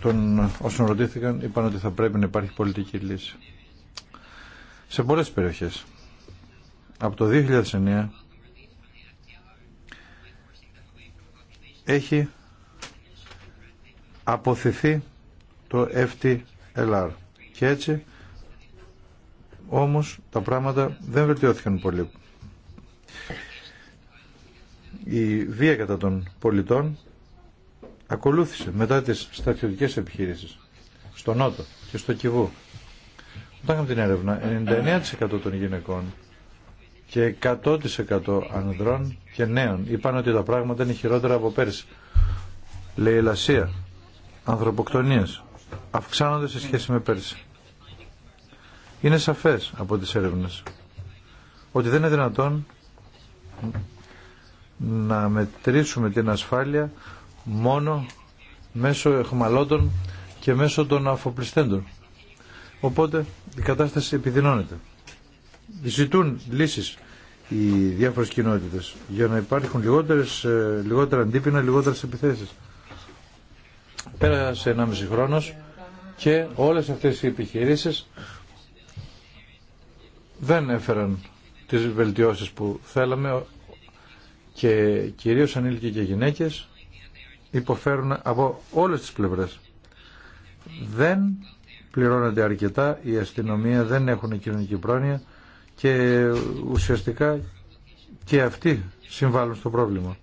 των όσων ρωτήθηκαν είπαν ότι θα πρέπει να υπάρχει πολιτική λύση. Σε πολλές περιοχές. Από το 2009 έχει αποθηθεί το FTLR και έτσι όμως τα πράγματα δεν βελτιώθηκαν πολύ. Η βία κατά των πολιτών ακολούθησε μετά τις στρατιωτικές επιχείρησεις στο Νότο και στο Κιβού. Όταν είχαμε την έρευνα, 99% των γυναικών και 100% ανδρών και νέων είπαν ότι τα πράγματα είναι χειρότερα από πέρσι. Λαϊλασία, ανθρωποκτονίες αυξάνονται σε σχέση με πέρσι. Είναι σαφές από τις έρευνες ότι δεν είναι δυνατόν να μετρήσουμε την ασφάλεια μόνο μέσω εχμαλώτων και μέσω των αφοπλιστέντων. Οπότε η κατάσταση επιδεινώνεται. Ζητούν λύσεις οι διάφορες κοινότητες για να υπάρχουν λιγότερες, ε, λιγότερα αντίπεινα, λιγότερες επιθέσεις. Πέρασε 1,5 χρόνος και όλες αυτές οι επιχειρήσεις δεν έφεραν τις βελτιώσεις που θέλαμε και κυρίως ανήλικοι και γυναίκες υποφέρουν από όλες τις πλευρές. Δεν πληρώνεται αρκετά, η αστυνομία δεν έχουν κοινωνική πρόνοια και ουσιαστικά και αυτοί συμβάλλουν στο πρόβλημα.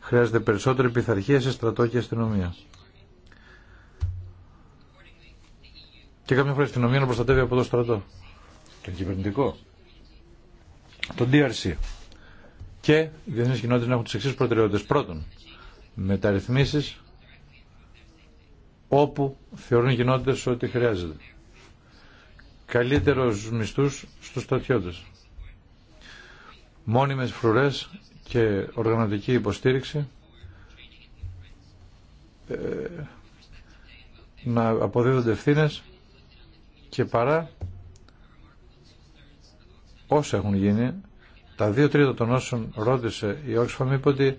Χρειάζεται περισσότερη πειθαρχία σε στρατό και αστυνομία. Και κάποια φορά η αστυνομία να προστατεύει από το στρατό. Τον κυβερνητικό. Τον DRC. Και οι διεθνεί κοινότητε να έχουν τι εξή προτεραιότητε. Πρώτον, μεταρρυθμίσει όπου θεωρούν οι κοινότητε ότι χρειάζεται. Καλύτερου μισθού στου στρατιώτε. Μόνιμε φρουρές και οργανωτική υποστήριξη ε, να αποδίδονται ευθύνε και παρά όσα έχουν γίνει, τα δύο τρίτα των όσων ρώτησε η Oxfam είπε ότι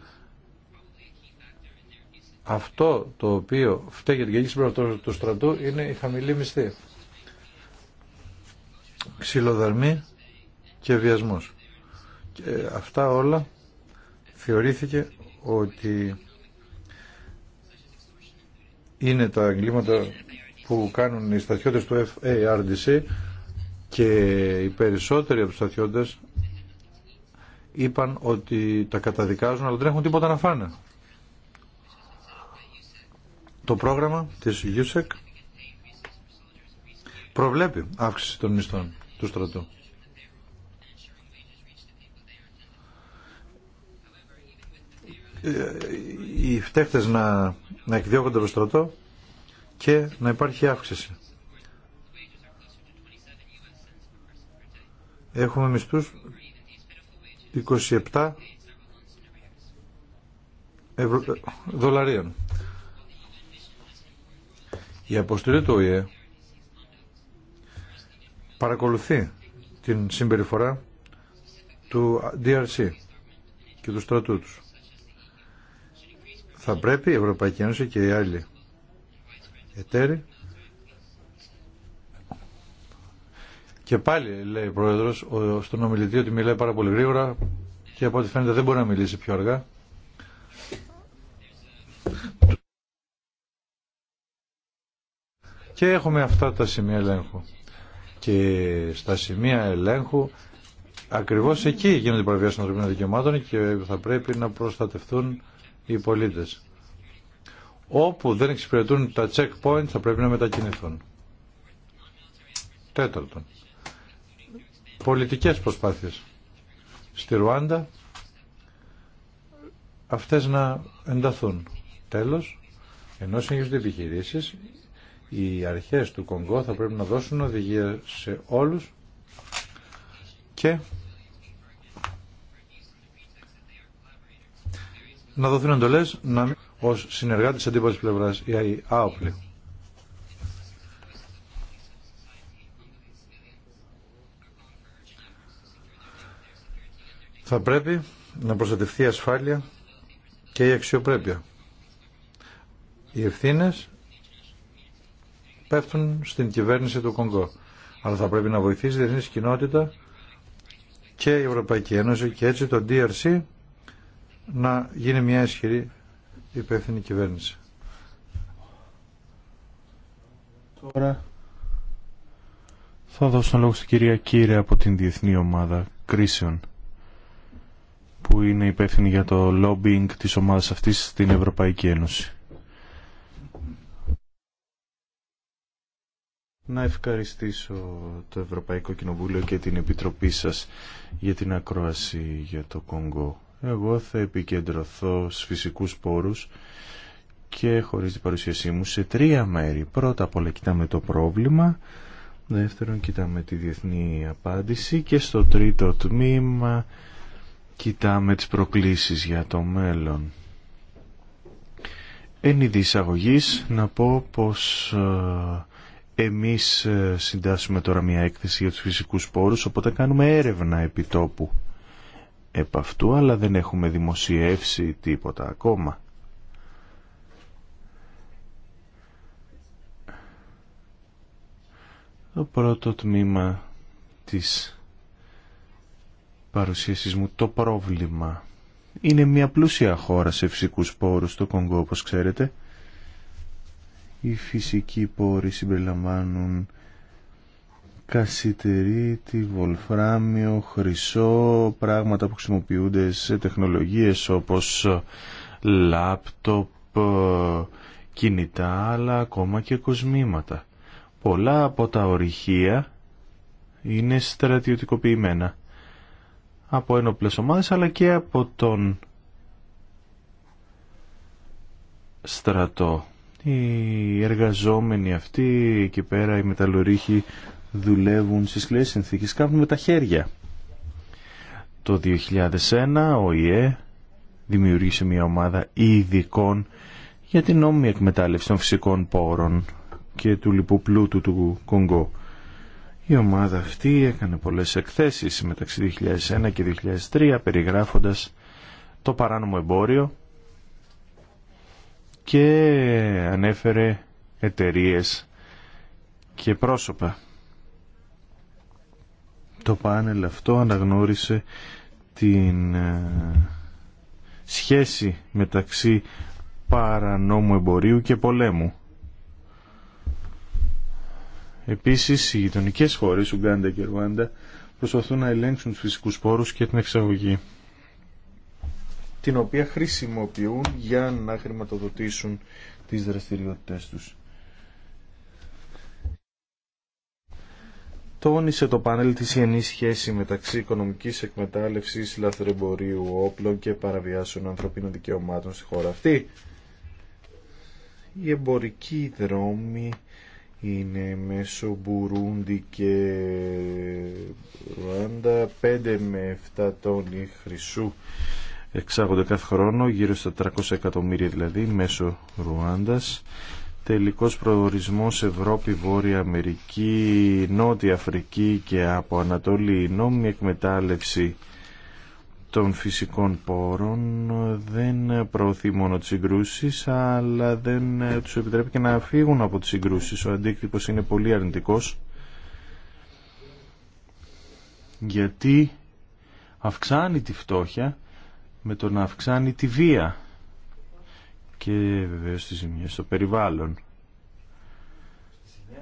αυτό το οποίο φταίει για την καγική του στρατού είναι η χαμηλή μισθή. Ξυλοδαρμή και βιασμός. Και αυτά όλα θεωρήθηκε ότι είναι τα εγκλήματα που κάνουν οι στρατιώτες του FARDC και οι περισσότεροι από τους στρατιώτες είπαν ότι τα καταδικάζουν αλλά δεν έχουν τίποτα να φάνε. Το πρόγραμμα της USEC προβλέπει αύξηση των μισθών του στρατού. Ε, οι φταίχτες να, να εκδιώκονται από στρατό και να υπάρχει αύξηση. Έχουμε μισθούς 27 ευρω... Ε, δολαρίων. Η αποστολή του ΟΗΕ παρακολουθεί την συμπεριφορά του DRC και του στρατού τους. Θα πρέπει η Ευρωπαϊκή Ένωση και οι άλλοι εταίροι. Και πάλι λέει ο Πρόεδρος στον ομιλητή ότι μιλάει πάρα πολύ γρήγορα και από ό,τι φαίνεται δεν μπορεί να μιλήσει πιο αργά. Και έχουμε αυτά τα σημεία ελέγχου. Και στα σημεία ελέγχου ακριβώς εκεί γίνονται οι παραβιάσει των ανθρωπίνων δικαιωμάτων και θα πρέπει να προστατευτούν οι πολίτε όπου δεν εξυπηρετούν τα checkpoint θα πρέπει να μετακινηθούν. Τέταρτον, πολιτικές προσπάθειες στη Ρουάντα αυτές να ενταθούν. Τέλος, ενώ συνεχίζονται επιχειρήσει, οι αρχές του Κονγκό θα πρέπει να δώσουν οδηγία σε όλους και να δοθούν εντολές να ως συνεργάτης αντίπαλης πλευράς ή άοπλη. Θα πρέπει να προστατευτεί η ασφάλεια και η αξιοπρέπεια. Οι ευθύνε πέφτουν στην κυβέρνηση του Κονγκό. Αλλά θα πρέπει να βοηθήσει η διεθνή κοινότητα και η Ευρωπαϊκή Ένωση και έτσι το DRC να γίνει μια ισχυρή υπεύθυνη κυβέρνηση. Τώρα θα δώσω τον λόγο στην κυρία Κύρια από την Διεθνή Ομάδα Κρίσεων που είναι υπεύθυνη για το lobbying της ομάδας αυτής στην Ευρωπαϊκή Ένωση. Να ευχαριστήσω το Ευρωπαϊκό Κοινοβούλιο και την Επιτροπή σας για την ακρόαση για το Κόγκο εγώ θα επικεντρωθώ στους φυσικούς πόρους και χωρίς την παρουσίασή μου σε τρία μέρη. Πρώτα απ' όλα κοιτάμε το πρόβλημα, δεύτερον κοιτάμε τη διεθνή απάντηση και στο τρίτο τμήμα κοιτάμε τις προκλήσεις για το μέλλον. Εν είδη εισαγωγής, να πω πως ε, εμείς ε, συντάσσουμε τώρα μια έκθεση για τους φυσικούς πόρους, οπότε κάνουμε έρευνα επιτόπου επ' αυτού, αλλά δεν έχουμε δημοσιεύσει τίποτα ακόμα. Το πρώτο τμήμα της παρουσίασης μου, το πρόβλημα. Είναι μια πλούσια χώρα σε φυσικούς πόρους το Κονγκό, όπως ξέρετε. Οι φυσικοί πόροι συμπεριλαμβάνουν κασιτερίτη, βολφράμιο, χρυσό, πράγματα που χρησιμοποιούνται σε τεχνολογίες όπως λάπτοπ, κινητά, αλλά ακόμα και κοσμήματα. Πολλά από τα ορυχεία είναι στρατιωτικοποιημένα από ένοπλες ομάδες αλλά και από τον στρατό. Οι εργαζόμενοι αυτοί εκεί πέρα, οι μεταλλορύχοι δουλεύουν στις σκληρές συνθήκες κάνουν με τα χέρια. Το 2001 ο ΙΕ δημιούργησε μια ομάδα ειδικών για την νόμιμη εκμετάλλευση των φυσικών πόρων και του λοιπού πλούτου του Κονγκό. Η ομάδα αυτή έκανε πολλές εκθέσεις μεταξύ 2001 και 2003 περιγράφοντας το παράνομο εμπόριο και ανέφερε εταιρείες και πρόσωπα το πάνελ αυτό αναγνώρισε την ε, σχέση μεταξύ παρανόμου εμπορίου και πολέμου. Επίσης, οι γειτονικές χώρες, Ουγκάντα και Ρουάντα, προσπαθούν να ελέγξουν τους φυσικούς πόρους και την εξαγωγή, την οποία χρησιμοποιούν για να χρηματοδοτήσουν τις δραστηριότητες τους. τόνισε το πάνελ τη γενή σχέση μεταξύ οικονομικής εκμετάλλευσης, λαθρεμπορίου όπλων και παραβιάσεων ανθρωπίνων δικαιωμάτων στη χώρα αυτή. Οι εμπορικοί δρόμοι είναι μέσω Μπουρούντι και Ρουάντα 5 με 7 τόνοι χρυσού εξάγονται κάθε χρόνο γύρω στα 300 εκατομμύρια δηλαδή μέσω Ρουάντας τελικός προορισμός Ευρώπη, Βόρεια Αμερική, Νότια Αφρική και από Ανατολή η νόμιμη εκμετάλλευση των φυσικών πόρων δεν προωθεί μόνο τις συγκρούσει, αλλά δεν τους επιτρέπει και να φύγουν από τις συγκρούσει. Ο αντίκτυπος είναι πολύ αρνητικός γιατί αυξάνει τη φτώχεια με το να αυξάνει τη βία και βεβαίως τις ζημιές στο περιβάλλον.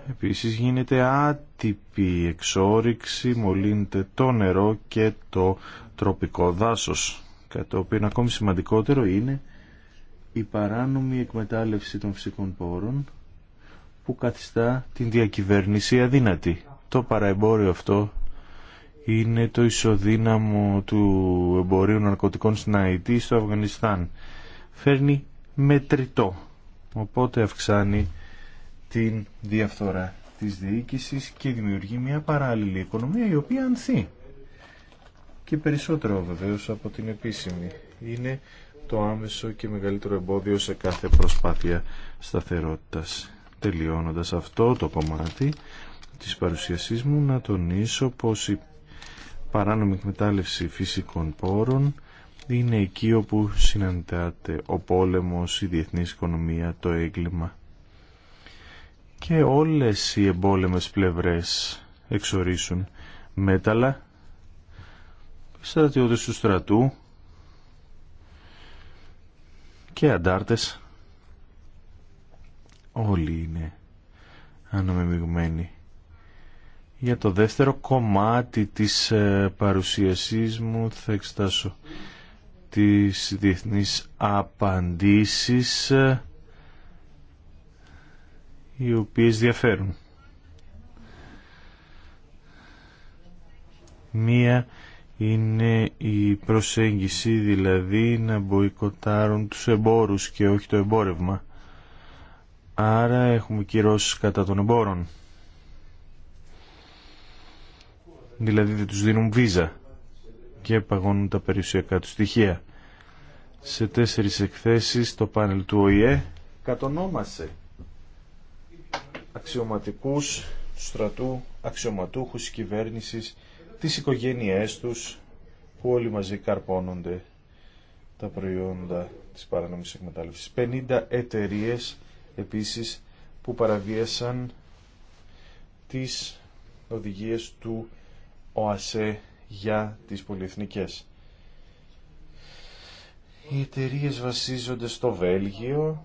Επίσης γίνεται άτυπη εξόριξη, μολύνεται το νερό και το τροπικό δάσος. Κατά το οποίο ακόμη σημαντικότερο είναι η παράνομη εκμετάλλευση των φυσικών πόρων που καθιστά την διακυβέρνηση αδύνατη. Το παραεμπόριο αυτό είναι το ισοδύναμο του εμπορίου ναρκωτικών στην στο Αφγανιστάν. Φέρνει μετρητό. Οπότε αυξάνει την διαφθορά της διοίκησης και δημιουργεί μια παράλληλη οικονομία η οποία ανθεί. Και περισσότερο βεβαίως από την επίσημη. Είναι το άμεσο και μεγαλύτερο εμπόδιο σε κάθε προσπάθεια σταθερότητας. Τελειώνοντας αυτό το κομμάτι της παρουσίασής μου να τονίσω πως η παράνομη εκμετάλλευση φυσικών πόρων είναι εκεί όπου συναντάται ο πόλεμος, η διεθνής οικονομία, το έγκλημα και όλες οι εμπόλεμες πλευρές εξορίσουν μέταλλα, στρατιώτες του στρατού και αντάρτες. Όλοι είναι αναμεμειγμένοι. Για το δεύτερο κομμάτι της ε, παρουσίασής μου θα εξετάσω τις διεθνείς απαντήσεις ε, οι οποίες διαφέρουν. Μία είναι η προσέγγιση δηλαδή να μποϊκοτάρουν τους εμπόρους και όχι το εμπόρευμα. Άρα έχουμε κυρώσεις κατά των εμπόρων. Δηλαδή δεν τους δίνουν βίζα και παγώνουν τα περιουσιακά του στοιχεία. Σε τέσσερις εκθέσεις το πάνελ του ΟΗΕ κατονόμασε αξιωματικούς στρατού, αξιωματούχους κυβέρνησης, τις οικογένειές τους που όλοι μαζί καρπώνονται τα προϊόντα της παρανομής εκμετάλλευσης. 50 εταιρείε επίσης που παραβίασαν τις οδηγίες του ΟΑΣΕ για τις πολυεθνικές. Οι εταιρείε βασίζονται στο Βέλγιο,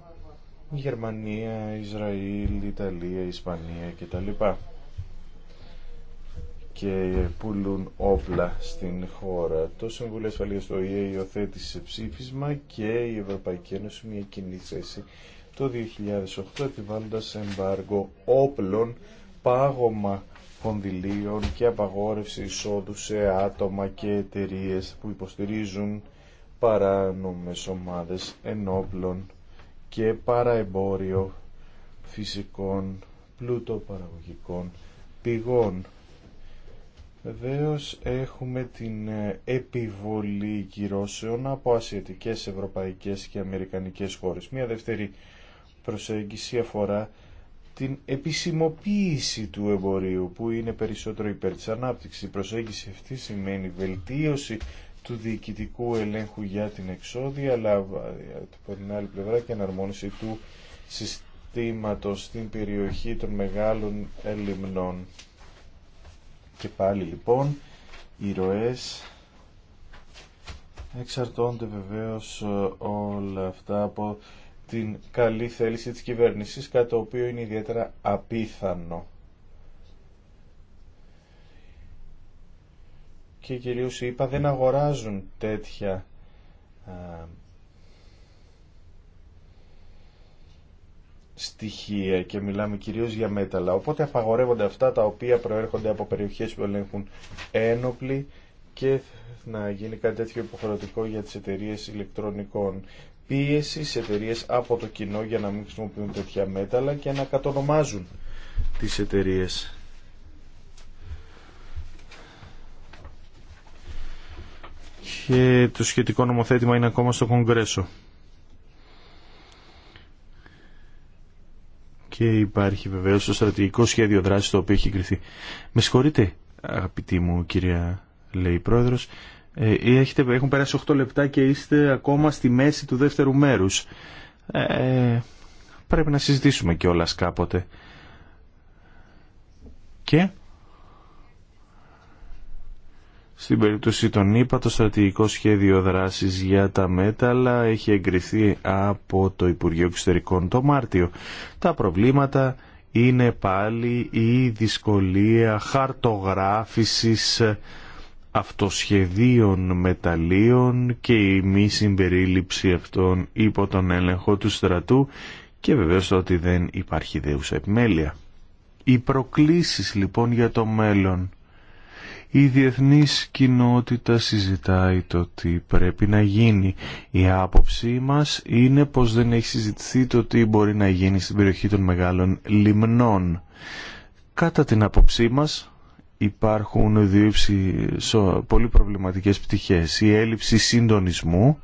Γερμανία, Ισραήλ, Ιταλία, Ισπανία κτλ. Και πουλούν όπλα στην χώρα. Το Συμβούλιο Ασφαλείας του ΟΗΕ υιοθέτησε ψήφισμα και η Ευρωπαϊκή Ένωση μια κοινή θέση το 2008 επιβάλλοντας εμπάργο όπλων, πάγωμα κονδυλίων και απαγόρευση εισόδου σε άτομα και εταιρείε που υποστηρίζουν παράνομες ομάδες ενόπλων και παραεμπόριο φυσικών πλούτοπαραγωγικών πηγών. Βεβαίω έχουμε την ε, επιβολή κυρώσεων από ασιατικές, ευρωπαϊκές και αμερικανικές χώρες. Μια δεύτερη προσέγγιση αφορά την επισημοποίηση του εμπορίου που είναι περισσότερο υπέρ της ανάπτυξης. Η προσέγγιση αυτή σημαίνει βελτίωση του διοικητικού ελέγχου για την εξόδια αλλά ε, από την άλλη πλευρά και εναρμόνιση του συστήματος στην περιοχή των μεγάλων λιμνών. Και πάλι λοιπόν οι ροές εξαρτώνται βεβαίως ε, όλα αυτά από την καλή θέληση της κυβέρνησης, κάτι το οποίο είναι ιδιαίτερα απίθανο. Και κυρίως είπα δεν αγοράζουν τέτοια στοιχεία και μιλάμε κυρίως για μέταλλα. Οπότε απαγορεύονται αυτά τα οποία προέρχονται από περιοχές που ελέγχουν ένοπλοι και να γίνει κάτι τέτοιο υποχρεωτικό για τις εταιρείε ηλεκτρονικών πίεση σε εταιρείε από το κοινό για να μην χρησιμοποιούν τέτοια μέταλλα και να κατονομάζουν τις εταιρείε. Και το σχετικό νομοθέτημα είναι ακόμα στο Κογκρέσο. Και υπάρχει βεβαίως το στρατηγικό σχέδιο δράσης το οποίο έχει εγκριθεί. Με συγχωρείτε αγαπητή μου κυρία λέει πρόεδρος ε, έχουν περάσει 8 λεπτά και είστε ακόμα στη μέση του δεύτερου μέρους. Ε, πρέπει να συζητήσουμε κιόλα κάποτε. Και στην περίπτωση των ΗΠΑ το στρατηγικό σχέδιο δράσης για τα μέταλλα έχει εγκριθεί από το Υπουργείο Εξωτερικών το Μάρτιο. Τα προβλήματα είναι πάλι η δυσκολία χαρτογράφησης αυτοσχεδίων μεταλλίων και η μη συμπερίληψη αυτών υπό τον έλεγχο του στρατού και βεβαίως το ότι δεν υπάρχει δέουσα επιμέλεια. Οι προκλήσεις λοιπόν για το μέλλον. Η διεθνής κοινότητα συζητάει το τι πρέπει να γίνει. Η άποψή μας είναι πως δεν έχει συζητηθεί το τι μπορεί να γίνει στην περιοχή των μεγάλων λιμνών. Κατά την άποψή μας, υπάρχουν δύο πολύ προβληματικές πτυχές. Η έλλειψη συντονισμού,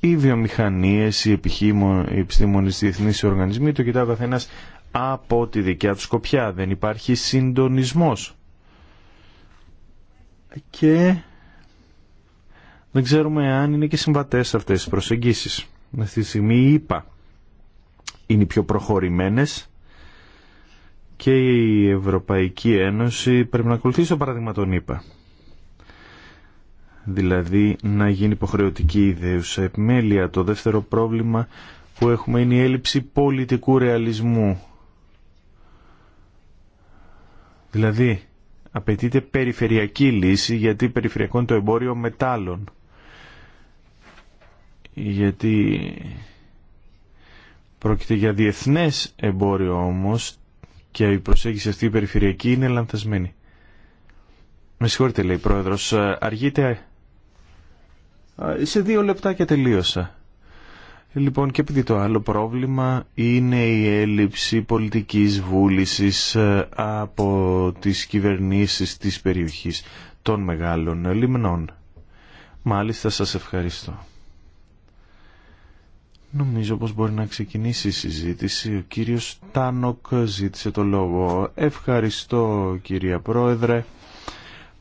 οι βιομηχανίες, οι, οι επιστήμονες διεθνείς οι οργανισμοί, το κοιτάω καθένα από τη δικιά του σκοπιά. Δεν υπάρχει συντονισμός. Και δεν ξέρουμε αν είναι και συμβατές αυτές οι προσεγγίσεις. Αυτή τη στιγμή είπα, είναι οι πιο προχωρημένες και η Ευρωπαϊκή Ένωση πρέπει να ακολουθήσει το παράδειγμα των ΗΠΑ. Δηλαδή να γίνει υποχρεωτική ιδέουσα επιμέλεια. Το δεύτερο πρόβλημα που έχουμε είναι η έλλειψη πολιτικού ρεαλισμού. Δηλαδή απαιτείται περιφερειακή λύση γιατί περιφερειακό είναι το εμπόριο μετάλλων. Γιατί πρόκειται για διεθνές εμπόριο όμως και η προσέγγιση αυτή η περιφερειακή είναι λανθασμένη. Με συγχωρείτε λέει πρόεδρος, ε, αργείτε σε δύο λεπτά και τελείωσα. Λοιπόν και επειδή το άλλο πρόβλημα είναι η έλλειψη πολιτικής βούλησης ε, από τις κυβερνήσεις της περιοχής των μεγάλων λιμνών. Μάλιστα σας ευχαριστώ. Νομίζω πως μπορεί να ξεκινήσει η συζήτηση. Ο κύριος Τάνοκ ζήτησε το λόγο. Ευχαριστώ κυρία Πρόεδρε.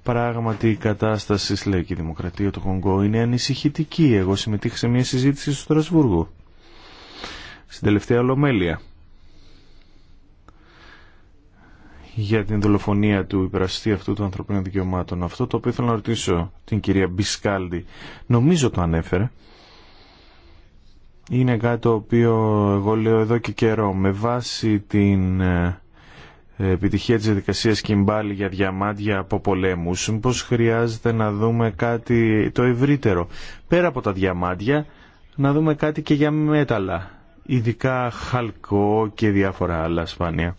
Πράγματι η κατάσταση και η Δημοκρατία του Κονγκό είναι ανησυχητική. Εγώ συμμετείχα σε μια συζήτηση στο Στρασβούργο. Στην τελευταία ολομέλεια. για την δολοφονία του υπεραστή αυτού των ανθρωπίνων δικαιωμάτων. Αυτό το οποίο ήθελα να ρωτήσω την κυρία Μπισκάλντι, νομίζω το ανέφερε, είναι κάτι το οποίο εγώ λέω εδώ και καιρό. Με βάση την ε, επιτυχία της διαδικασίας Κιμπάλη για διαμάντια από πολέμους, πώς χρειάζεται να δούμε κάτι το ευρύτερο. Πέρα από τα διαμάντια, να δούμε κάτι και για μέταλλα, ειδικά χαλκό και διάφορα άλλα σπάνια.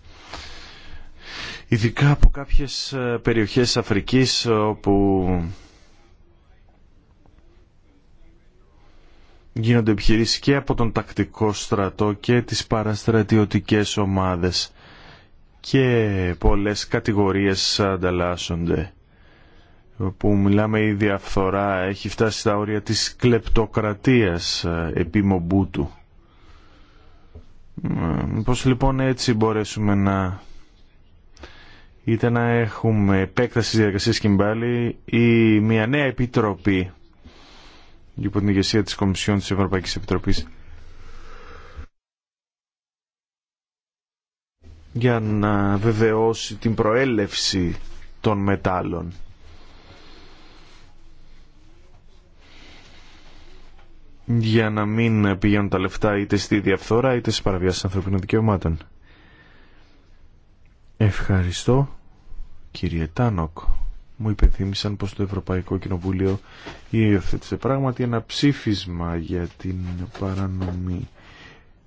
Ειδικά από κάποιες ε, περιοχές Αφρικής όπου γίνονται επιχειρήσεις και από τον τακτικό στρατό και τις παραστρατιωτικές ομάδες και πολλές κατηγορίες ανταλλάσσονται όπου μιλάμε η διαφθορά έχει φτάσει στα όρια της κλεπτοκρατίας ε, επί Μομπούτου. Ε, Πώς λοιπόν έτσι μπορέσουμε να είτε να έχουμε επέκταση της διαδικασίας Κιμπάλη ή μια νέα επιτροπή υπό την ηγεσία της Κομισιόν της Ευρωπαϊκής Επιτροπής για να βεβαιώσει την προέλευση των μετάλλων. για να μην πηγαίνουν τα λεφτά είτε στη διαφθόρα είτε σε παραβιάσεις ανθρωπίνων δικαιωμάτων. Ευχαριστώ κύριε Τάνοκ μου υπενθύμησαν πως το Ευρωπαϊκό Κοινοβούλιο υιοθέτησε πράγματι ένα ψήφισμα για την παρανομή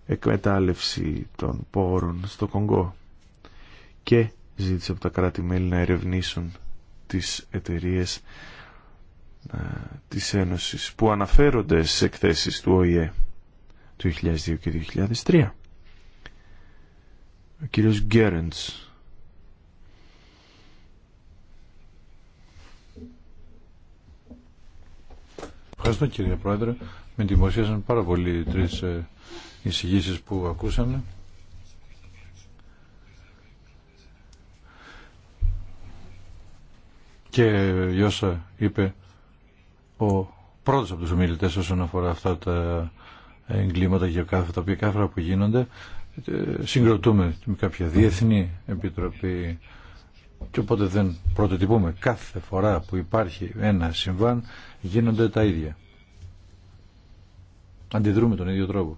εκμετάλλευση των πόρων στο Κονγκό και ζήτησε από τα κράτη-μέλη να ερευνήσουν τις εταιρείες της Ένωσης που αναφέρονται σε εκθέσεις του ΟΗΕ του 2002 και 2003. Ο κύριος Γκέρεντς Ευχαριστώ κύριε Πρόεδρε. Με εντυπωσίασαν πάρα πολύ τρεις ε, εισηγήσει που ακούσαμε. Και η όσα είπε ο πρώτος από τους ομιλητές όσον αφορά αυτά τα εγκλήματα και τα οποία κάθε που γίνονται ε, συγκροτούμε με κάποια διεθνή επιτροπή και οπότε δεν πρωτοτυπούμε. Κάθε φορά που υπάρχει ένα συμβάν γίνονται τα ίδια. Αντιδρούμε τον ίδιο τρόπο.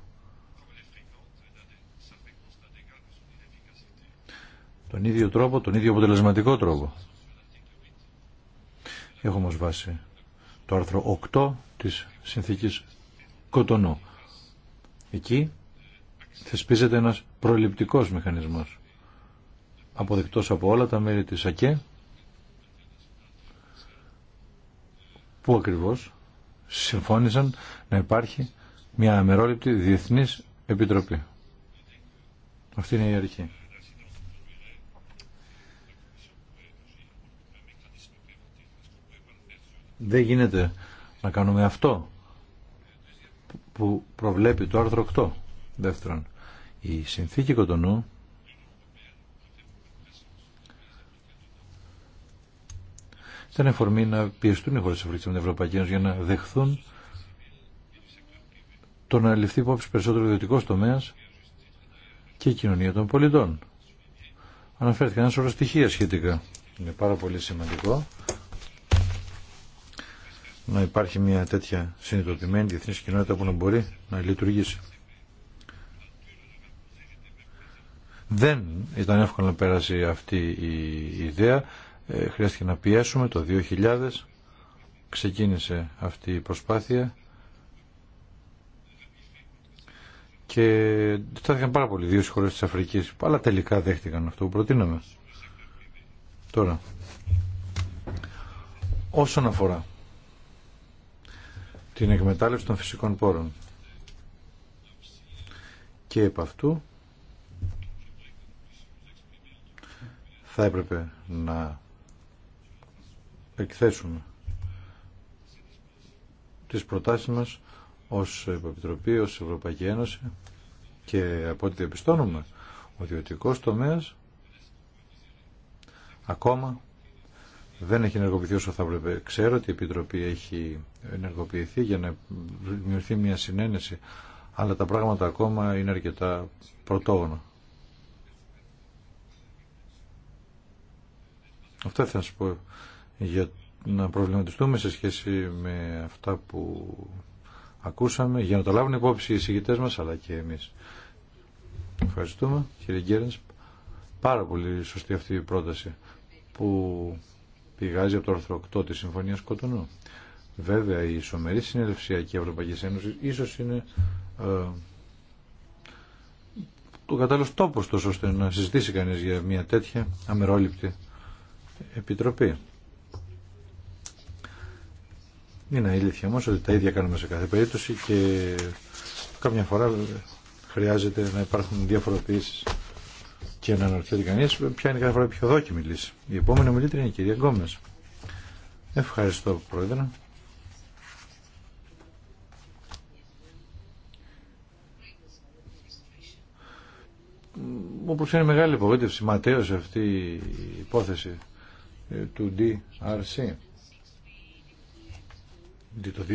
Τον ίδιο τρόπο, τον ίδιο αποτελεσματικό τρόπο. Έχω όμως βάσει το άρθρο 8 της συνθήκης Κοτονού. Εκεί θεσπίζεται ένας προληπτικός μηχανισμός αποδεκτός από όλα τα μέρη της ΑΚΕ που ακριβώς συμφώνησαν να υπάρχει μια αμερόληπτη διεθνής επιτροπή. Αυτή είναι η αρχή. Δεν γίνεται να κάνουμε αυτό που προβλέπει το άρθρο 8. Δεύτερον, η συνθήκη Κοτονού ήταν εφορμή να πιεστούν οι χώρε τη Αφρική με Ευρωπαϊκή για να δεχθούν το να ληφθεί υπόψη περισσότερο ιδιωτικό τομέα και η κοινωνία των πολιτών. Αναφέρθηκαν ένα σωρό στοιχεία σχετικά. Είναι πάρα πολύ σημαντικό να υπάρχει μια τέτοια συνειδητοποιημένη διεθνή κοινότητα που να μπορεί να λειτουργήσει. Δεν ήταν εύκολο να πέρασει αυτή η ιδέα ε, χρειάστηκε να πιέσουμε το 2000 ξεκίνησε αυτή η προσπάθεια και στάθηκαν πάρα πολύ δύο χώρες της Αφρικής αλλά τελικά δέχτηκαν αυτό που προτείναμε τώρα όσον αφορά την εκμετάλλευση των φυσικών πόρων και επ' αυτού θα έπρεπε να εκθέσουμε τις προτάσεις μας ως Επιτροπή, ως Ευρωπαϊκή Ένωση και από ό,τι διαπιστώνουμε ο ιδιωτικός τομέας ακόμα δεν έχει ενεργοποιηθεί όσο θα έπρεπε. Ξέρω ότι η Επιτροπή έχει ενεργοποιηθεί για να δημιουργηθεί μια συνένεση, αλλά τα πράγματα ακόμα είναι αρκετά πρωτόγωνα. Αυτό θα σας πω για να προβληματιστούμε σε σχέση με αυτά που ακούσαμε, για να τα λάβουν υπόψη οι εισηγητές μας, αλλά και εμείς. Ευχαριστούμε, κύριε Γκέρνς. Πάρα πολύ σωστή αυτή η πρόταση που πηγάζει από το άρθρο 8 της Συμφωνίας Κοτονού. Βέβαια, η ισομερή και η Ευρωπαϊκή Ένωση ίσως είναι ε, το κατάλληλος τόπος τόσο ώστε να συζητήσει κανείς για μια τέτοια αμερόληπτη επιτροπή. Είναι αλήθεια όμως ότι τα ίδια κάνουμε σε κάθε περίπτωση και κάποια φορά χρειάζεται να υπάρχουν διαφοροποιήσει και να αναρωτιέται κανεί ποια είναι κάθε φορά πιο δόκιμη λύση. Η επόμενη μιλήτρια είναι η κυρία Γκόμες. Ευχαριστώ πρόεδρε. Όπω είναι μεγάλη υπογοήτευση ματέως αυτή η υπόθεση ε, του DRC το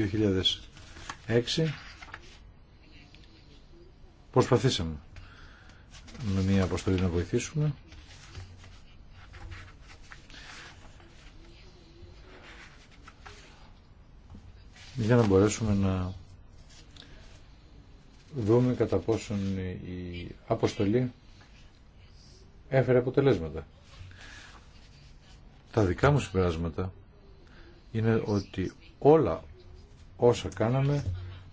2006 προσπαθήσαμε με μια αποστολή να βοηθήσουμε για να μπορέσουμε να δούμε κατά πόσον η αποστολή έφερε αποτελέσματα. Τα δικά μου συμπεράσματα είναι ότι όλα όσα κάναμε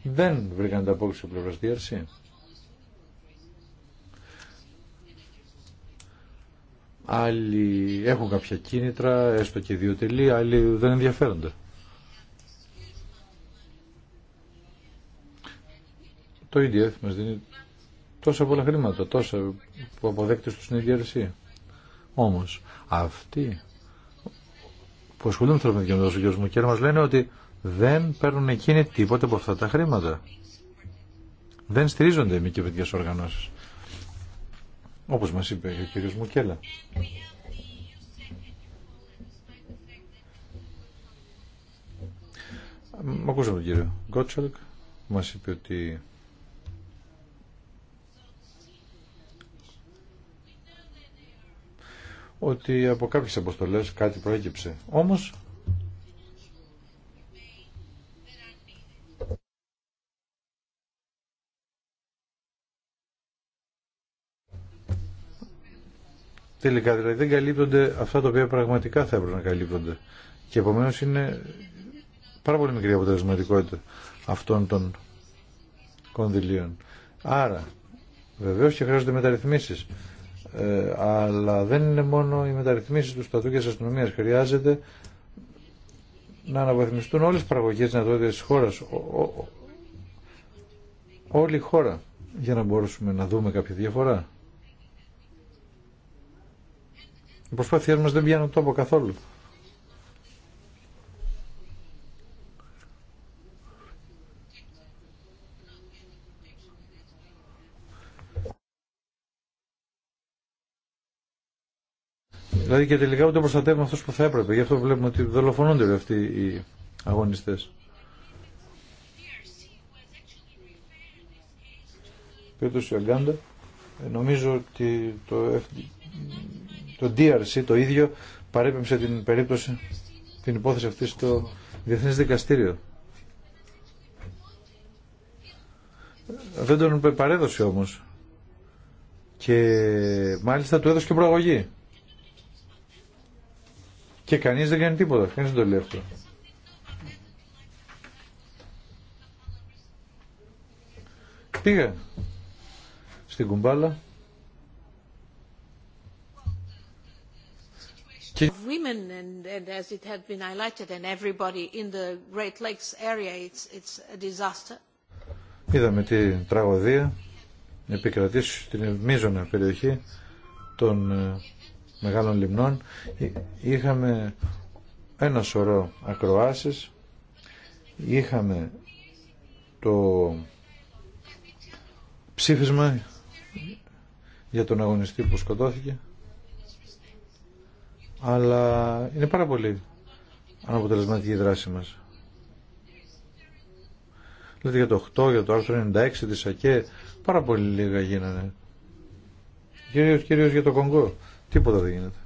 δεν βρήκαν απόκριση από στη DRC. Άλλοι έχουν κάποια κίνητρα, έστω και δύο τελεία, άλλοι δεν ενδιαφέρονται. Το EDF μας δίνει τόσα πολλά χρήματα, τόσα που αποδέκτης τους στην ίδια. Όμως, αυτοί που ασχολούνται με την κοινωνία ο κ. Μουκέλα, μα λένε ότι δεν παίρνουν εκείνοι τίποτα από αυτά τα χρήματα. Δεν στηρίζονται οι μη κυβερνητικέ οργανώσει. Όπω μα είπε ο κ. Μουκέλα. Μ' ακούσαμε τον κύριο Γκότσελκ μας είπε ότι ότι από κάποιες αποστολές κάτι προέκυψε. Όμως Τελικά δηλαδή δεν καλύπτονται αυτά τα οποία πραγματικά θα έπρεπε να καλύπτονται. Και επομένως είναι πάρα πολύ μικρή αποτελεσματικότητα αυτών των κονδυλίων. Άρα βεβαίως και χρειάζονται μεταρρυθμίσεις. Ε, αλλά δεν είναι μόνο οι μεταρρυθμίσεις του στατού και της αστυνομίας. Χρειάζεται να αναβαθμιστούν όλες τις παραγωγές δυνατότητες της χώρας. όλη η χώρα για να μπορούσουμε να δούμε κάποια διαφορά. Οι προσπάθειές μας δεν πιάνουν τόπο καθόλου. Δηλαδή και τελικά ούτε προστατεύουν αυτούς που θα έπρεπε. Γι' αυτό βλέπουμε ότι δολοφονούνται αυτοί οι αγωνιστές. Περίπτωση Αγκάντα. Νομίζω ότι το, το DRC το ίδιο παρέπεμψε την περίπτωση, την υπόθεση αυτή στο Διεθνές Δικαστήριο. Δεν τον παρέδωσε όμως. Και μάλιστα του έδωσε και προαγωγή. Και κανείς δεν κάνει τίποτα, κανείς δεν το λέει αυτό. Πήγα στην κουμπάλα women and, and as it had been highlighted and everybody in the Great Lakes area it's, it's a disaster. Είδαμε τη τραγωδία επικρατήσει στην Μίζωνα περιοχή των ε, μεγάλων λιμνών ε, είχαμε ένα σωρό ακροάσεις είχαμε το ψήφισμα για τον αγωνιστή που σκοτώθηκε αλλά είναι πάρα πολύ αναποτελεσματική η δράση μας δηλαδή για το 8, για το άρθρο 96 της ΑΚΕ πάρα πολύ λίγα γίνανε κυρίως, κυρίως για το Κονγκό Τίποτα δεν γίνεται.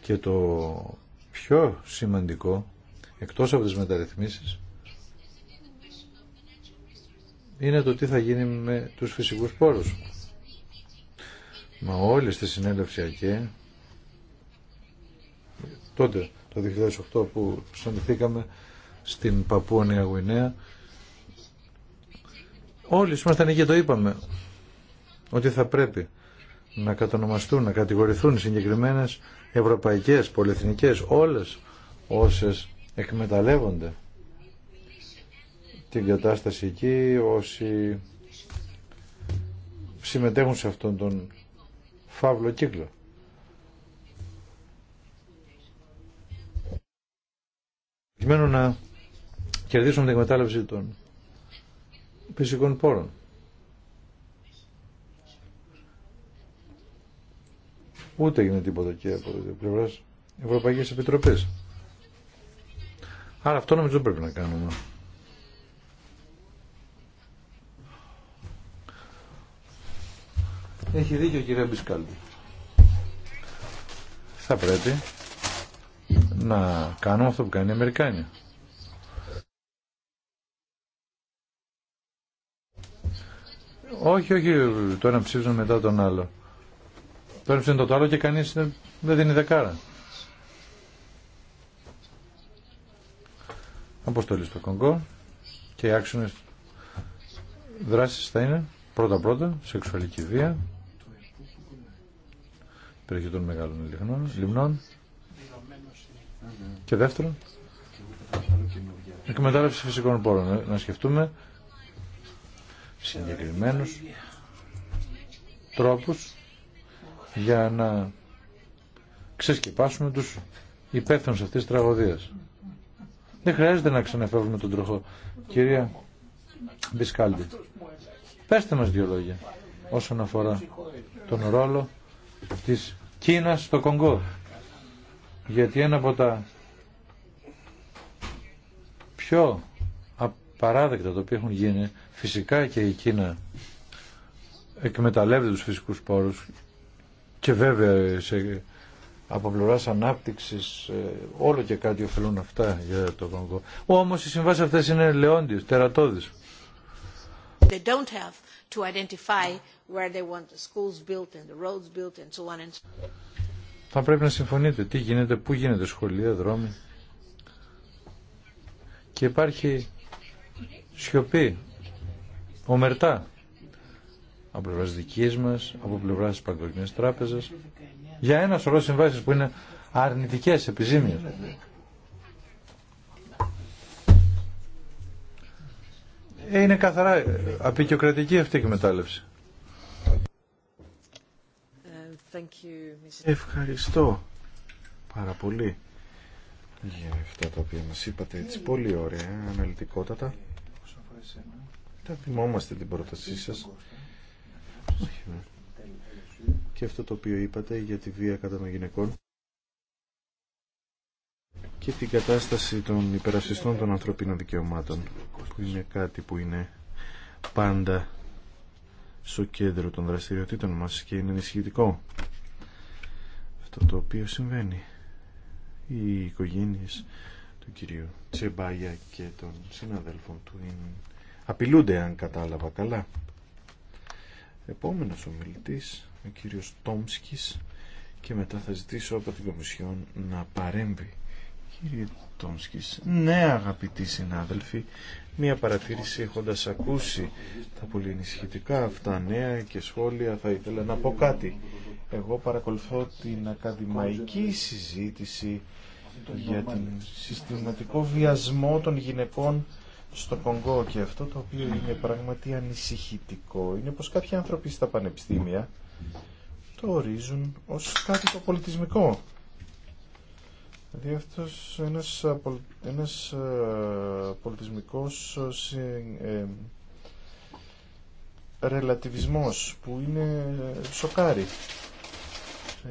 Και το πιο σημαντικό, εκτός από τις μεταρρυθμίσεις, είναι το τι θα γίνει με τους φυσικούς πόρους. Μα όλοι στη συνέλευση ΑΚΕ, τότε το 2008 που συναντηθήκαμε στην Παππούνια Νέα Γουινέα, όλοι ήμασταν και το είπαμε ότι θα πρέπει να κατονομαστούν, να κατηγορηθούν συγκεκριμένες ευρωπαϊκές, πολυεθνικές, όλες όσες εκμεταλλεύονται την κατάσταση εκεί, όσοι συμμετέχουν σε αυτόν τον φαύλο κύκλο. να κερδίσουμε την εκμετάλλευση των φυσικών πόρων. Ούτε έγινε τίποτα και από την πλευρά Ευρωπαϊκή Επιτροπή. Άρα αυτό νομίζω πρέπει να κάνουμε. Έχει δίκιο ο κυρία Μπισκάλτη. Θα πρέπει να κάνουμε αυτό που κάνει η Αμερικάνια. Όχι, όχι, το ένα ψήφισμα μετά τον άλλο. Το ένα ψήνει το άλλο και κανείς δεν δίνει δεκάρα. Αποστολή στο Κονγκό και οι άξονες δράσεις θα είναι πρώτα-πρώτα σεξουαλική βία περιοχή των μεγάλων λιμνών, λιμνών και δεύτερον εκμετάλλευση φυσικών πόρων. Ε, να σκεφτούμε συγκεκριμένους τρόπους για να ξεσκεπάσουμε τους υπεύθυνους αυτής της τραγωδίας. Δεν χρειάζεται να ξαναφεύγουμε τον τροχό. Κυρία Μπισκάλντι, πέστε μας δύο λόγια όσον αφορά τον ρόλο της Κίνας στο Κονγκό. Γιατί ένα από τα πιο απαράδεκτα το οποία έχουν γίνει, φυσικά και η Κίνα εκμεταλλεύεται τους φυσικούς πόρους και βέβαια σε, από πλευρά ανάπτυξη ε, όλο και κάτι ωφελούν αυτά για το Κονγκό. Όμω οι συμβάσει αυτέ είναι λεόντιε, τερατώδει. Θα πρέπει να συμφωνείτε τι γίνεται, πού γίνεται σχολεία, δρόμοι. Και υπάρχει σιωπή, ομερτά από πλευρά δική μα, από πλευρά τη Παγκοσμία Τράπεζα, για ένα σωρό συμβάσει που είναι αρνητικέ, επιζήμιε. Ε, είναι καθαρά ε, απεικιοκρατική αυτή η εκμετάλλευση. Ευχαριστώ πάρα πολύ για αυτά τα οποία μας είπατε έτσι πολύ ωραία, αναλυτικότατα. Τα θυμόμαστε την πρότασή σας. Ναι. και αυτό το οποίο είπατε για τη βία κατά των γυναικών και την κατάσταση των υπερασπιστών των ανθρωπίνων δικαιωμάτων που είναι κάτι που είναι πάντα στο κέντρο των δραστηριοτήτων μας και είναι ενισχυτικό αυτό το οποίο συμβαίνει οι οικογένειες του κυρίου Τσεμπάγια και των συναδέλφων του απειλούνται αν κατάλαβα καλά επόμενος ομιλητής, ο κύριος Τόμσκης, και μετά θα ζητήσω από την Κομισιόν να παρέμβει. Κύριε Τόμσκης, ναι αγαπητοί συνάδελφοι, μία παρατήρηση έχοντας ακούσει τα πολύ ενισχυτικά αυτά νέα και σχόλια θα ήθελα να πω κάτι. Εγώ παρακολουθώ την ακαδημαϊκή συζήτηση για τον συστηματικό βιασμό των γυναικών στο Κονγκό και αυτό το οποίο είναι πραγματικά ανησυχητικό είναι πως κάποιοι άνθρωποι στα πανεπιστήμια το ορίζουν ως κάτι το πολιτισμικό. Δηλαδή αυτός ένας, ένας ε, πολιτισμικός ε, ε, ρελατιβισμός που είναι σοκάρι.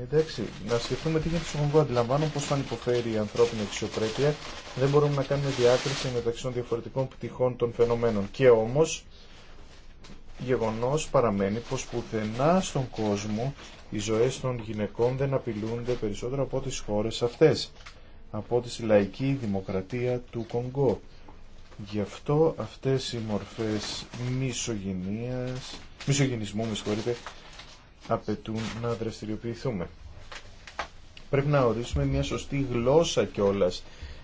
Εντάξει, να σκεφτούμε τι γίνεται στο Κονγκό. Αντιλαμβάνω πώ θα υποφέρει η ανθρώπινη αξιοπρέπεια. Δεν μπορούμε να κάνουμε διάκριση μεταξύ των διαφορετικών πτυχών των φαινομένων. Και όμω, γεγονό παραμένει πω πουθενά στον κόσμο οι ζωέ των γυναικών δεν απειλούνται περισσότερο από τι χώρε αυτέ. Από τη λαϊκή δημοκρατία του Κονγκό. Γι' αυτό αυτές οι μορφές μισογενίας, μισογενισμού, με απαιτούν να δραστηριοποιηθούμε. Πρέπει να ορίσουμε μια σωστή γλώσσα κιόλα,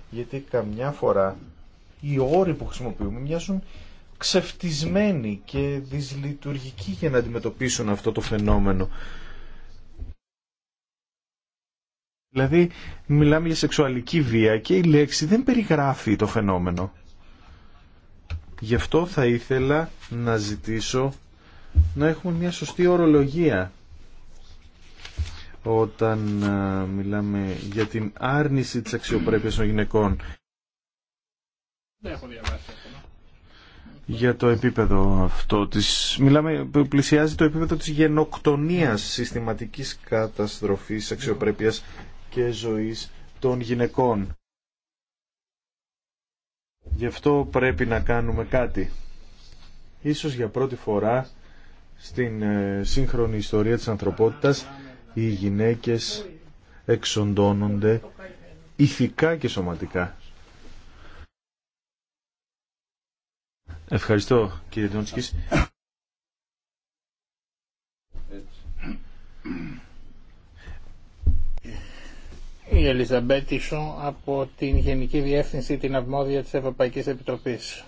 γιατί καμιά φορά οι όροι που χρησιμοποιούμε μοιάζουν ξεφτισμένοι και δυσλειτουργικοί για να αντιμετωπίσουν αυτό το φαινόμενο. Δηλαδή, μιλάμε για σεξουαλική βία και η λέξη δεν περιγράφει το φαινόμενο. Γι' αυτό θα ήθελα να ζητήσω να έχουμε μια σωστή ορολογία όταν ε, μιλάμε για την άρνηση της αξιοπρέπειας των γυναικών. Έχω για το επίπεδο αυτό της, μιλάμε, πλησιάζει το επίπεδο της γενοκτονίας, συστηματικής καταστροφής, αξιοπρέπειας και ζωής των γυναικών. Γι' αυτό πρέπει να κάνουμε κάτι. Ίσως για πρώτη φορά στην ε, σύγχρονη ιστορία της ανθρωπότητας οι γυναίκες εξοντώνονται ηθικά και σωματικά. Ευχαριστώ κύριε Τιόντσκης. Η Ελιζαμπέτησο από την Γενική Διεύθυνση την Αρμόδια της Ευρωπαϊκής Επιτροπής.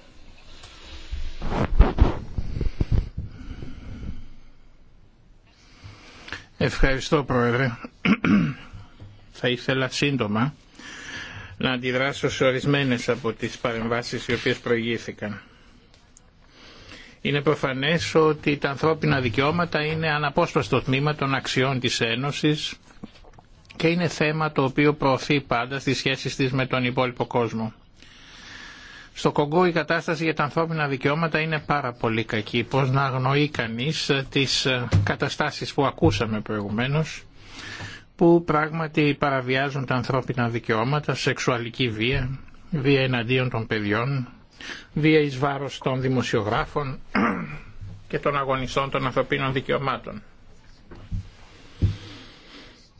Ευχαριστώ Πρόεδρε. [CLEARS THROAT] Θα ήθελα σύντομα να αντιδράσω σε ορισμένες από τις παρεμβάσεις οι οποίες προηγήθηκαν. Είναι προφανές ότι τα ανθρώπινα δικαιώματα είναι αναπόσπαστο τμήμα των αξιών της Ένωσης και είναι θέμα το οποίο προωθεί πάντα στις σχέσεις της με τον υπόλοιπο κόσμο. Στο Κογκό η κατάσταση για τα ανθρώπινα δικαιώματα είναι πάρα πολύ κακή. Πώς να αγνοεί κανείς ε, τις ε, καταστάσεις που ακούσαμε προηγουμένως που πράγματι παραβιάζουν τα ανθρώπινα δικαιώματα, σεξουαλική βία, βία εναντίον των παιδιών, βία εις βάρος των δημοσιογράφων [CLEARS THROAT] και των αγωνιστών των ανθρωπίνων δικαιωμάτων.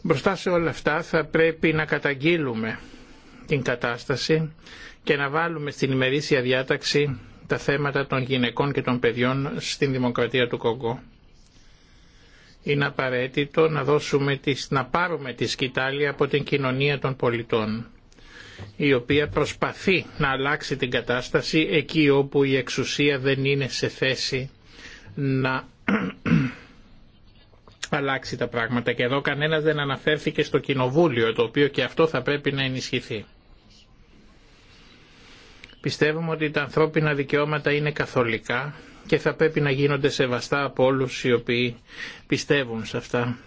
Μπροστά σε όλα αυτά θα πρέπει να καταγγείλουμε την κατάσταση και να βάλουμε στην ημερήσια διάταξη τα θέματα των γυναικών και των παιδιών στην Δημοκρατία του Κόγκο. Είναι απαραίτητο να, δώσουμε τις, να πάρουμε τη σκητάλη από την κοινωνία των πολιτών, η οποία προσπαθεί να αλλάξει την κατάσταση εκεί όπου η εξουσία δεν είναι σε θέση να [CLEARS THROAT] αλλάξει τα πράγματα. Και εδώ κανένας δεν αναφέρθηκε στο κοινοβούλιο, το οποίο και αυτό θα πρέπει να ενισχυθεί. Πιστεύουμε ότι τα ανθρώπινα δικαιώματα είναι καθολικά και θα πρέπει να γίνονται σεβαστά από όλους οι οποίοι πιστεύουν σε αυτά.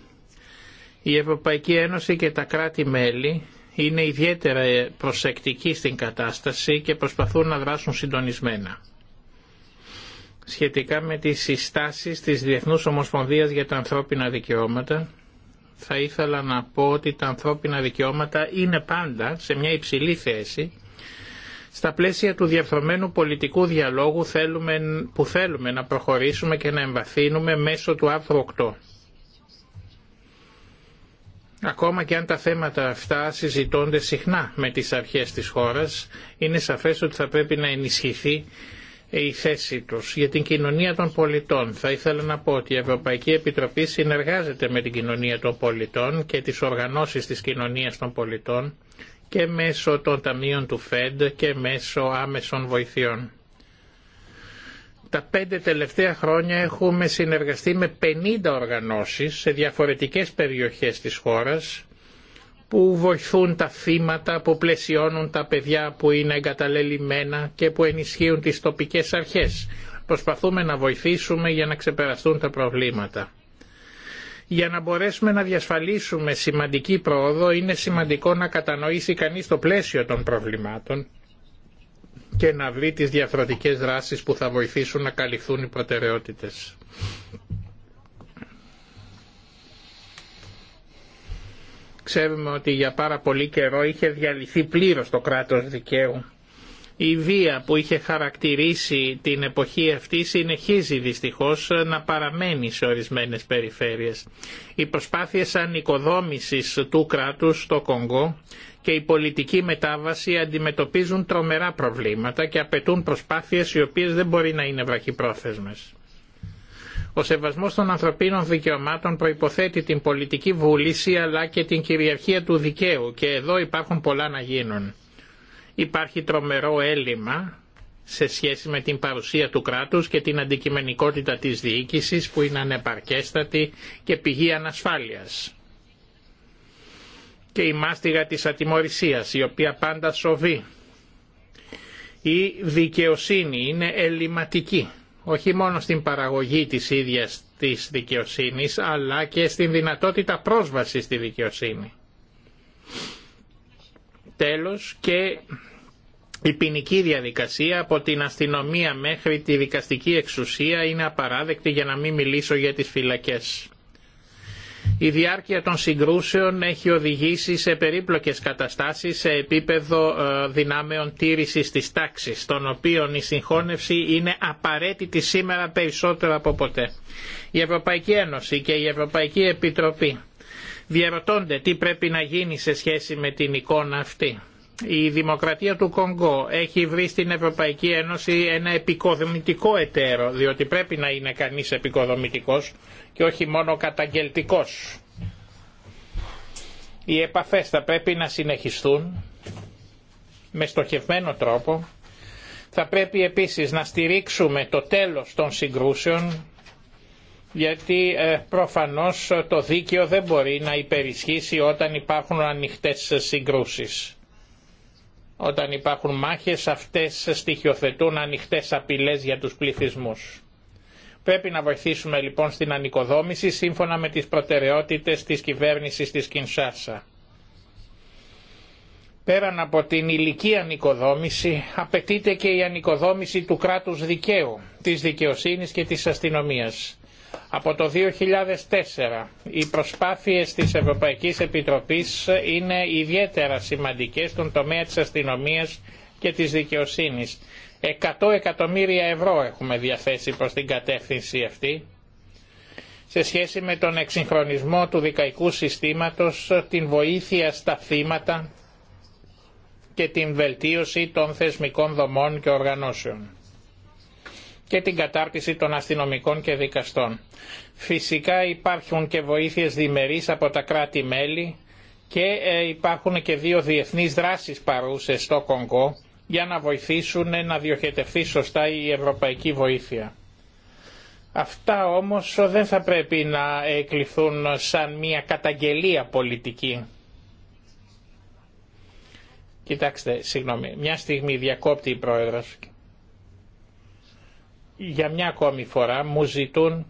Η Ευρωπαϊκή Ένωση και τα κράτη-μέλη είναι ιδιαίτερα προσεκτικοί στην κατάσταση και προσπαθούν να δράσουν συντονισμένα. Σχετικά με τις συστάσεις της Διεθνούς Ομοσπονδίας για τα Ανθρώπινα Δικαιώματα, θα ήθελα να πω ότι τα ανθρώπινα δικαιώματα είναι πάντα σε μια υψηλή θέση στα πλαίσια του διαφθομένου πολιτικού διαλόγου θέλουμε, που θέλουμε να προχωρήσουμε και να εμβαθύνουμε μέσω του άρθρου Ακόμα και αν τα θέματα αυτά συζητώνται συχνά με τις αρχές της χώρας, είναι σαφές ότι θα πρέπει να ενισχυθεί η θέση τους. Για την κοινωνία των πολιτών θα ήθελα να πω ότι η Ευρωπαϊκή Επιτροπή συνεργάζεται με την κοινωνία των πολιτών και τις οργανώσεις της κοινωνίας των πολιτών και μέσω των ταμείων του ΦΕΔ και μέσω άμεσων βοηθειών. Τα πέντε τελευταία χρόνια έχουμε συνεργαστεί με 50 οργανώσεις σε διαφορετικές περιοχές της χώρας που βοηθούν τα θύματα, που πλαισιώνουν τα παιδιά που είναι εγκαταλελειμμένα και που ενισχύουν τις τοπικές αρχές. Προσπαθούμε να βοηθήσουμε για να ξεπεραστούν τα προβλήματα. Για να μπορέσουμε να διασφαλίσουμε σημαντική πρόοδο είναι σημαντικό να κατανοήσει κανείς το πλαίσιο των προβλημάτων και να βρει τις διαφορετικές δράσεις που θα βοηθήσουν να καλυφθούν οι προτεραιότητες. Ξέρουμε ότι για πάρα πολύ καιρό είχε διαλυθεί πλήρως το κράτος δικαίου η βία που είχε χαρακτηρίσει την εποχή αυτή συνεχίζει δυστυχώς να παραμένει σε ορισμένες περιφέρειες. Οι προσπάθειες ανοικοδόμησης του κράτους στο Κονγκό και η πολιτική μετάβαση αντιμετωπίζουν τρομερά προβλήματα και απαιτούν προσπάθειες οι οποίες δεν μπορεί να είναι βραχυπρόθεσμες. Ο σεβασμός των ανθρωπίνων δικαιωμάτων προϋποθέτει την πολιτική βούληση αλλά και την κυριαρχία του δικαίου και εδώ υπάρχουν πολλά να γίνουν. Υπάρχει τρομερό έλλειμμα σε σχέση με την παρουσία του κράτους και την αντικειμενικότητα της διοίκησης που είναι ανεπαρκέστατη και πηγή ανασφάλειας. Και η μάστιγα της ατιμορρησίας η οποία πάντα σοβεί. Η δικαιοσύνη είναι ελληματική όχι μόνο στην παραγωγή της ίδιας της δικαιοσύνης αλλά και στην δυνατότητα πρόσβασης στη δικαιοσύνη. Τέλος και η ποινική διαδικασία από την αστυνομία μέχρι τη δικαστική εξουσία είναι απαράδεκτη για να μην μιλήσω για τις φυλακές. Η διάρκεια των συγκρούσεων έχει οδηγήσει σε περίπλοκες καταστάσεις σε επίπεδο ε, δυνάμεων τήρησης της τάξης, των οποίων η συγχώνευση είναι απαραίτητη σήμερα περισσότερο από ποτέ. Η Ευρωπαϊκή Ένωση και η Ευρωπαϊκή Επιτροπή διαρωτώνται τι πρέπει να γίνει σε σχέση με την εικόνα αυτή η δημοκρατία του Κονγκό έχει βρει στην Ευρωπαϊκή Ένωση ένα επικοδομητικό εταίρο, διότι πρέπει να είναι κανείς επικοδομητικός και όχι μόνο καταγγελτικός. Οι επαφές θα πρέπει να συνεχιστούν με στοχευμένο τρόπο. Θα πρέπει επίσης να στηρίξουμε το τέλος των συγκρούσεων, γιατί ε, προφανώς το δίκαιο δεν μπορεί να υπερισχύσει όταν υπάρχουν ανοιχτές συγκρούσεις όταν υπάρχουν μάχες αυτές στοιχειοθετούν ανοιχτές απειλές για τους πληθυσμούς. Πρέπει να βοηθήσουμε λοιπόν στην ανοικοδόμηση σύμφωνα με τις προτεραιότητες της κυβέρνησης της Κινσάσα. Πέραν από την ηλική ανοικοδόμηση απαιτείται και η ανοικοδόμηση του κράτους δικαίου, της δικαιοσύνης και της αστυνομίας από το 2004 οι προσπάθειες της Ευρωπαϊκής Επιτροπής είναι ιδιαίτερα σημαντικές στον τομέα της αστυνομίας και της δικαιοσύνης. 100 εκατομμύρια ευρώ έχουμε διαθέσει προς την κατεύθυνση αυτή σε σχέση με τον εξυγχρονισμό του δικαϊκού συστήματος, την βοήθεια στα θύματα και την βελτίωση των θεσμικών δομών και οργανώσεων και την κατάρτιση των αστυνομικών και δικαστών. Φυσικά υπάρχουν και βοήθειες διμερείς από τα κράτη-μέλη και ε, υπάρχουν και δύο διεθνείς δράσεις παρούσες στο Κονγκό για να βοηθήσουν να διοχετευθεί σωστά η ευρωπαϊκή βοήθεια. Αυτά όμως δεν θα πρέπει να εκλειθούν σαν μια καταγγελία πολιτική. Κοιτάξτε, συγγνώμη, μια στιγμή διακόπτει η Πρόεδρος για μια ακόμη φορά μου ζητούν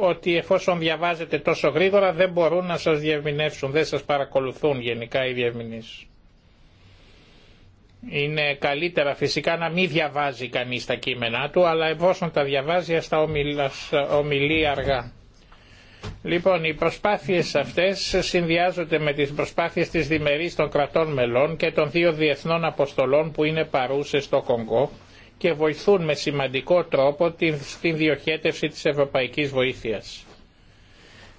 ότι εφόσον διαβάζετε τόσο γρήγορα δεν μπορούν να σας διευμηνεύσουν, δεν σας παρακολουθούν γενικά οι διευμηνείς. Είναι καλύτερα φυσικά να μην διαβάζει κανείς τα κείμενά του, αλλά εφόσον τα διαβάζει ας τα ομιλεί αργά. Λοιπόν, οι προσπάθειες αυτές συνδυάζονται με τις προσπάθειες της διμερής των κρατών μελών και των δύο διεθνών αποστολών που είναι παρούσες στο Κονγκό και βοηθούν με σημαντικό τρόπο στην διοχέτευση της ευρωπαϊκής βοήθειας.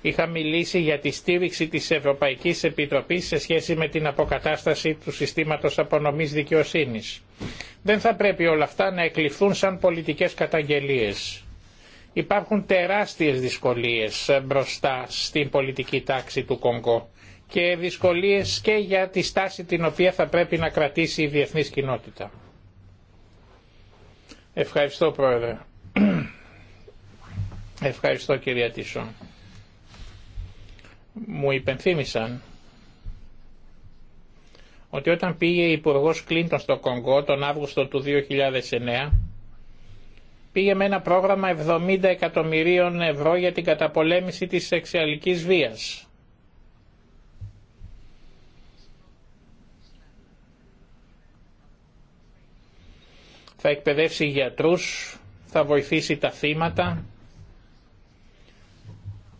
Είχα μιλήσει για τη στήριξη της Ευρωπαϊκής Επιτροπής σε σχέση με την αποκατάσταση του συστήματος απονομής δικαιοσύνης. Δεν θα πρέπει όλα αυτά να εκλειφθούν σαν πολιτικές καταγγελίες. Υπάρχουν τεράστιες δυσκολίες μπροστά στην πολιτική τάξη του Κονγκό και δυσκολίες και για τη στάση την οποία θα πρέπει να κρατήσει η διεθνής κοινότητα. Ευχαριστώ πρόεδρε. Ευχαριστώ κυρία Τίσο. Μου υπενθύμησαν ότι όταν πήγε η Υπουργό Κλίντον στο Κονγκό τον Αύγουστο του 2009 πήγε με ένα πρόγραμμα 70 εκατομμυρίων ευρώ για την καταπολέμηση της σεξουαλικής βίας. θα εκπαιδεύσει γιατρούς, θα βοηθήσει τα θύματα.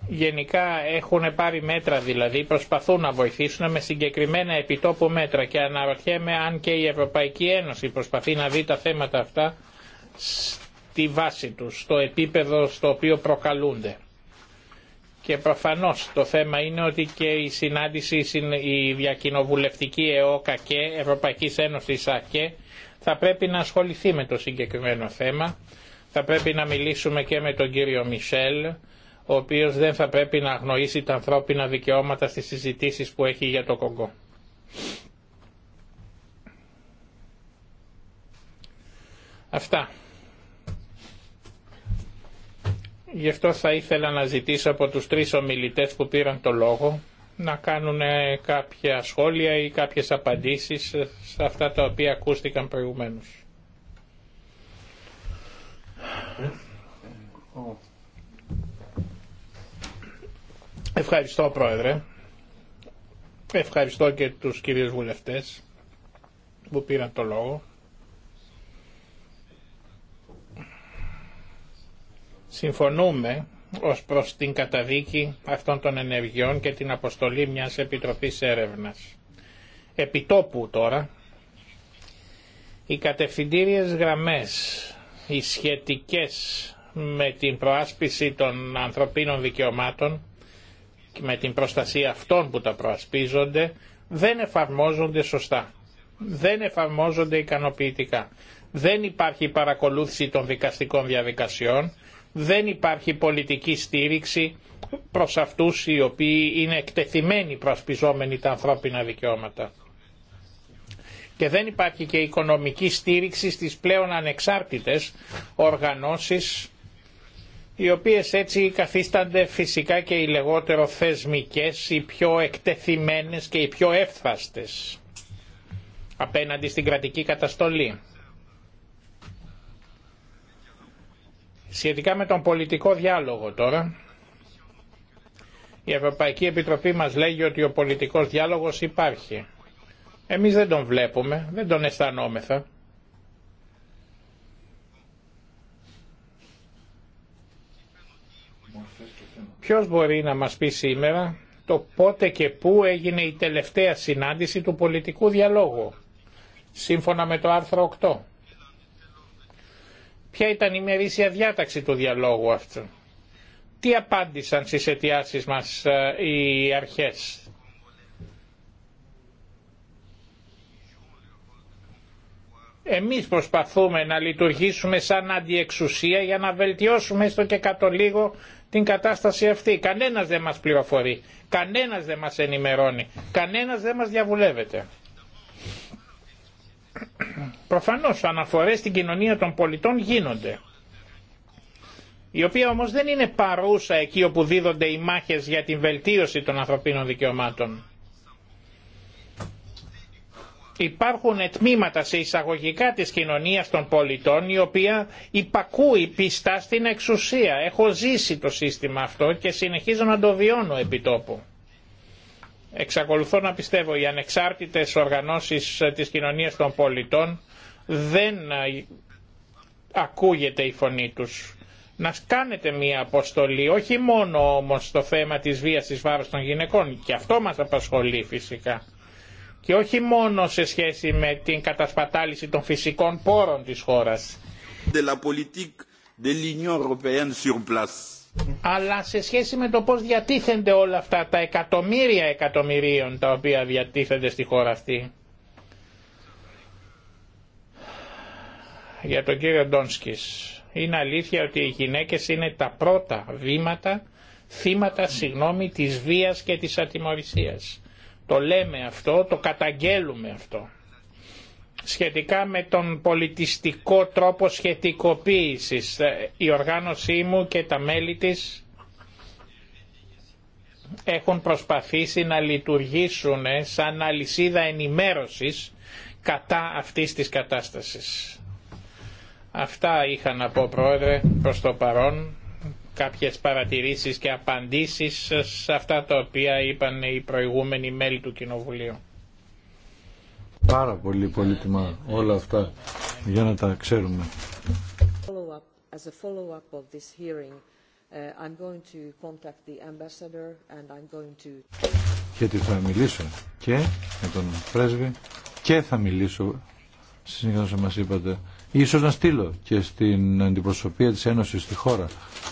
Γενικά έχουν πάρει μέτρα δηλαδή, προσπαθούν να βοηθήσουν με συγκεκριμένα επιτόπου μέτρα και αναρωτιέμαι αν και η Ευρωπαϊκή Ένωση προσπαθεί να δει τα θέματα αυτά στη βάση τους, στο επίπεδο στο οποίο προκαλούνται. Και προφανώς το θέμα είναι ότι και η συνάντηση, η διακοινοβουλευτική ΕΟΚΑ και Ευρωπαϊκής Ένωσης ΑΚΕ θα πρέπει να ασχοληθεί με το συγκεκριμένο θέμα. Θα πρέπει να μιλήσουμε και με τον κύριο Μισελ, ο οποίος δεν θα πρέπει να αγνοήσει τα ανθρώπινα δικαιώματα στις συζητήσεις που έχει για το Κογκό. Αυτά. Γι' αυτό θα ήθελα να ζητήσω από τους τρεις ομιλητές που πήραν το λόγο να κάνουν ε, κάποια σχόλια ή κάποιες απαντήσεις σε αυτά τα οποία ακούστηκαν προηγουμένως. Ευχαριστώ Πρόεδρε. Ευχαριστώ και τους κυρίους βουλευτές που πήραν το λόγο. Συμφωνούμε ως προς την καταδίκη αυτών των ενεργειών και την αποστολή μιας Επιτροπής Έρευνας. Επιτόπου τώρα, οι κατευθυντήριες γραμμές, οι σχετικές με την προάσπιση των ανθρωπίνων δικαιωμάτων και με την προστασία αυτών που τα προασπίζονται, δεν εφαρμόζονται σωστά. Δεν εφαρμόζονται ικανοποιητικά. Δεν υπάρχει παρακολούθηση των δικαστικών διαδικασιών δεν υπάρχει πολιτική στήριξη προς αυτούς οι οποίοι είναι εκτεθειμένοι προσπιζόμενοι τα ανθρώπινα δικαιώματα. Και δεν υπάρχει και οικονομική στήριξη στις πλέον ανεξάρτητες οργανώσεις οι οποίες έτσι καθίστανται φυσικά και οι λεγότερο θεσμικές, οι πιο εκτεθειμένες και οι πιο εύθαστες απέναντι στην κρατική καταστολή. Σχετικά με τον πολιτικό διάλογο τώρα, η Ευρωπαϊκή Επιτροπή μας λέγει ότι ο πολιτικός διάλογος υπάρχει. Εμείς δεν τον βλέπουμε, δεν τον αισθανόμεθα. Ποιος μπορεί να μας πει σήμερα το πότε και πού έγινε η τελευταία συνάντηση του πολιτικού διαλόγου, σύμφωνα με το άρθρο 8 ποια ήταν η μερίσια διάταξη του διαλόγου αυτού. Τι απάντησαν στις αιτιάσεις μας ε, οι αρχές. Εμείς προσπαθούμε να λειτουργήσουμε σαν αντιεξουσία για να βελτιώσουμε έστω και κατ' λίγο την κατάσταση αυτή. Κανένας δεν μας πληροφορεί, κανένας δεν μας ενημερώνει, κανένας δεν μας διαβουλεύεται. Προφανώς αναφορές στην κοινωνία των πολιτών γίνονται η οποία όμως δεν είναι παρούσα εκεί όπου δίδονται οι μάχες για την βελτίωση των ανθρωπίνων δικαιωμάτων. Υπάρχουν τμήματα σε εισαγωγικά της κοινωνίας των πολιτών η οποία υπακούει πιστά στην εξουσία. Έχω ζήσει το σύστημα αυτό και συνεχίζω να το βιώνω επί τόπου. Εξακολουθώ να πιστεύω οι ανεξάρτητες οργανώσεις ε, της κοινωνίας των πολιτών δεν ε, ακούγεται η φωνή τους. Να κάνετε μία αποστολή, όχι μόνο όμως στο θέμα της βίας της βάρος των γυναικών, και αυτό μας απασχολεί φυσικά. Και όχι μόνο σε σχέση με την κατασπατάληση των φυσικών πόρων της χώρας αλλά σε σχέση με το πώς διατίθενται όλα αυτά τα εκατομμύρια εκατομμυρίων τα οποία διατίθενται στη χώρα αυτή. Για τον κύριο Ντόνσκης. Είναι αλήθεια ότι οι γυναίκες είναι τα πρώτα βήματα, θύματα, συγγνώμη, της βίας και της ατιμορρησίας. Το λέμε αυτό, το καταγγέλουμε αυτό σχετικά με τον πολιτιστικό τρόπο σχετικοποίησης. Ε, η οργάνωσή μου και τα μέλη της έχουν προσπαθήσει να λειτουργήσουν σαν αλυσίδα ενημέρωσης κατά αυτής της κατάστασης. Αυτά είχα να πω πρόεδρε προς το παρόν κάποιες παρατηρήσεις και απαντήσεις σε αυτά τα οποία είπαν οι προηγούμενοι μέλη του Κοινοβουλίου. Πάρα πολύ πολύτιμα όλα αυτά για να τα ξέρουμε. As a follow-up of this hearing, uh, I'm going to contact the ambassador and I'm going to... Και τι θα μιλήσω και με τον πρέσβη και θα μιλήσω συνήθως μας είπατε ίσως να στείλω και στην αντιπροσωπεία της Ένωσης στη χώρα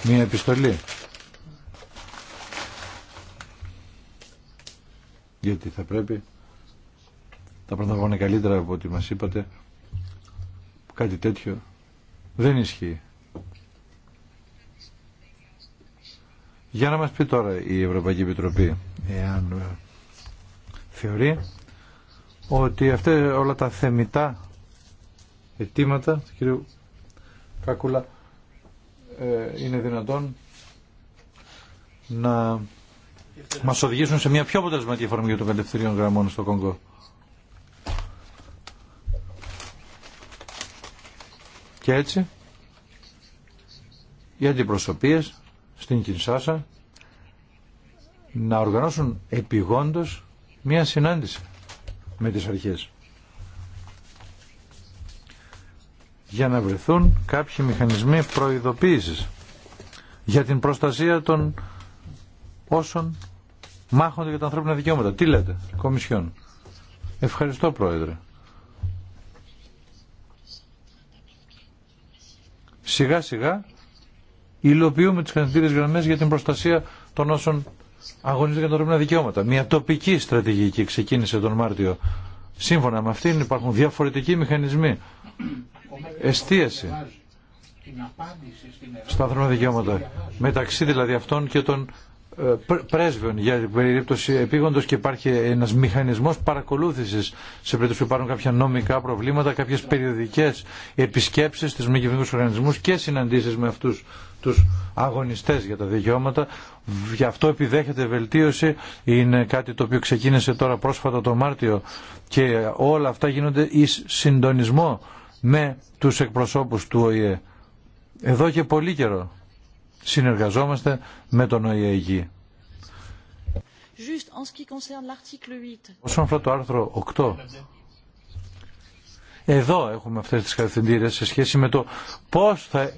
μια επιστολή γιατί θα πρέπει τα πράγματα πάνε καλύτερα από ό,τι μας είπατε. Κάτι τέτοιο δεν ισχύει. Για να μας πει τώρα η Ευρωπαϊκή Επιτροπή, εάν ε, θεωρεί ότι αυτά όλα τα θεμητά αιτήματα του κύριου Κακούλα ε, είναι δυνατόν να μας οδηγήσουν σε μια πιο αποτελεσματική εφαρμογή των κατευθυντήριων γραμμών στο Κονγκό. Και έτσι οι αντιπροσωπείες στην Κινσάσα να οργανώσουν επιγόντως μία συνάντηση με τις αρχές για να βρεθούν κάποιοι μηχανισμοί προειδοποίησης για την προστασία των όσων μάχονται για τα ανθρώπινα δικαιώματα. Τι λέτε, Κομισιόν. Ευχαριστώ, Πρόεδρε. σιγά σιγά υλοποιούμε τις καθημερινές γραμμές για την προστασία των όσων αγωνίζονται για τα ανθρώπινα δικαιώματα. Μια τοπική στρατηγική ξεκίνησε τον Μάρτιο. Σύμφωνα με αυτήν υπάρχουν διαφορετικοί μηχανισμοί. Εστίαση στα ανθρώπινα δικαιώματα μεταξύ δηλαδή αυτών και των ε, πρέσβεων για την περίπτωση επίγοντος και υπάρχει ένας μηχανισμός παρακολούθησης σε περίπτωση που υπάρχουν κάποια νομικά προβλήματα, κάποιες περιοδικές επισκέψεις στις μη κυβερνικούς οργανισμούς και συναντήσεις με αυτούς τους αγωνιστές για τα δικαιώματα. Γι' αυτό επιδέχεται βελτίωση. Είναι κάτι το οποίο ξεκίνησε τώρα πρόσφατα το Μάρτιο και όλα αυτά γίνονται εις συντονισμό με τους εκπροσώπους του ΟΗΕ. Εδώ και πολύ καιρό συνεργαζόμαστε με τον ΟΗΕΓΙ. Όσον αφορά το άρθρο 8, εδώ έχουμε αυτές τις καθεντήρες σε σχέση με το πώς θα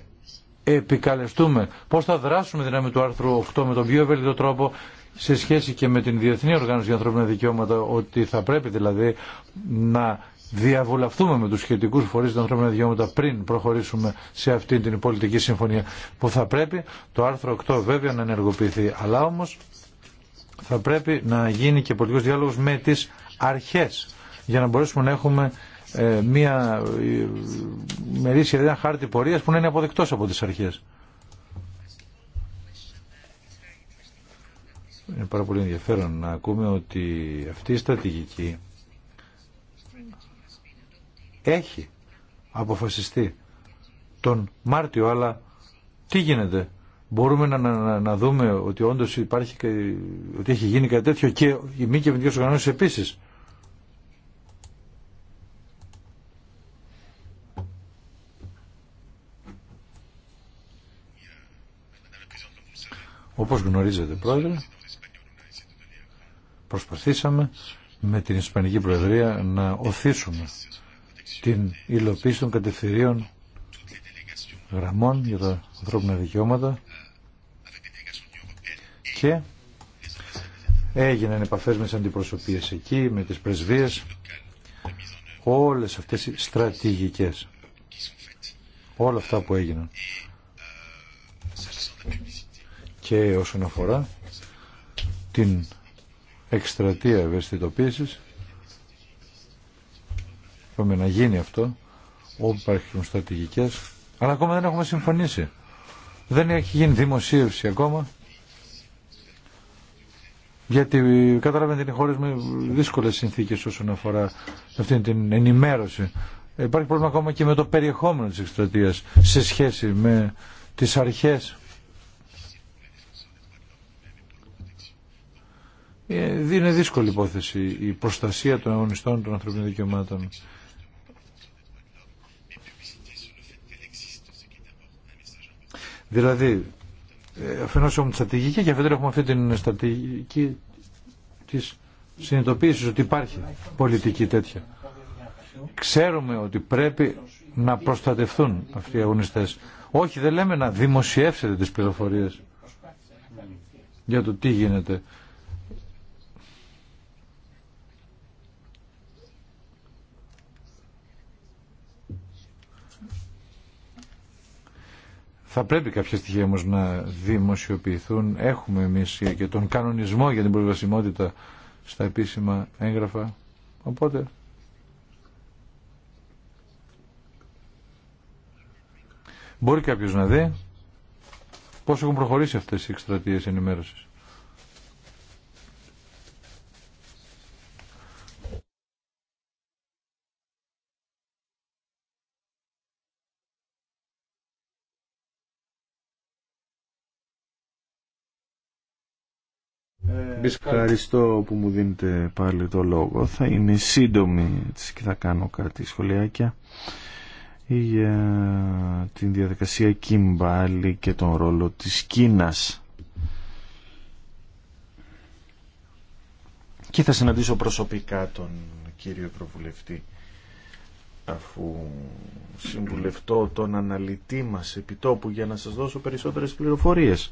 επικαλεστούμε, πώς θα δράσουμε δυνάμει του άρθρου 8 με τον πιο ευέλικτο τρόπο σε σχέση και με την Διεθνή Οργάνωση για Ανθρώπινα Δικαιώματα ότι θα πρέπει δηλαδή να Διαβουλαυτούμε με τους σχετικούς φορείς των ανθρώπινων δικαιώματα πριν προχωρήσουμε σε αυτή την πολιτική συμφωνία που θα πρέπει το άρθρο 8 βέβαια να ενεργοποιηθεί αλλά όμως θα πρέπει να γίνει και πολιτικός διάλογος με τις αρχές για να μπορέσουμε να έχουμε ε, μια ε, μερίσια, δηλαδή, χάρτη πορείας που να είναι αποδεκτός από τις αρχές. Είναι πάρα πολύ ενδιαφέρον να ακούμε ότι αυτή η στρατηγική έχει αποφασιστεί τον Μάρτιο, αλλά τι γίνεται. Μπορούμε να, να, να δούμε ότι όντω υπάρχει ότι έχει γίνει κάτι τέτοιο και οι μη κυβερνητικέ οργανώσει επίση. Όπως γνωρίζετε πρόεδρε, προσπαθήσαμε με την Ισπανική Προεδρία να οθήσουμε την υλοποίηση των κατευθυρίων γραμμών για τα ανθρώπινα δικαιώματα και έγιναν επαφές με τις αντιπροσωπείες εκεί, με τις πρεσβείες όλες αυτές οι στρατηγικές όλα αυτά που έγιναν και όσον αφορά την εκστρατεία ευαισθητοποίησης Είπαμε να γίνει αυτό όπου υπάρχουν στρατηγικέ. αλλά ακόμα δεν έχουμε συμφωνήσει. Δεν έχει γίνει δημοσίευση ακόμα γιατί καταλαβαίνετε είναι χώρε με δύσκολες συνθήκες όσον αφορά αυτή την ενημέρωση. Υπάρχει πρόβλημα ακόμα και με το περιεχόμενο της εκστρατείας σε σχέση με τις αρχές. Ε, είναι δύσκολη υπόθεση η προστασία των αγωνιστών των ανθρωπίνων δικαιωμάτων. Δηλαδή, ε, αφενός έχουμε τη στρατηγική και αφετέρου έχουμε αυτή την στρατηγική της συνειδητοποίησης ότι υπάρχει πολιτική τέτοια. Ξέρουμε ότι πρέπει να προστατευτούν αυτοί οι αγωνιστές. Όχι, δεν λέμε να δημοσιεύσετε τις πληροφορίες για το τι γίνεται Θα πρέπει κάποια στοιχεία όμω να δημοσιοποιηθούν. Έχουμε εμείς και τον κανονισμό για την προσβασιμότητα στα επίσημα έγγραφα. Οπότε... Μπορεί κάποιος να δει πώς έχουν προχωρήσει αυτές οι εκστρατείες ενημέρωσης. Ευχαριστώ που μου δίνετε πάλι το λόγο. Θα είναι σύντομη έτσι, και θα κάνω κάτι σχολιάκια για την διαδικασία Κιμπάλη και τον ρόλο της Κίνας. Και θα συναντήσω προσωπικά τον κύριο Προβουλευτή αφού συμβουλευτώ τον αναλυτή μας επιτόπου για να σας δώσω περισσότερες πληροφορίες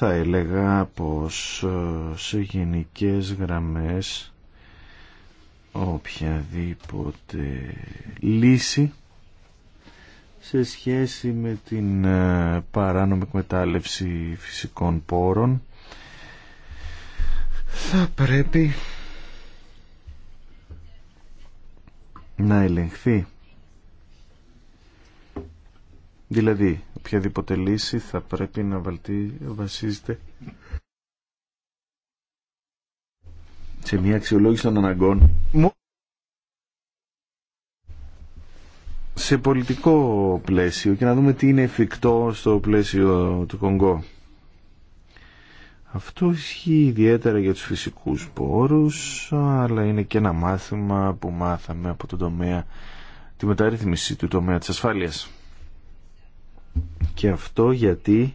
θα έλεγα πως ε, σε γενικές γραμμές οποιαδήποτε λύση σε σχέση με την ε, παράνομη εκμετάλλευση φυσικών πόρων θα πρέπει να ελεγχθεί Δηλαδή, οποιαδήποτε λύση θα πρέπει να βασίζεται σε μια αξιολόγηση των αναγκών σε πολιτικό πλαίσιο και να δούμε τι είναι εφικτό στο πλαίσιο του Κονγκό. Αυτό ισχύει ιδιαίτερα για τους φυσικούς πόρους, αλλά είναι και ένα μάθημα που μάθαμε από το τομέα, τη μεταρρύθμιση του τομέα της ασφάλειας. Και αυτό γιατί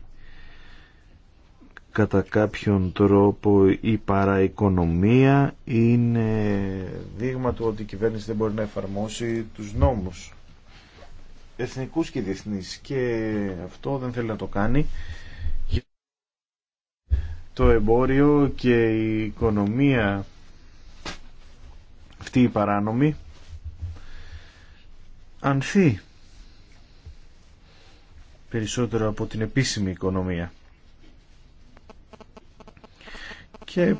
κατά κάποιον τρόπο η παραοικονομία είναι δείγμα του ότι η κυβέρνηση δεν μπορεί να εφαρμόσει τους νόμους εθνικούς και διεθνείς και αυτό δεν θέλει να το κάνει το εμπόριο και η οικονομία αυτή η παράνομη ανθεί περισσότερο από την επίσημη οικονομία. Και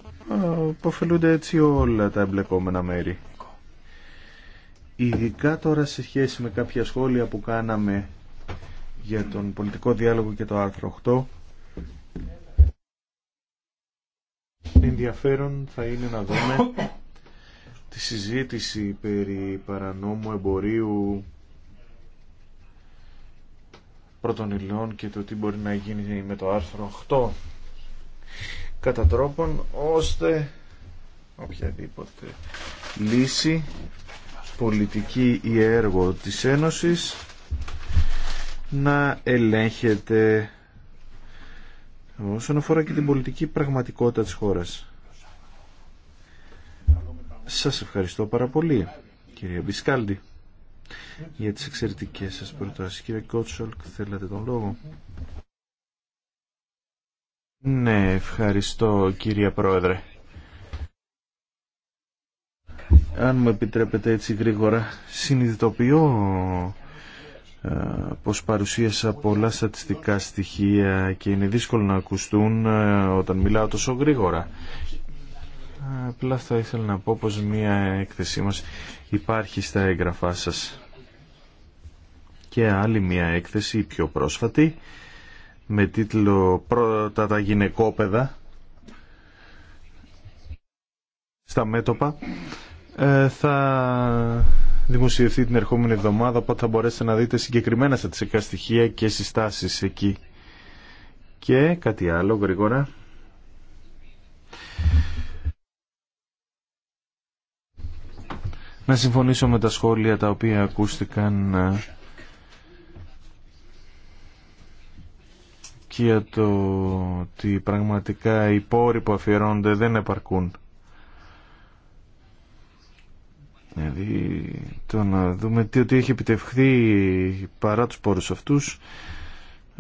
υποφελούνται έτσι όλα τα εμπλεκόμενα μέρη. Ειδικά τώρα σε σχέση με κάποια σχόλια που κάναμε για τον πολιτικό διάλογο και το άρθρο 8, ενδιαφέρον θα είναι να δούμε τη συζήτηση περί παρανόμου εμπορίου πρώτων και το τι μπορεί να γίνει με το άρθρο 8 κατά τρόπον ώστε οποιαδήποτε λύση πολιτική ή έργο της Ένωσης να ελέγχεται όσον αφορά και την πολιτική πραγματικότητα της χώρας. Σας ευχαριστώ πάρα πολύ, κύριε Μπισκάλντι για τις εξαιρετικές σας προτάσεις. Κύριε Κότσολκ, θέλετε τον λόγο. Ναι, ευχαριστώ κύριε Πρόεδρε. Αν μου επιτρέπετε έτσι γρήγορα, συνειδητοποιώ ε, πως παρουσίασα πολλά στατιστικά στοιχεία και είναι δύσκολο να ακουστούν ε, όταν μιλάω τόσο γρήγορα. Απλά θα ήθελα να πω πως μία έκθεσή μας υπάρχει στα έγγραφά σας και άλλη μια έκθεση πιο πρόσφατη με τίτλο «Πρώτα τα γυναικόπαιδα στα μέτωπα». Ε, θα δημοσιευθεί την ερχόμενη εβδομάδα, οπότε θα μπορέσετε να δείτε συγκεκριμένα στατιστικά στοιχεία και συστάσεις εκεί. Και κάτι άλλο γρήγορα. Να συμφωνήσω με τα σχόλια τα οποία ακούστηκαν ε, για το ότι πραγματικά οι πόροι που αφιερώνονται δεν επαρκούν. Δηλαδή το να δούμε τι ότι έχει επιτευχθεί παρά τους πόρους αυτούς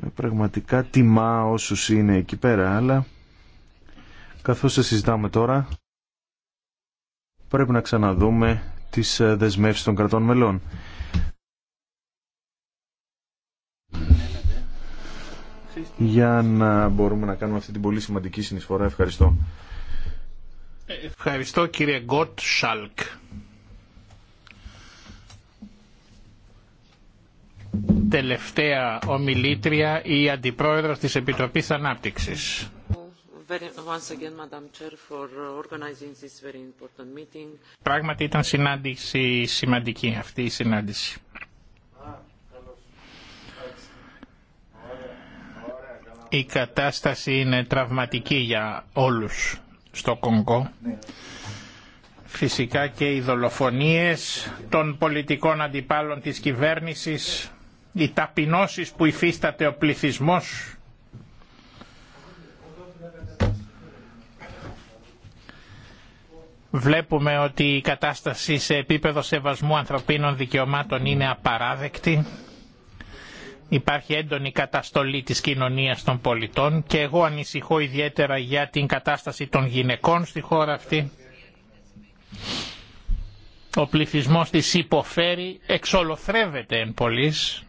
ε, πραγματικά τιμά όσους είναι εκεί πέρα αλλά καθώς σε συζητάμε τώρα πρέπει να ξαναδούμε τις ε, δεσμεύσεις των κρατών μελών. για να μπορούμε να κάνουμε αυτή την πολύ σημαντική συνεισφορά. Ευχαριστώ. Ευχαριστώ κύριε Γκότ Σάλκ. Τελευταία ομιλήτρια η Αντιπρόεδρος της Επιτροπής Ανάπτυξης. Πράγματι ήταν συνάντηση σημαντική αυτή η συνάντηση. Η κατάσταση είναι τραυματική για όλους στο Κονγκό. Φυσικά και οι δολοφονίες των πολιτικών αντιπάλων της κυβέρνησης, οι ταπεινώσεις που υφίσταται ο πληθυσμός βλέπουμε ότι η κατάσταση σε επίπεδο σεβασμού ανθρωπίνων δικαιωμάτων είναι απαράδεκτη. Υπάρχει έντονη καταστολή της κοινωνίας των πολιτών και εγώ ανησυχώ ιδιαίτερα για την κατάσταση των γυναικών στη χώρα αυτή. Ο πληθυσμός της υποφέρει, εξολοθρεύεται εν πολλής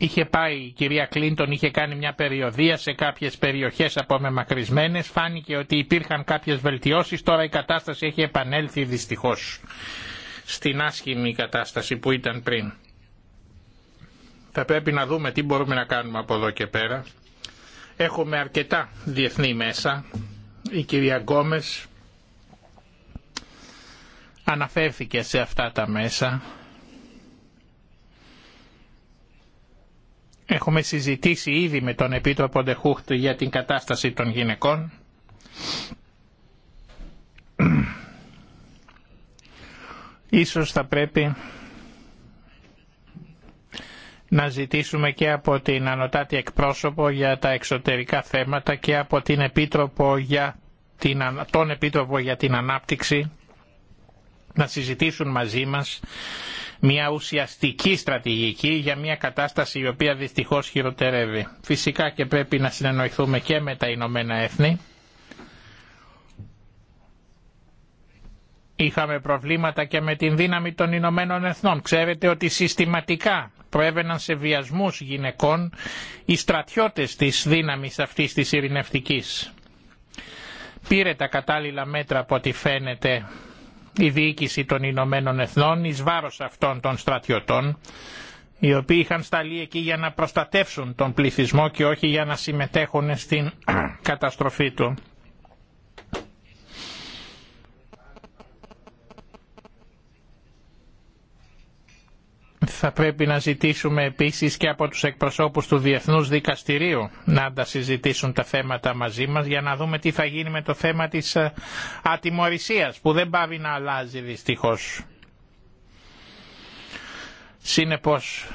Είχε πάει η κυρία Κλίντον, είχε κάνει μια περιοδία σε κάποιες περιοχές απομεμακρυσμένες, φάνηκε ότι υπήρχαν κάποιες βελτιώσεις, τώρα η κατάσταση έχει επανέλθει δυστυχώς στην άσχημη κατάσταση που ήταν πριν. Θα πρέπει να δούμε τι μπορούμε να κάνουμε από εδώ και πέρα. Έχουμε αρκετά διεθνή μέσα. Η κυρία Γκόμες αναφέρθηκε σε αυτά τα μέσα Έχουμε συζητήσει ήδη με τον Επίτροπο Ντεχούχτ για την κατάσταση των γυναικών. Ίσως θα πρέπει να ζητήσουμε και από την Ανωτάτη Εκπρόσωπο για τα εξωτερικά θέματα και από την Επίτροπο για την, τον Επίτροπο για την Ανάπτυξη να συζητήσουν μαζί μας μια ουσιαστική στρατηγική για μια κατάσταση η οποία δυστυχώς χειροτερεύει. Φυσικά και πρέπει να συνεννοηθούμε και με τα Ηνωμένα Έθνη. Είχαμε προβλήματα και με την δύναμη των Ηνωμένων Εθνών. Ξέρετε ότι συστηματικά προέβαιναν σε βιασμούς γυναικών οι στρατιώτες της δύναμης αυτής της ειρηνευτικής. Πήρε τα κατάλληλα μέτρα από ό,τι φαίνεται η διοίκηση των Ηνωμένων Εθνών εις βάρος αυτών των στρατιωτών οι οποίοι είχαν σταλεί εκεί για να προστατεύσουν τον πληθυσμό και όχι για να συμμετέχουν στην [CLEARS THROAT] καταστροφή του. Θα πρέπει να ζητήσουμε επίσης και από τους εκπροσώπους του Διεθνούς Δικαστηρίου να τα συζητήσουν τα θέματα μαζί μας για να δούμε τι θα γίνει με το θέμα της ε, ατιμορρησίας που δεν πάβει να αλλάζει δυστυχώς. Σύνεπως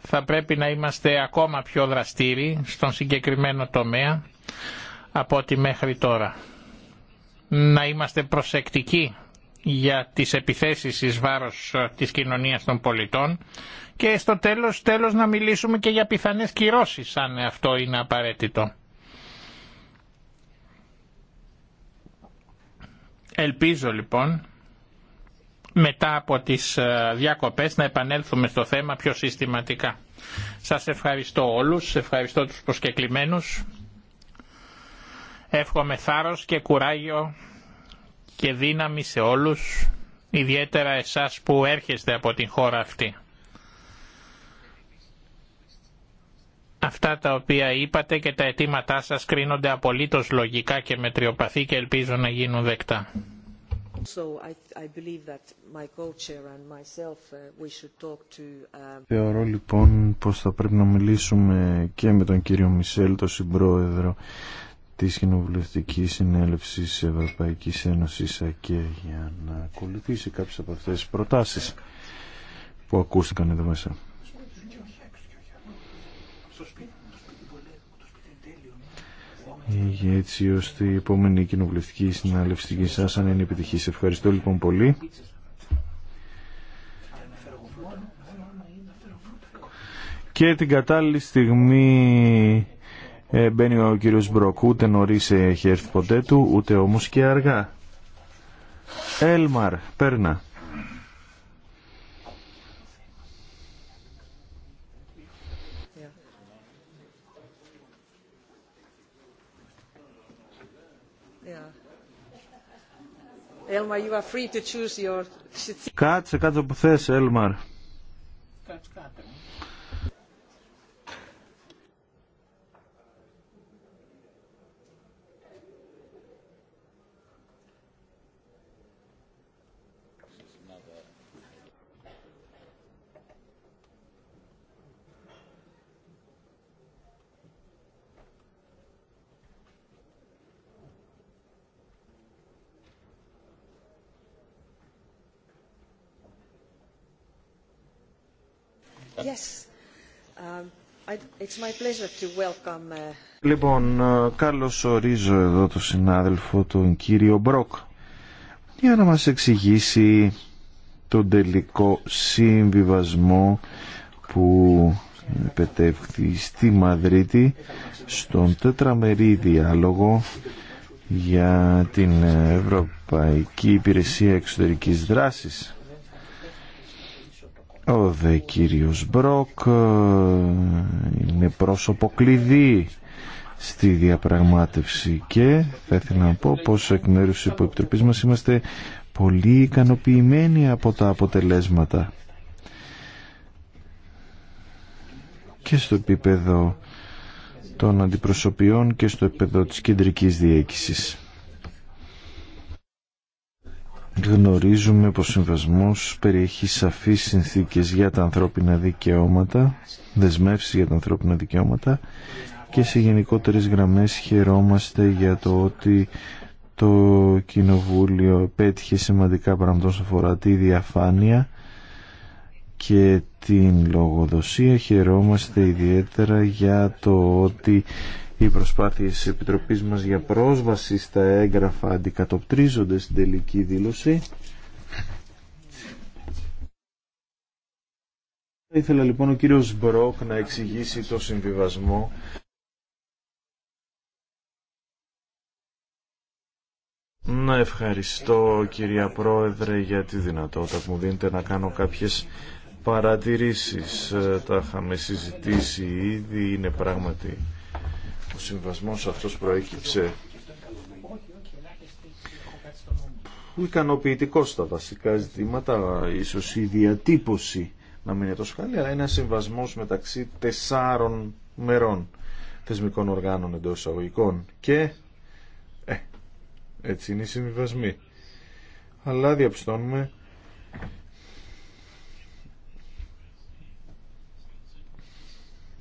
θα πρέπει να είμαστε ακόμα πιο δραστήριοι στον συγκεκριμένο τομέα από ό,τι μέχρι τώρα. Να είμαστε προσεκτικοί για τις επιθέσεις εις βάρος ε, της κοινωνίας των πολιτών και στο τέλος, τέλος να μιλήσουμε και για πιθανές κυρώσεις αν αυτό είναι απαραίτητο. Ελπίζω λοιπόν μετά από τις ε, διακοπές να επανέλθουμε στο θέμα πιο συστηματικά. Σας ευχαριστώ όλους, ευχαριστώ τους προσκεκλημένους. Εύχομαι θάρρος και κουράγιο και δύναμη σε όλους, ιδιαίτερα εσάς που έρχεστε από την χώρα αυτή. Αυτά τα οποία είπατε και τα αιτήματά σας κρίνονται απολύτως λογικά και μετριοπαθή και ελπίζω να γίνουν δεκτά. Uh, um, Θεωρώ λοιπόν πως θα πρέπει να μιλήσουμε και με τον κύριο Μισελ, τον συμπρόεδρο της Κοινοβουλευτικής Συνέλευσης Ευρωπαϊκής Ένωσης ΑΚΕ για να ακολουθήσει κάποιες από αυτές τις προτάσεις που ακούστηκαν εδώ μέσα. Έτσι ώστε η επόμενη κοινοβουλευτική της σας αν είναι Σε Ευχαριστώ λοιπόν πολύ. Και την κατάλληλη στιγμή ε, μπαίνει ο κύριος Μπροκ, ούτε νωρίς έχει έρθει ποτέ του, ούτε όμως και αργά. Έλμαρ, παίρνα. Κάτσε κάτω που θες, Έλμαρ. Λοιπόν, καλώς ορίζω εδώ τον συνάδελφο, τον κύριο Μπροκ, για να μας εξηγήσει τον τελικό συμβιβασμό που επετεύχθη στη Μαδρίτη στον τετραμερή διάλογο για την Ευρωπαϊκή Υπηρεσία Εξωτερικής Δράσης ο δε κύριος Μπρόκ ε, είναι πρόσωπο κλειδί στη διαπραγμάτευση και θα ήθελα να πω πως εκ μέρους της υποεπιτροπής μας είμαστε πολύ ικανοποιημένοι από τα αποτελέσματα και στο επίπεδο των αντιπροσωπιών και στο επίπεδο της κεντρικής διοίκησης. Γνωρίζουμε πως ο συμβασμός περιέχει σαφείς συνθήκες για τα ανθρώπινα δικαιώματα, δεσμεύσεις για τα ανθρώπινα δικαιώματα και σε γενικότερες γραμμές χαιρόμαστε για το ότι το Κοινοβούλιο πέτυχε σημαντικά πράγματα όσον αφορά τη διαφάνεια και την λογοδοσία. Χαιρόμαστε ιδιαίτερα για το ότι οι προσπάθειες της Επιτροπής μας για πρόσβαση στα έγγραφα αντικατοπτρίζονται στην τελική δήλωση. Θα ήθελα λοιπόν ο κύριος Μπρόκ να εξηγήσει το συμβιβασμό Να ευχαριστώ κυρία Πρόεδρε για τη δυνατότητα που μου δίνετε να κάνω κάποιες παρατηρήσεις. Ε, τα είχαμε συζητήσει ήδη, είναι πράγματι ο συμβασμός αυτός προέκυψε ικανοποιητικό στα βασικά ζητήματα, ίσως η διατύπωση να μην είναι τόσο καλή, αλλά είναι ένα συμβασμό μεταξύ τεσσάρων μερών θεσμικών οργάνων εντό εισαγωγικών και ε, έτσι είναι οι συμβιβασμοί. Αλλά διαπιστώνουμε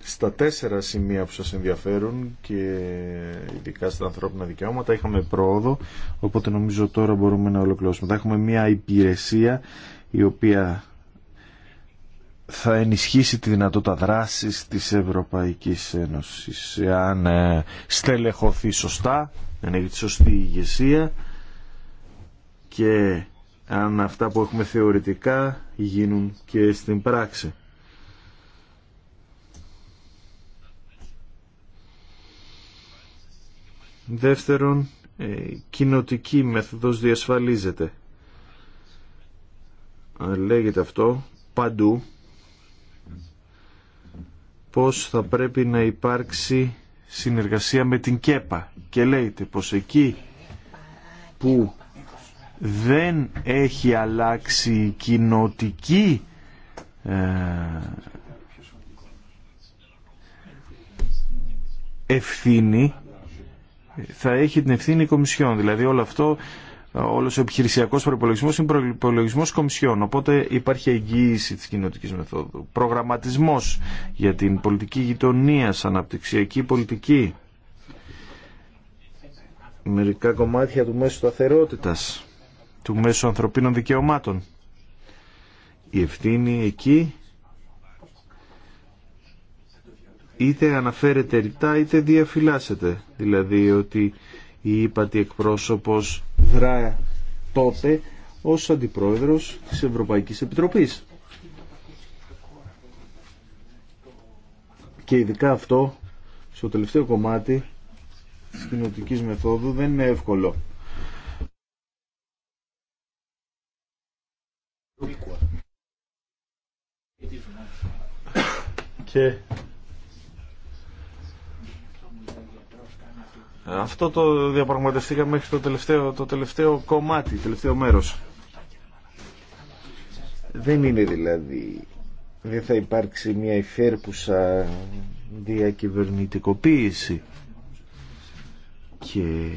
στα τέσσερα σημεία που σας ενδιαφέρουν και ειδικά στα ανθρώπινα δικαιώματα είχαμε πρόοδο οπότε νομίζω τώρα μπορούμε να ολοκληρώσουμε θα έχουμε μια υπηρεσία η οποία θα ενισχύσει τη δυνατότητα δράσης της Ευρωπαϊκής Ένωσης αν ε, στελεχωθεί σωστά αν έχει τη σωστή ηγεσία και αν αυτά που έχουμε θεωρητικά γίνουν και στην πράξη Δεύτερον, ε, κοινοτική μέθοδος διασφαλίζεται. Λέγεται αυτό παντού πως θα πρέπει να υπάρξει συνεργασία με την ΚΕΠΑ και λέγεται πως εκεί που δεν έχει αλλάξει η κοινοτική ε, ευθύνη θα έχει την ευθύνη η Κομισιόν. Δηλαδή όλο αυτό, όλος ο επιχειρησιακός προπολογισμό είναι προπολογισμό Κομισιόν. Οπότε υπάρχει εγγύηση της κοινωτικής μεθόδου. Προγραμματισμός για την πολιτική γειτονία, αναπτυξιακή πολιτική. Μερικά κομμάτια του μέσου σταθερότητα, του μέσου ανθρωπίνων δικαιωμάτων. Η ευθύνη εκεί είτε αναφέρεται ρητά είτε διαφυλάσσεται. Δηλαδή ότι η ύπατη εκπρόσωπος δρά τότε ως αντιπρόεδρος της Ευρωπαϊκής Επιτροπής. Και ειδικά αυτό στο τελευταίο κομμάτι της κοινωτικής μεθόδου δεν είναι εύκολο. Και Αυτό το διαπραγματευτήκαμε μέχρι το τελευταίο, το τελευταίο κομμάτι, το τελευταίο μέρος. Δεν είναι δηλαδή, δεν θα υπάρξει μια υφέρπουσα διακυβερνητικοποίηση και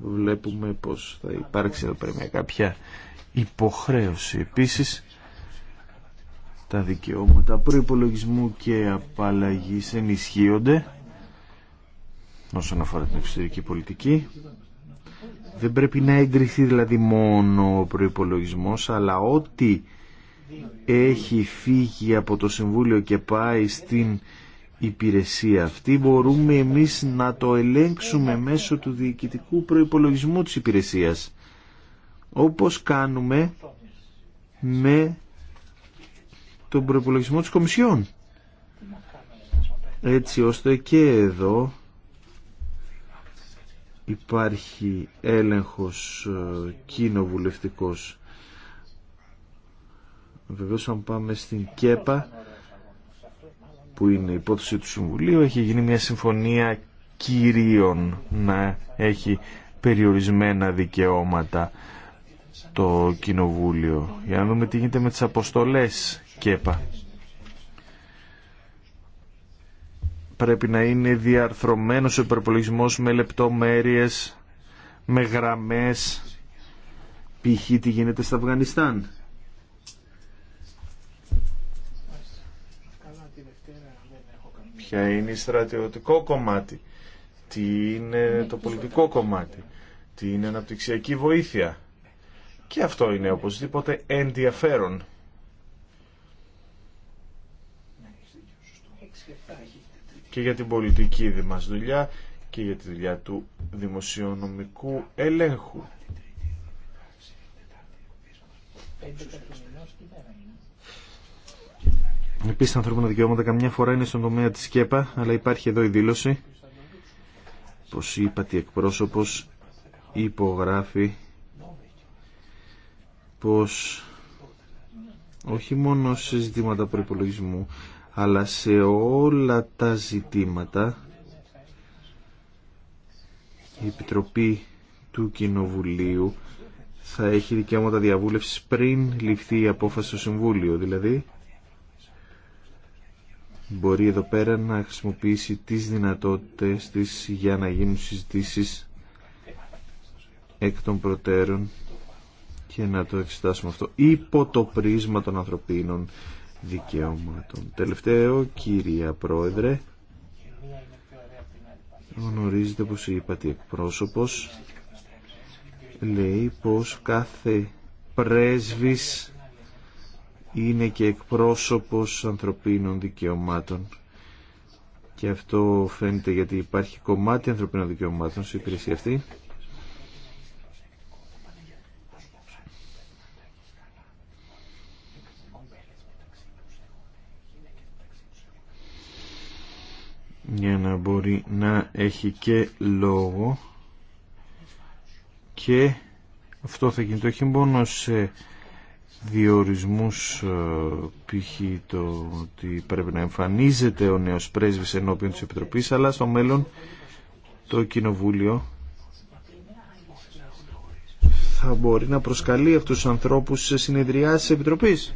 βλέπουμε πως θα υπάρξει εδώ πέρα μια κάποια υποχρέωση. Επίσης τα δικαιώματα προϋπολογισμού και απαλλαγής ενισχύονται όσον αφορά την εξωτερική πολιτική. Δεν πρέπει να εγκριθεί δηλαδή μόνο ο προϋπολογισμός, αλλά ό,τι έχει φύγει από το Συμβούλιο και πάει στην υπηρεσία αυτή, μπορούμε εμείς να το ελέγξουμε μέσω του διοικητικού προϋπολογισμού της υπηρεσίας. Όπως κάνουμε με τον προπολογισμό της Κομισιόν. Έτσι ώστε και εδώ υπάρχει έλεγχος ε, κοινοβουλευτικός. Βεβαίως αν πάμε στην ΚΕΠΑ που είναι η υπόθεση του Συμβουλίου έχει γίνει μια συμφωνία κυρίων να έχει περιορισμένα δικαιώματα το Κοινοβούλιο. Για να δούμε τι γίνεται με τις αποστολές ΚΕΠΑ. Πρέπει να είναι διαρθρωμένος ο υπερπολογισμός με λεπτομέρειες, με γραμμές, π.χ. τι γίνεται στο Αφγανιστάν. Ποια είναι η στρατιωτικό κομμάτι, τι είναι το πολιτικό κομμάτι, τι είναι αναπτυξιακή βοήθεια. Και αυτό είναι οπωσδήποτε ενδιαφέρον. και για την πολιτική μας δουλειά και για τη δουλειά του δημοσιονομικού ελέγχου. Επίση, τα ανθρώπινα δικαιώματα καμιά φορά είναι στον τομέα τη ΚΕΠΑ, αλλά υπάρχει εδώ η δήλωση πω η ύπατη εκπρόσωπο υπογράφει πω όχι μόνο σε ζητήματα προπολογισμού, αλλά σε όλα τα ζητήματα η Επιτροπή του Κοινοβουλίου θα έχει δικαιώματα διαβούλευσης πριν ληφθεί η απόφαση στο Συμβούλιο. Δηλαδή, μπορεί εδώ πέρα να χρησιμοποιήσει τις δυνατότητες της για να γίνουν συζητήσεις εκ των προτέρων και να το εξετάσουμε αυτό υπό το πρίσμα των ανθρωπίνων δικαιωμάτων. Τελευταίο, κυρία Πρόεδρε, γνωρίζετε πως η υπατή εκπρόσωπος λέει πως κάθε πρέσβης είναι και εκπρόσωπος ανθρωπίνων δικαιωμάτων και αυτό φαίνεται γιατί υπάρχει κομμάτι ανθρωπίνων δικαιωμάτων στην υπηρεσία αυτή για να μπορεί να έχει και λόγο και αυτό θα γίνει. όχι μόνο σε διορισμούς ε, π.χ. το ότι πρέπει να εμφανίζεται ο νέος πρέσβης ενώπιον της Επιτροπής αλλά στο μέλλον το Κοινοβούλιο θα μπορεί να προσκαλεί αυτούς τους ανθρώπους σε συνεδριάσεις Επιτροπής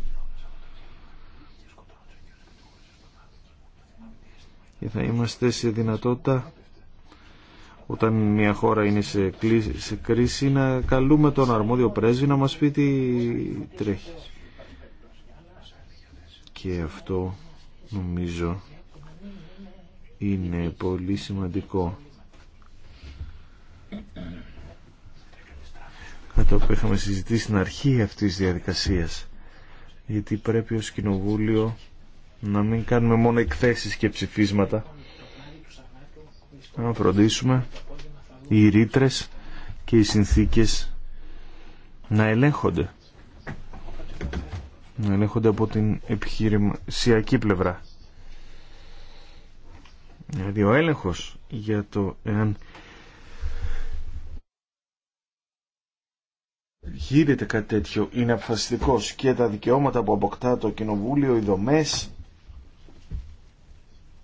και θα είμαστε σε δυνατότητα όταν μια χώρα είναι σε, κρίση να καλούμε τον αρμόδιο πρέσβη να μας πει τι τρέχει. Και αυτό νομίζω είναι πολύ σημαντικό. Κατά που είχαμε συζητήσει στην αρχή αυτής της διαδικασίας γιατί πρέπει ως κοινοβούλιο να μην κάνουμε μόνο εκθέσεις και ψηφίσματα να φροντίσουμε οι ρήτρε και οι συνθήκες να ελέγχονται να ελέγχονται από την επιχειρησιακή πλευρά δηλαδή ο έλεγχος για το εάν γίνεται κάτι τέτοιο είναι αποφασιστικός και τα δικαιώματα που αποκτά το κοινοβούλιο, οι δομές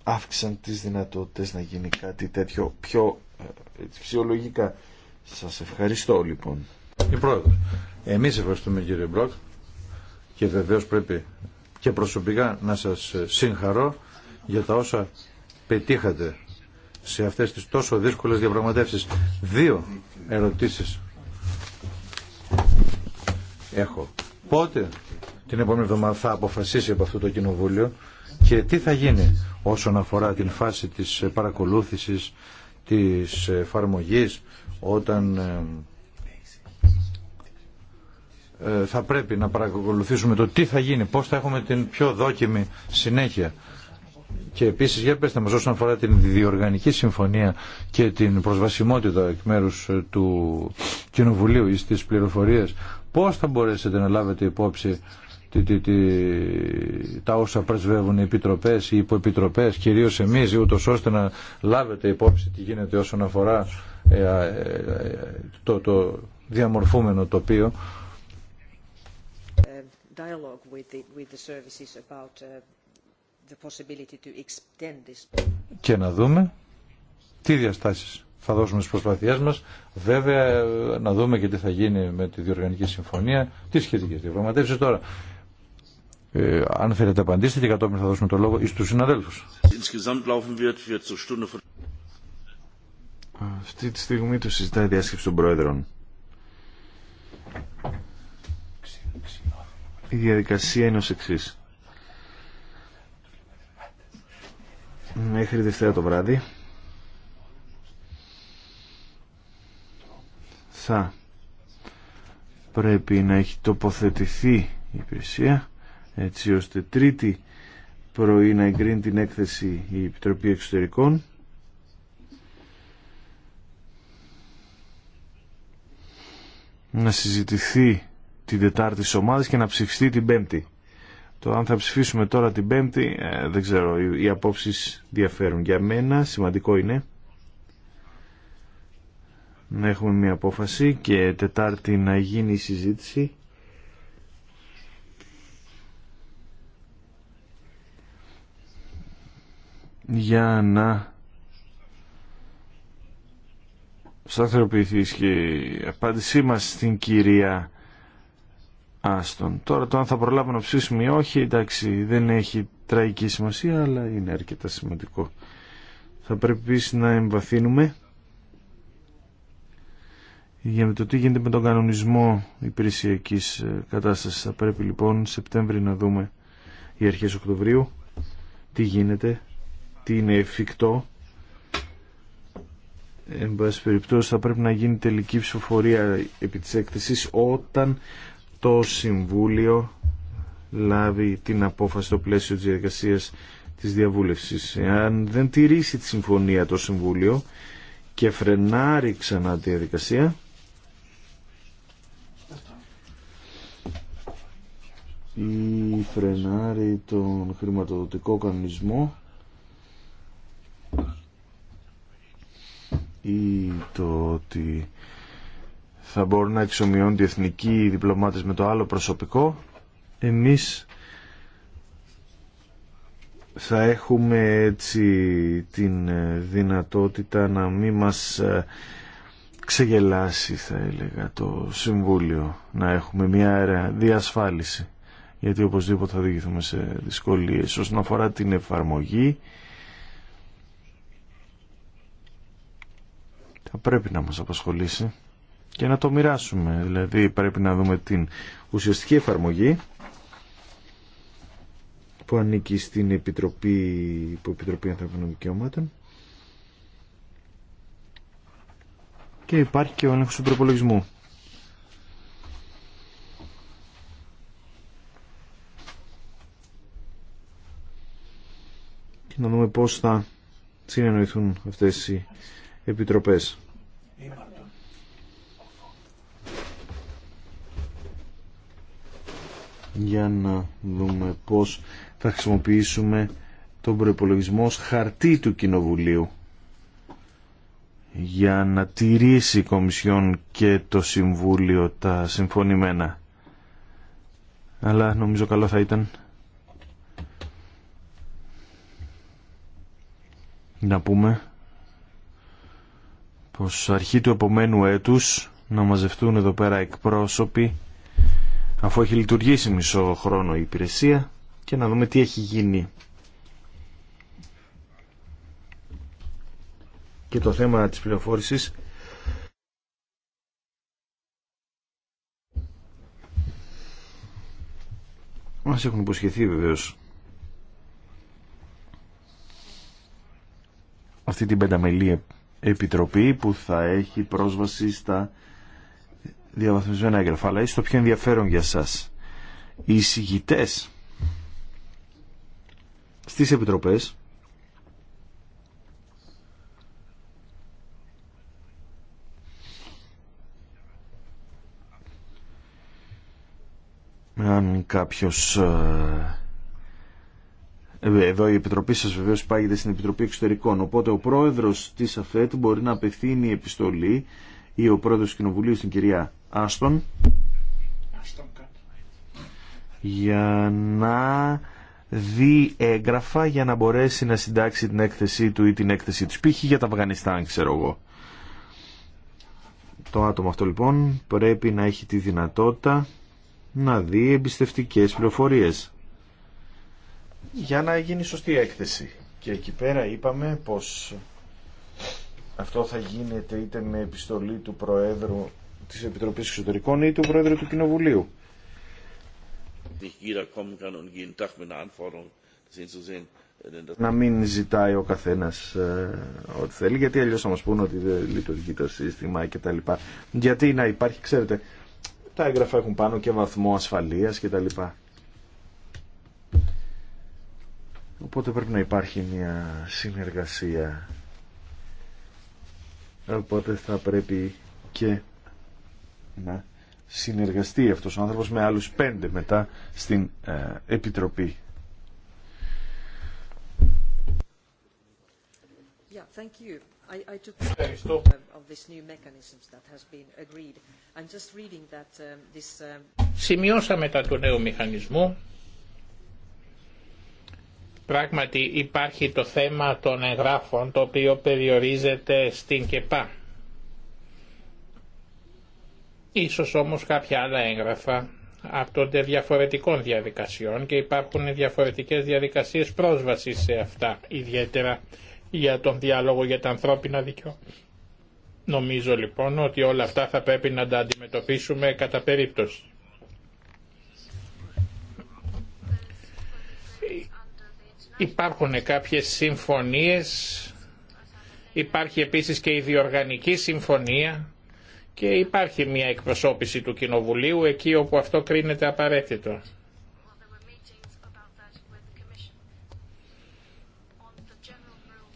αύξησαν τις δυνατότητες να γίνει κάτι τέτοιο πιο ε, φυσιολογικά. Σας ευχαριστώ λοιπόν. Η εμείς ευχαριστούμε κύριε Μπλοκ και βεβαίως πρέπει και προσωπικά να σας ε, συγχαρώ για τα όσα πετύχατε σε αυτές τις τόσο δύσκολες διαπραγματεύσεις. Δύο ερωτήσεις έχω. Πότε την επόμενη εβδομάδα θα αποφασίσει από αυτό το κοινοβούλιο και τι θα γίνει όσον αφορά την φάση της παρακολούθησης της εφαρμογή όταν ε, ε, θα πρέπει να παρακολουθήσουμε το τι θα γίνει, πώς θα έχουμε την πιο δόκιμη συνέχεια. Και επίσης για πέστε μας όσον αφορά την διοργανική συμφωνία και την προσβασιμότητα εκ μέρους ε, του Κοινοβουλίου ή στις πληροφορίες, πώς θα μπορέσετε να λάβετε υπόψη τα όσα πρεσβεύουν οι επιτροπές, οι υποεπιτροπές, κυρίως εμείς, ούτως ώστε να λάβετε υπόψη τι γίνεται όσον αφορά ε, ε, το, το διαμορφούμενο τοπίο. Και να δούμε τι διαστάσεις θα δώσουμε στις προσπαθειές μας. Βέβαια ε, να δούμε και τι θα γίνει με τη Διοργανική Συμφωνία, τι σχετικές διαπραγματεύσει τώρα. Ε, αν θέλετε απαντήστε και κατόπιν θα δώσουμε το λόγο τους συναδέλφους. Αυτή τη στιγμή το συζητάει η διάσκεψη των Πρόεδρων. Η διαδικασία είναι ως εξής. Μέχρι Δευτέρα το βράδυ θα πρέπει να έχει τοποθετηθεί η υπηρεσία έτσι ώστε τρίτη πρωί να εγκρίνει την έκθεση η Επιτροπή Εξωτερικών να συζητηθεί την Τετάρτη στις και να ψηφιστεί την Πέμπτη. Το αν θα ψηφίσουμε τώρα την Πέμπτη, ε, δεν ξέρω, οι, οι απόψεις διαφέρουν. Για μένα σημαντικό είναι να έχουμε μια απόφαση και Τετάρτη να γίνει η συζήτηση για να σταθεροποιηθεί και η απάντησή μας στην κυρία Άστον. Τώρα το αν θα προλάβουμε να ψήσουμε ή όχι, εντάξει δεν έχει τραγική σημασία αλλά είναι αρκετά σημαντικό. Θα πρέπει να εμβαθύνουμε για το τι γίνεται με τον κανονισμό υπηρεσιακής ε, κατάστασης. Θα πρέπει λοιπόν Σεπτέμβρη να δούμε οι αρχές Οκτωβρίου τι γίνεται τι είναι εφικτό. Εν πάση περιπτώσει θα πρέπει να γίνει τελική ψηφοφορία επί της έκθεσης όταν το Συμβούλιο λάβει την απόφαση στο πλαίσιο της διαδικασίας της διαβούλευσης. Αν δεν τηρήσει τη συμφωνία το Συμβούλιο και φρενάρει ξανά τη διαδικασία, ή φρενάρει τον χρηματοδοτικό κανονισμό ή το ότι θα μπορούν να εξομοιώνουν οι εθνικοί διπλωμάτες με το άλλο προσωπικό εμείς θα έχουμε έτσι την δυνατότητα να μην μας ε, ξεγελάσει θα έλεγα το Συμβούλιο να έχουμε μια διασφάλιση γιατί οπωσδήποτε θα διηγηθούμε σε δυσκολίες όσον αφορά την εφαρμογή θα πρέπει να μας απασχολήσει και να το μοιράσουμε. Δηλαδή πρέπει να δούμε την ουσιαστική εφαρμογή που ανήκει στην Επιτροπή, που Επιτροπή Ανθρώπινων Δικαιωμάτων και υπάρχει και ο έλεγχος του προπολογισμού. Και να δούμε πώς θα συνεννοηθούν αυτές οι επιτροπές. Για να δούμε πώς θα χρησιμοποιήσουμε τον προπολογισμό χαρτί του Κοινοβουλίου για να τηρήσει η Κομισιόν και το Συμβούλιο τα συμφωνημένα. Αλλά νομίζω καλό θα ήταν να πούμε πως αρχή του επομένου έτους να μαζευτούν εδώ πέρα εκπρόσωποι αφού έχει λειτουργήσει μισό χρόνο η υπηρεσία και να δούμε τι έχει γίνει. Και το θέμα της πληροφόρησης μας έχουν υποσχεθεί βεβαίως αυτή την πενταμελή επιτροπή που θα έχει πρόσβαση στα διαβαθμισμένα έγγραφα. Αλλά το πιο ενδιαφέρον για σας. Οι εισηγητές στις επιτροπές αν κάποιος ε, ε, εδώ η Επιτροπή σας βεβαίως πάγεται στην Επιτροπή Εξωτερικών. Οπότε ο πρόεδρος της ΑΦΕΤ μπορεί να απευθύνει επιστολή ή ο πρόεδρος του Κοινοβουλίου στην κυρία Άστον για να δει έγγραφα για να μπορέσει να συντάξει την έκθεσή του ή την έκθεσή του. Π.χ. για τα Αφγανιστάν, ξέρω εγώ. Το άτομο αυτό λοιπόν πρέπει να έχει τη δυνατότητα να δει εμπιστευτικέ πληροφορίε για να γίνει σωστή έκθεση. Και εκεί πέρα είπαμε πως αυτό θα γίνεται είτε με επιστολή του Προέδρου της Επιτροπής Εξωτερικών ή του Προέδρου του Κοινοβουλίου. Äh, να μην ζητάει ο καθένας ε, ό,τι θέλει, γιατί αλλιώς θα μας πούνε ότι δεν λειτουργεί το σύστημα κτλ. Γιατί να υπάρχει, ξέρετε, τα έγγραφα έχουν πάνω και βαθμό ασφαλείας κτλ. Οπότε πρέπει να υπάρχει μια συνεργασία. Οπότε θα πρέπει και να συνεργαστεί αυτός ο άνθρωπος με άλλους πέντε μετά στην ε, Επιτροπή. Um, um, Σημειώσαμε τα του νέου μηχανισμού Πράγματι υπάρχει το θέμα των εγγράφων το οποίο περιορίζεται στην ΚΕΠΑ. Ίσως όμως κάποια άλλα έγγραφα απτονται διαφορετικών διαδικασιών και υπάρχουν διαφορετικές διαδικασίες πρόσβασης σε αυτά, ιδιαίτερα για τον διάλογο για τα ανθρώπινα δικαιώματα. Νομίζω λοιπόν ότι όλα αυτά θα πρέπει να τα αντιμετωπίσουμε κατά περίπτωση. Υπάρχουν κάποιες συμφωνίες, υπάρχει επίσης και η διοργανική συμφωνία και υπάρχει μια εκπροσώπηση του Κοινοβουλίου εκεί όπου αυτό κρίνεται απαραίτητο.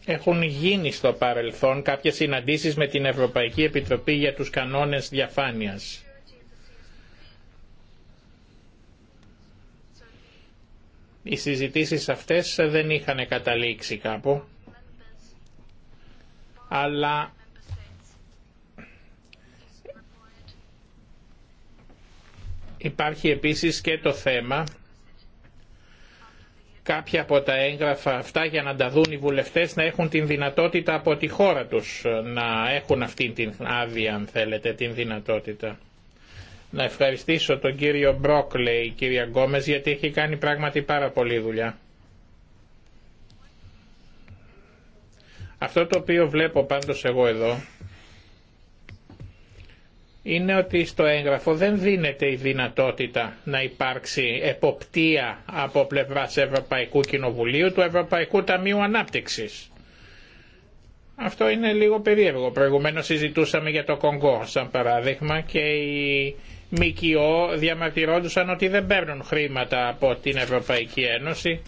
Έχουν γίνει στο παρελθόν κάποιες συναντήσεις με την Ευρωπαϊκή Επιτροπή για τους κανόνες διαφάνειας. Οι συζητήσεις αυτές δεν είχαν καταλήξει κάπου, αλλά υπάρχει επίσης και το θέμα κάποια από τα έγγραφα αυτά για να τα δουν οι βουλευτές να έχουν την δυνατότητα από τη χώρα τους να έχουν αυτή την άδεια αν θέλετε την δυνατότητα. Να ευχαριστήσω τον κύριο Μπρόκ, λέει η κυρία Γκόμες, γιατί έχει κάνει πράγματι πάρα πολλή δουλειά. Αυτό το οποίο βλέπω πάντως εγώ εδώ είναι ότι στο έγγραφο δεν δίνεται η δυνατότητα να υπάρξει εποπτεία από πλευράς Ευρωπαϊκού Κοινοβουλίου του Ευρωπαϊκού Ταμείου Ανάπτυξης. Αυτό είναι λίγο περίεργο. Προηγουμένως συζητούσαμε για το Κονγκό σαν παράδειγμα και η ΜΚΟ διαμαρτυρόντουσαν ότι δεν παίρνουν χρήματα από την Ευρωπαϊκή Ένωση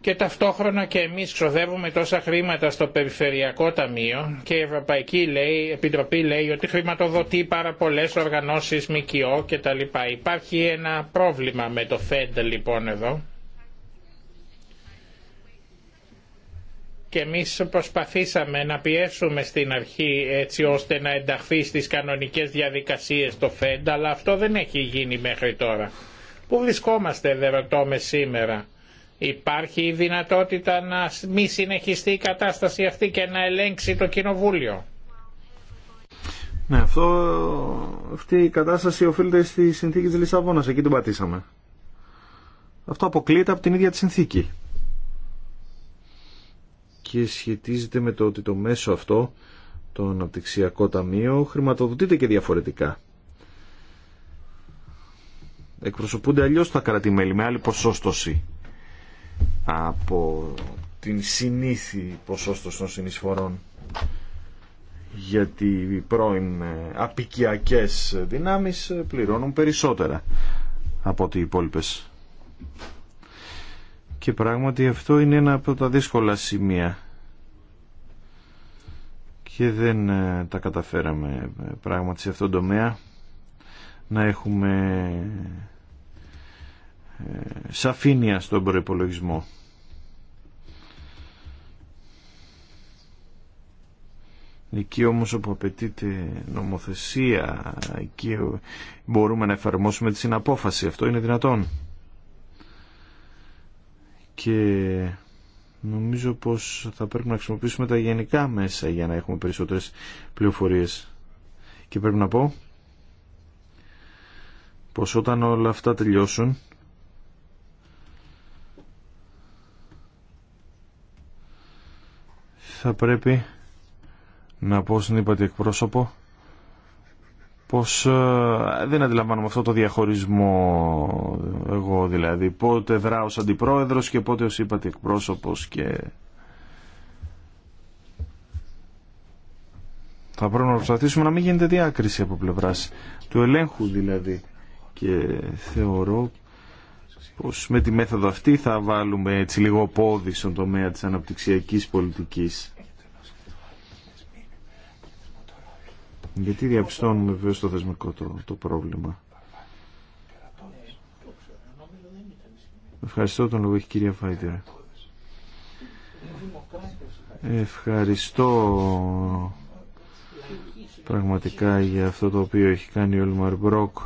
και ταυτόχρονα και εμείς ξοδεύουμε τόσα χρήματα στο Περιφερειακό Ταμείο και η Ευρωπαϊκή λέει, Επιτροπή λέει ότι χρηματοδοτεί πάρα πολλές οργανώσεις ΜΚΟ κτλ. Υπάρχει ένα πρόβλημα με το ΦΕΝΤ λοιπόν εδώ και εμείς προσπαθήσαμε να πιέσουμε στην αρχή έτσι ώστε να ενταχθεί στις κανονικές διαδικασίες το ΦΕΝΤ, αλλά αυτό δεν έχει γίνει μέχρι τώρα. Πού βρισκόμαστε, δεν ρωτώ με σήμερα. Υπάρχει η δυνατότητα να μη συνεχιστεί η κατάσταση αυτή και να ελέγξει το Κοινοβούλιο. Ναι, αυτό, αυτή η κατάσταση οφείλεται στη συνθήκη της Λισαβόνας, εκεί την πατήσαμε. Αυτό αποκλείεται από την ίδια τη συνθήκη και σχετίζεται με το ότι το μέσο αυτό, το αναπτυξιακό ταμείο, χρηματοδοτείται και διαφορετικά. Εκπροσωπούνται αλλιώς τα κρατημέλη, με άλλη ποσόστοση από την συνήθι ποσόστοση των συνεισφορών γιατί οι πρώην ε, απικιακές δυνάμεις ε, πληρώνουν περισσότερα από ό,τι οι υπόλοιπες και πράγματι αυτό είναι ένα από τα δύσκολα σημεία. Και δεν ε, τα καταφέραμε ε, πράγματι σε αυτόν τον τομέα να έχουμε ε, σαφήνεια στον προϋπολογισμό. Εκεί όμως όπου απαιτείται νομοθεσία, εκεί μπορούμε να εφαρμόσουμε τη συναπόφαση. Αυτό είναι δυνατόν και νομίζω πως θα πρέπει να χρησιμοποιήσουμε τα γενικά μέσα για να έχουμε περισσότερες πληροφορίες και πρέπει να πω πως όταν όλα αυτά τελειώσουν θα πρέπει να πω στην είπατε εκπρόσωπο πως ε, δεν αντιλαμβάνομαι αυτό το διαχωρισμό εγώ δηλαδή πότε δράω ως αντιπρόεδρος και πότε ως είπατε εκπρόσωπος και θα πρέπει να προσπαθήσουμε να μην γίνεται διάκριση από πλευράς του ελέγχου δηλαδή και θεωρώ πως με τη μέθοδο αυτή θα βάλουμε έτσι λίγο πόδι στον τομέα της αναπτυξιακής πολιτικής Γιατί διαπιστώνουμε βέβαια στο θεσμικό το, το πρόβλημα. Ευχαριστώ τον λόγο έχει κυρία Φάιντερ. Ευχαριστώ πραγματικά για αυτό το οποίο έχει κάνει ο Ολμαρ Μπρόκ.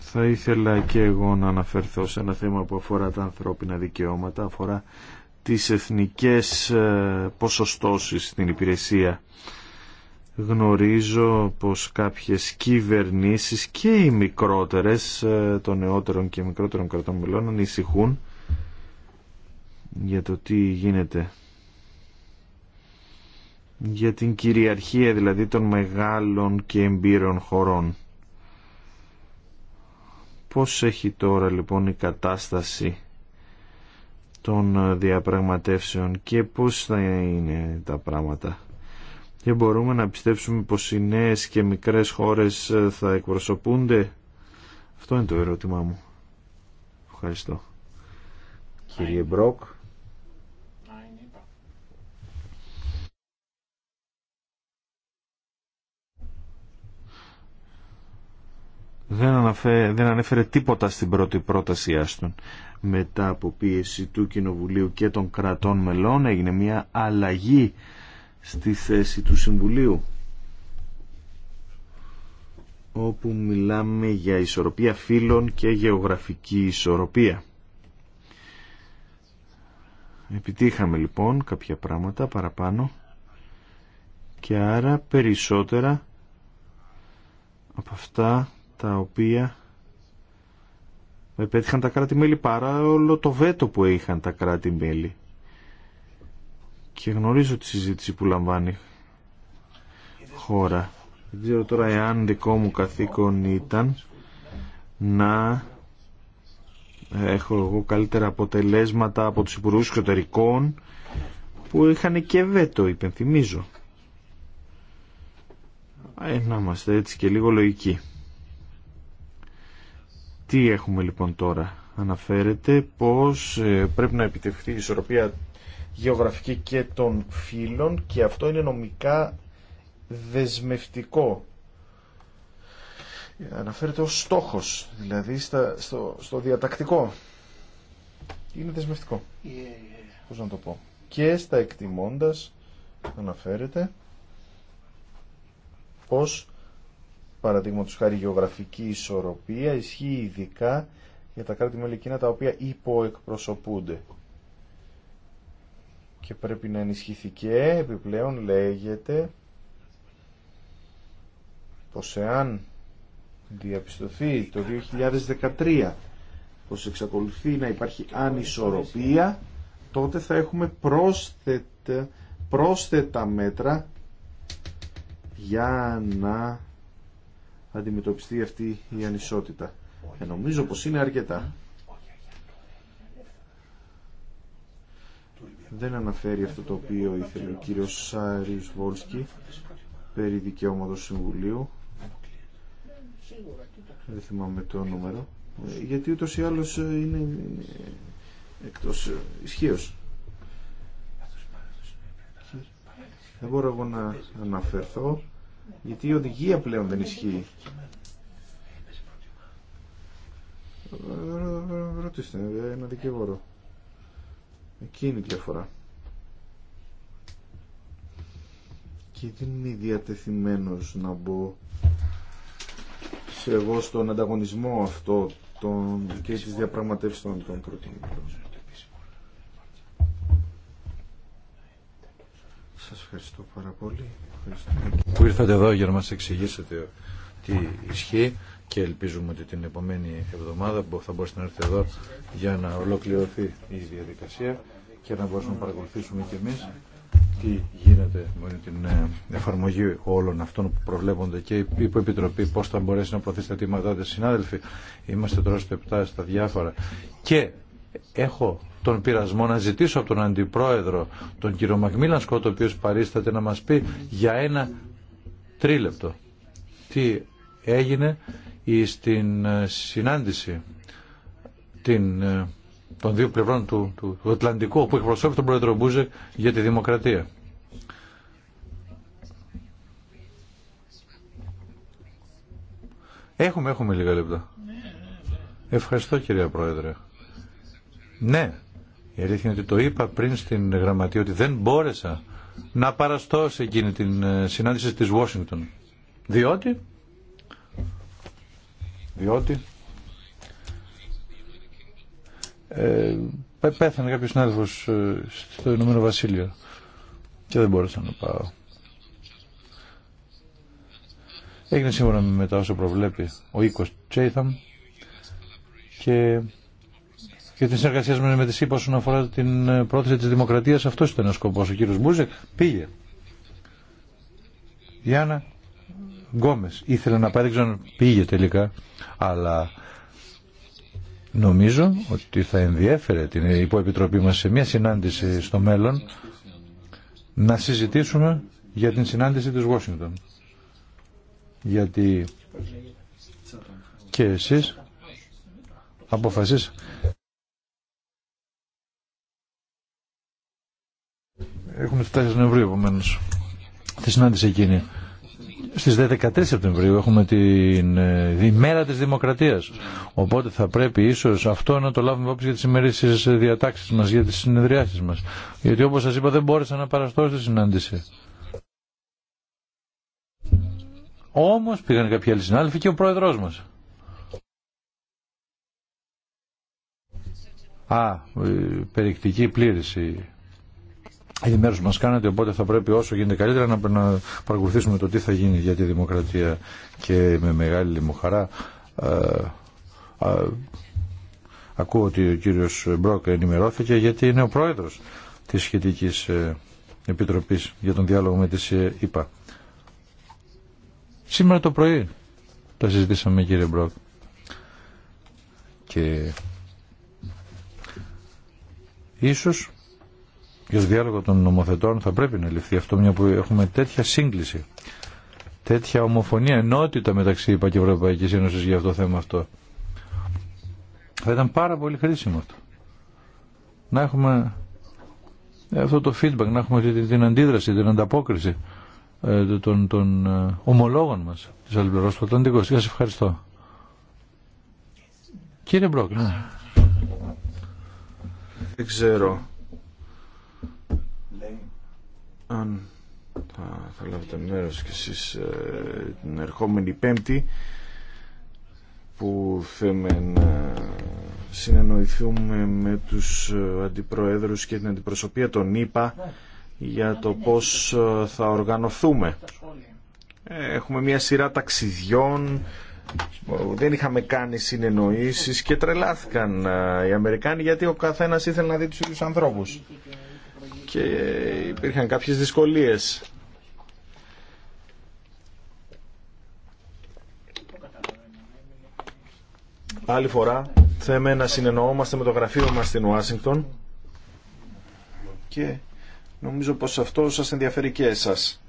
Θα ήθελα και εγώ να αναφερθώ σε ένα θέμα που αφορά τα ανθρώπινα δικαιώματα, αφορά τις εθνικές ε, ποσοστώσεις στην υπηρεσία γνωρίζω πως κάποιες κυβερνήσεις και οι μικρότερες ε, των νεότερων και μικρότερων κρατών μελών ανησυχούν για το τι γίνεται για την κυριαρχία δηλαδή των μεγάλων και εμπειρών χωρών πως έχει τώρα λοιπόν η κατάσταση των διαπραγματεύσεων και πως θα είναι τα πράγματα και μπορούμε να πιστέψουμε πως οι νέες και μικρές χώρες ε, θα εκπροσωπούνται. Αυτό είναι το ερώτημά μου. Ευχαριστώ. Κύριε Μπρόκ. Δεν, δεν ανέφερε τίποτα στην πρώτη πρόταση άστον. Μετά από πίεση του Κοινοβουλίου και των κρατών μελών έγινε μια αλλαγή στη θέση του Συμβουλίου όπου μιλάμε για ισορροπία φύλων και γεωγραφική ισορροπία. Επιτύχαμε λοιπόν κάποια πράγματα παραπάνω και άρα περισσότερα από αυτά τα οποία επέτυχαν τα κράτη-μέλη παρά όλο το βέτο που είχαν τα κράτη-μέλη και γνωρίζω τη συζήτηση που λαμβάνει χώρα. Δεν ξέρω τώρα εάν δικό μου καθήκον ήταν να έχω εγώ καλύτερα αποτελέσματα από τους υπουργού εξωτερικών που είχαν και βέτο, υπενθυμίζω. Ε, να είμαστε έτσι και λίγο λογικοί. Τι έχουμε λοιπόν τώρα. Αναφέρεται πως ε, πρέπει να επιτευχθεί η ισορροπία γεωγραφική και των φύλων και αυτό είναι νομικά δεσμευτικό. Αναφέρεται ως στόχος, δηλαδή στα, στο, στο διατακτικό. Είναι δεσμευτικό. Yeah. Πώς να το πω. Και στα εκτιμώντας αναφέρεται πως παραδείγματος χάρη γεωγραφική ισορροπία ισχύει ειδικά για τα κράτη-μέλη τα οποία υποεκπροσωπούνται και πρέπει να ενισχυθεί και επιπλέον λέγεται πως εάν διαπιστωθεί το 2013 πως εξακολουθεί να υπάρχει ανισορροπία τότε θα έχουμε πρόσθετα, πρόσθετα μέτρα για να αντιμετωπιστεί αυτή η ανισότητα. Ε, νομίζω πως είναι αρκετά. δεν αναφέρει αυτό το οποίο ήθελε ο κύριος Σάρις Βόλσκι περί δικαιώματος συμβουλίου δεν θυμάμαι το νούμερο γιατί ούτως ή άλλως είναι εκτός ισχύως δεν μπορώ εγώ να αναφερθώ γιατί η οδηγία πλέον δεν ισχύει ρωτήστε ένα δικηγόρο Εκείνη η διαφορά. Και δεν είμαι διατεθειμένος να μπω σε εγώ στον ανταγωνισμό αυτό των, και τις διαπραγματεύσεις των, των πρώτων. Σας ευχαριστώ πάρα πολύ. Ευχαριστώ. Που ήρθατε εδώ για να μας εξηγήσετε τι ισχύει και ελπίζουμε ότι την επομένη εβδομάδα που θα μπορέσει να έρθει εδώ για να ολοκληρωθεί η διαδικασία και να μπορέσουμε να παρακολουθήσουμε και εμείς τι γίνεται με την ε, εφαρμογή όλων αυτών που προβλέπονται και υπό επιτροπή πώς θα μπορέσει να προωθήσει τα τίματά της. Συνάδελφοι, είμαστε τώρα στο 7 στα διάφορα και έχω τον πειρασμό να ζητήσω από τον Αντιπρόεδρο, τον κύριο Μακμίλαν Σκότ, ο οποίος παρίσταται να μας πει για ένα τρίλεπτο τι έγινε ή στην ε, συνάντηση την, ε, των δύο πλευρών του, του, του Ατλαντικού που εκπροσώπη τον πρόεδρο Μπούζε για τη δημοκρατία. Έχουμε, έχουμε λίγα λεπτά. Ευχαριστώ κυρία Πρόεδρε. Ναι, η αλήθεια είναι ότι το είπα πριν στην γραμματεία ότι δεν μπόρεσα να παραστώ σε εκείνη την ε, συνάντηση της Washington. Διότι διότι ε, πέθανε κάποιος συνάδελφος ε, στο Ηνωμένο Βασίλειο και δεν μπόρεσα να πάω. Έγινε σύμφωνα με τα όσο προβλέπει ο οίκος Τσέιθαμ και, και την συνεργασία με τη ΣΥΠΑ όσον αφορά την ε, πρόθεση της δημοκρατίας αυτός ήταν ο σκοπός. Ο κύριος Μπούζεκ πήγε Γιάννα Γκόμες ήθελε να πάρει να πήγε τελικά, αλλά νομίζω ότι θα ενδιέφερε την υποεπιτροπή μας σε μια συνάντηση στο μέλλον να συζητήσουμε για την συνάντηση της Washington. Γιατί και εσείς αποφασίσατε Έχουμε φτάσει στο Ευρύ, επομένω. Τη συνάντηση εκείνη. Στις 13 Σεπτεμβρίου έχουμε την ημέρα ε, της δημοκρατίας. Οπότε θα πρέπει ίσως αυτό να το λάβουμε υπόψη για τις ημερήσεις διατάξεις μας, για τις συνεδριάσεις μας. Γιατί όπως σας είπα δεν μπόρεσα να παραστώ στη συνάντηση. Όμως πήγαν κάποιοι άλλοι συνάδελφοι και ο πρόεδρός μας. Α, ε, περιεκτική πλήρηση ενημέρωση μας κάνατε, οπότε θα πρέπει όσο γίνεται καλύτερα να, παρακολουθήσουμε το τι θα γίνει για τη δημοκρατία και με μεγάλη μου χαρά α, ε, α, ε, ακούω ότι ο κύριος Μπρόκ ενημερώθηκε γιατί είναι ο πρόεδρος της σχετικής ε, επιτροπής για τον διάλογο με τις ΕΠΑ. Σήμερα το πρωί τα συζητήσαμε κύριε Μπρόκ και ίσως για το διάλογο των νομοθετών θα πρέπει να ληφθεί αυτό μια που έχουμε τέτοια σύγκληση τέτοια ομοφωνία ενότητα μεταξύ ΙΠΑ και Ευρωπαϊκής Ένωσης για αυτό το θέμα αυτό θα ήταν πάρα πολύ χρήσιμο αυτό να έχουμε αυτό το feedback να έχουμε την αντίδραση, την ανταπόκριση ε, των, των ε, ομολόγων μας της Αλληπλωρός του Ατλαντικού σας ευχαριστώ Κύριε Μπρόκ, ναι. Δεν ξέρω αν θα, θα λάβετε μέρος κι εσείς ε, την ερχόμενη πέμπτη που θέμε να συνεννοηθούμε με τους ε, αντιπροέδρους και την αντιπροσωπεία των ΗΠΑ για το πώς ε, θα οργανωθούμε. Έχουμε μια σειρά ταξιδιών, δεν είχαμε κάνει συνεννοήσεις και τρελάθηκαν οι Αμερικάνοι γιατί ο καθένας ήθελε να δει τους ίδιους ανθρώπους και υπήρχαν κάποιες δυσκολίες. Άλλη φορά θέμε να συνεννοούμαστε με το γραφείο μας στην Ουάσιγκτον και νομίζω πως αυτό σας ενδιαφέρει και εσάς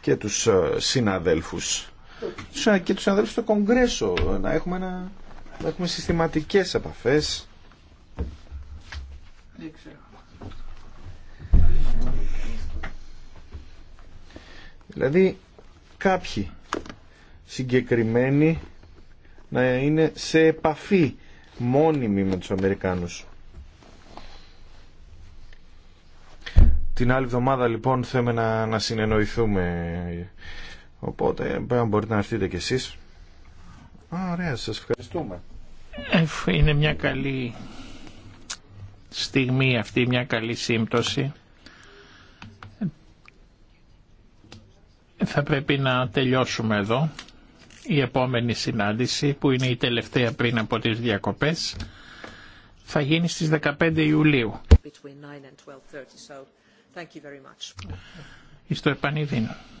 και τους ε, συναδέλφους και τους συναδέλφους στο Κογκρέσο να έχουμε, ένα, να έχουμε συστηματικές επαφές. Δεν ξέρω. Δηλαδή κάποιοι συγκεκριμένοι να είναι σε επαφή μόνιμη με τους Αμερικάνους. Την άλλη εβδομάδα λοιπόν θέμε να, να συνεννοηθούμε. Οπότε μπορείτε να έρθετε κι εσείς. Ωραία, σας ευχαριστούμε. Είναι μια καλή στιγμή αυτή, μια καλή σύμπτωση. Θα πρέπει να τελειώσουμε εδώ. Η επόμενη συνάντηση που είναι η τελευταία πριν από τις διακοπές θα γίνει στις 15 Ιουλίου. Στο επανειδήν.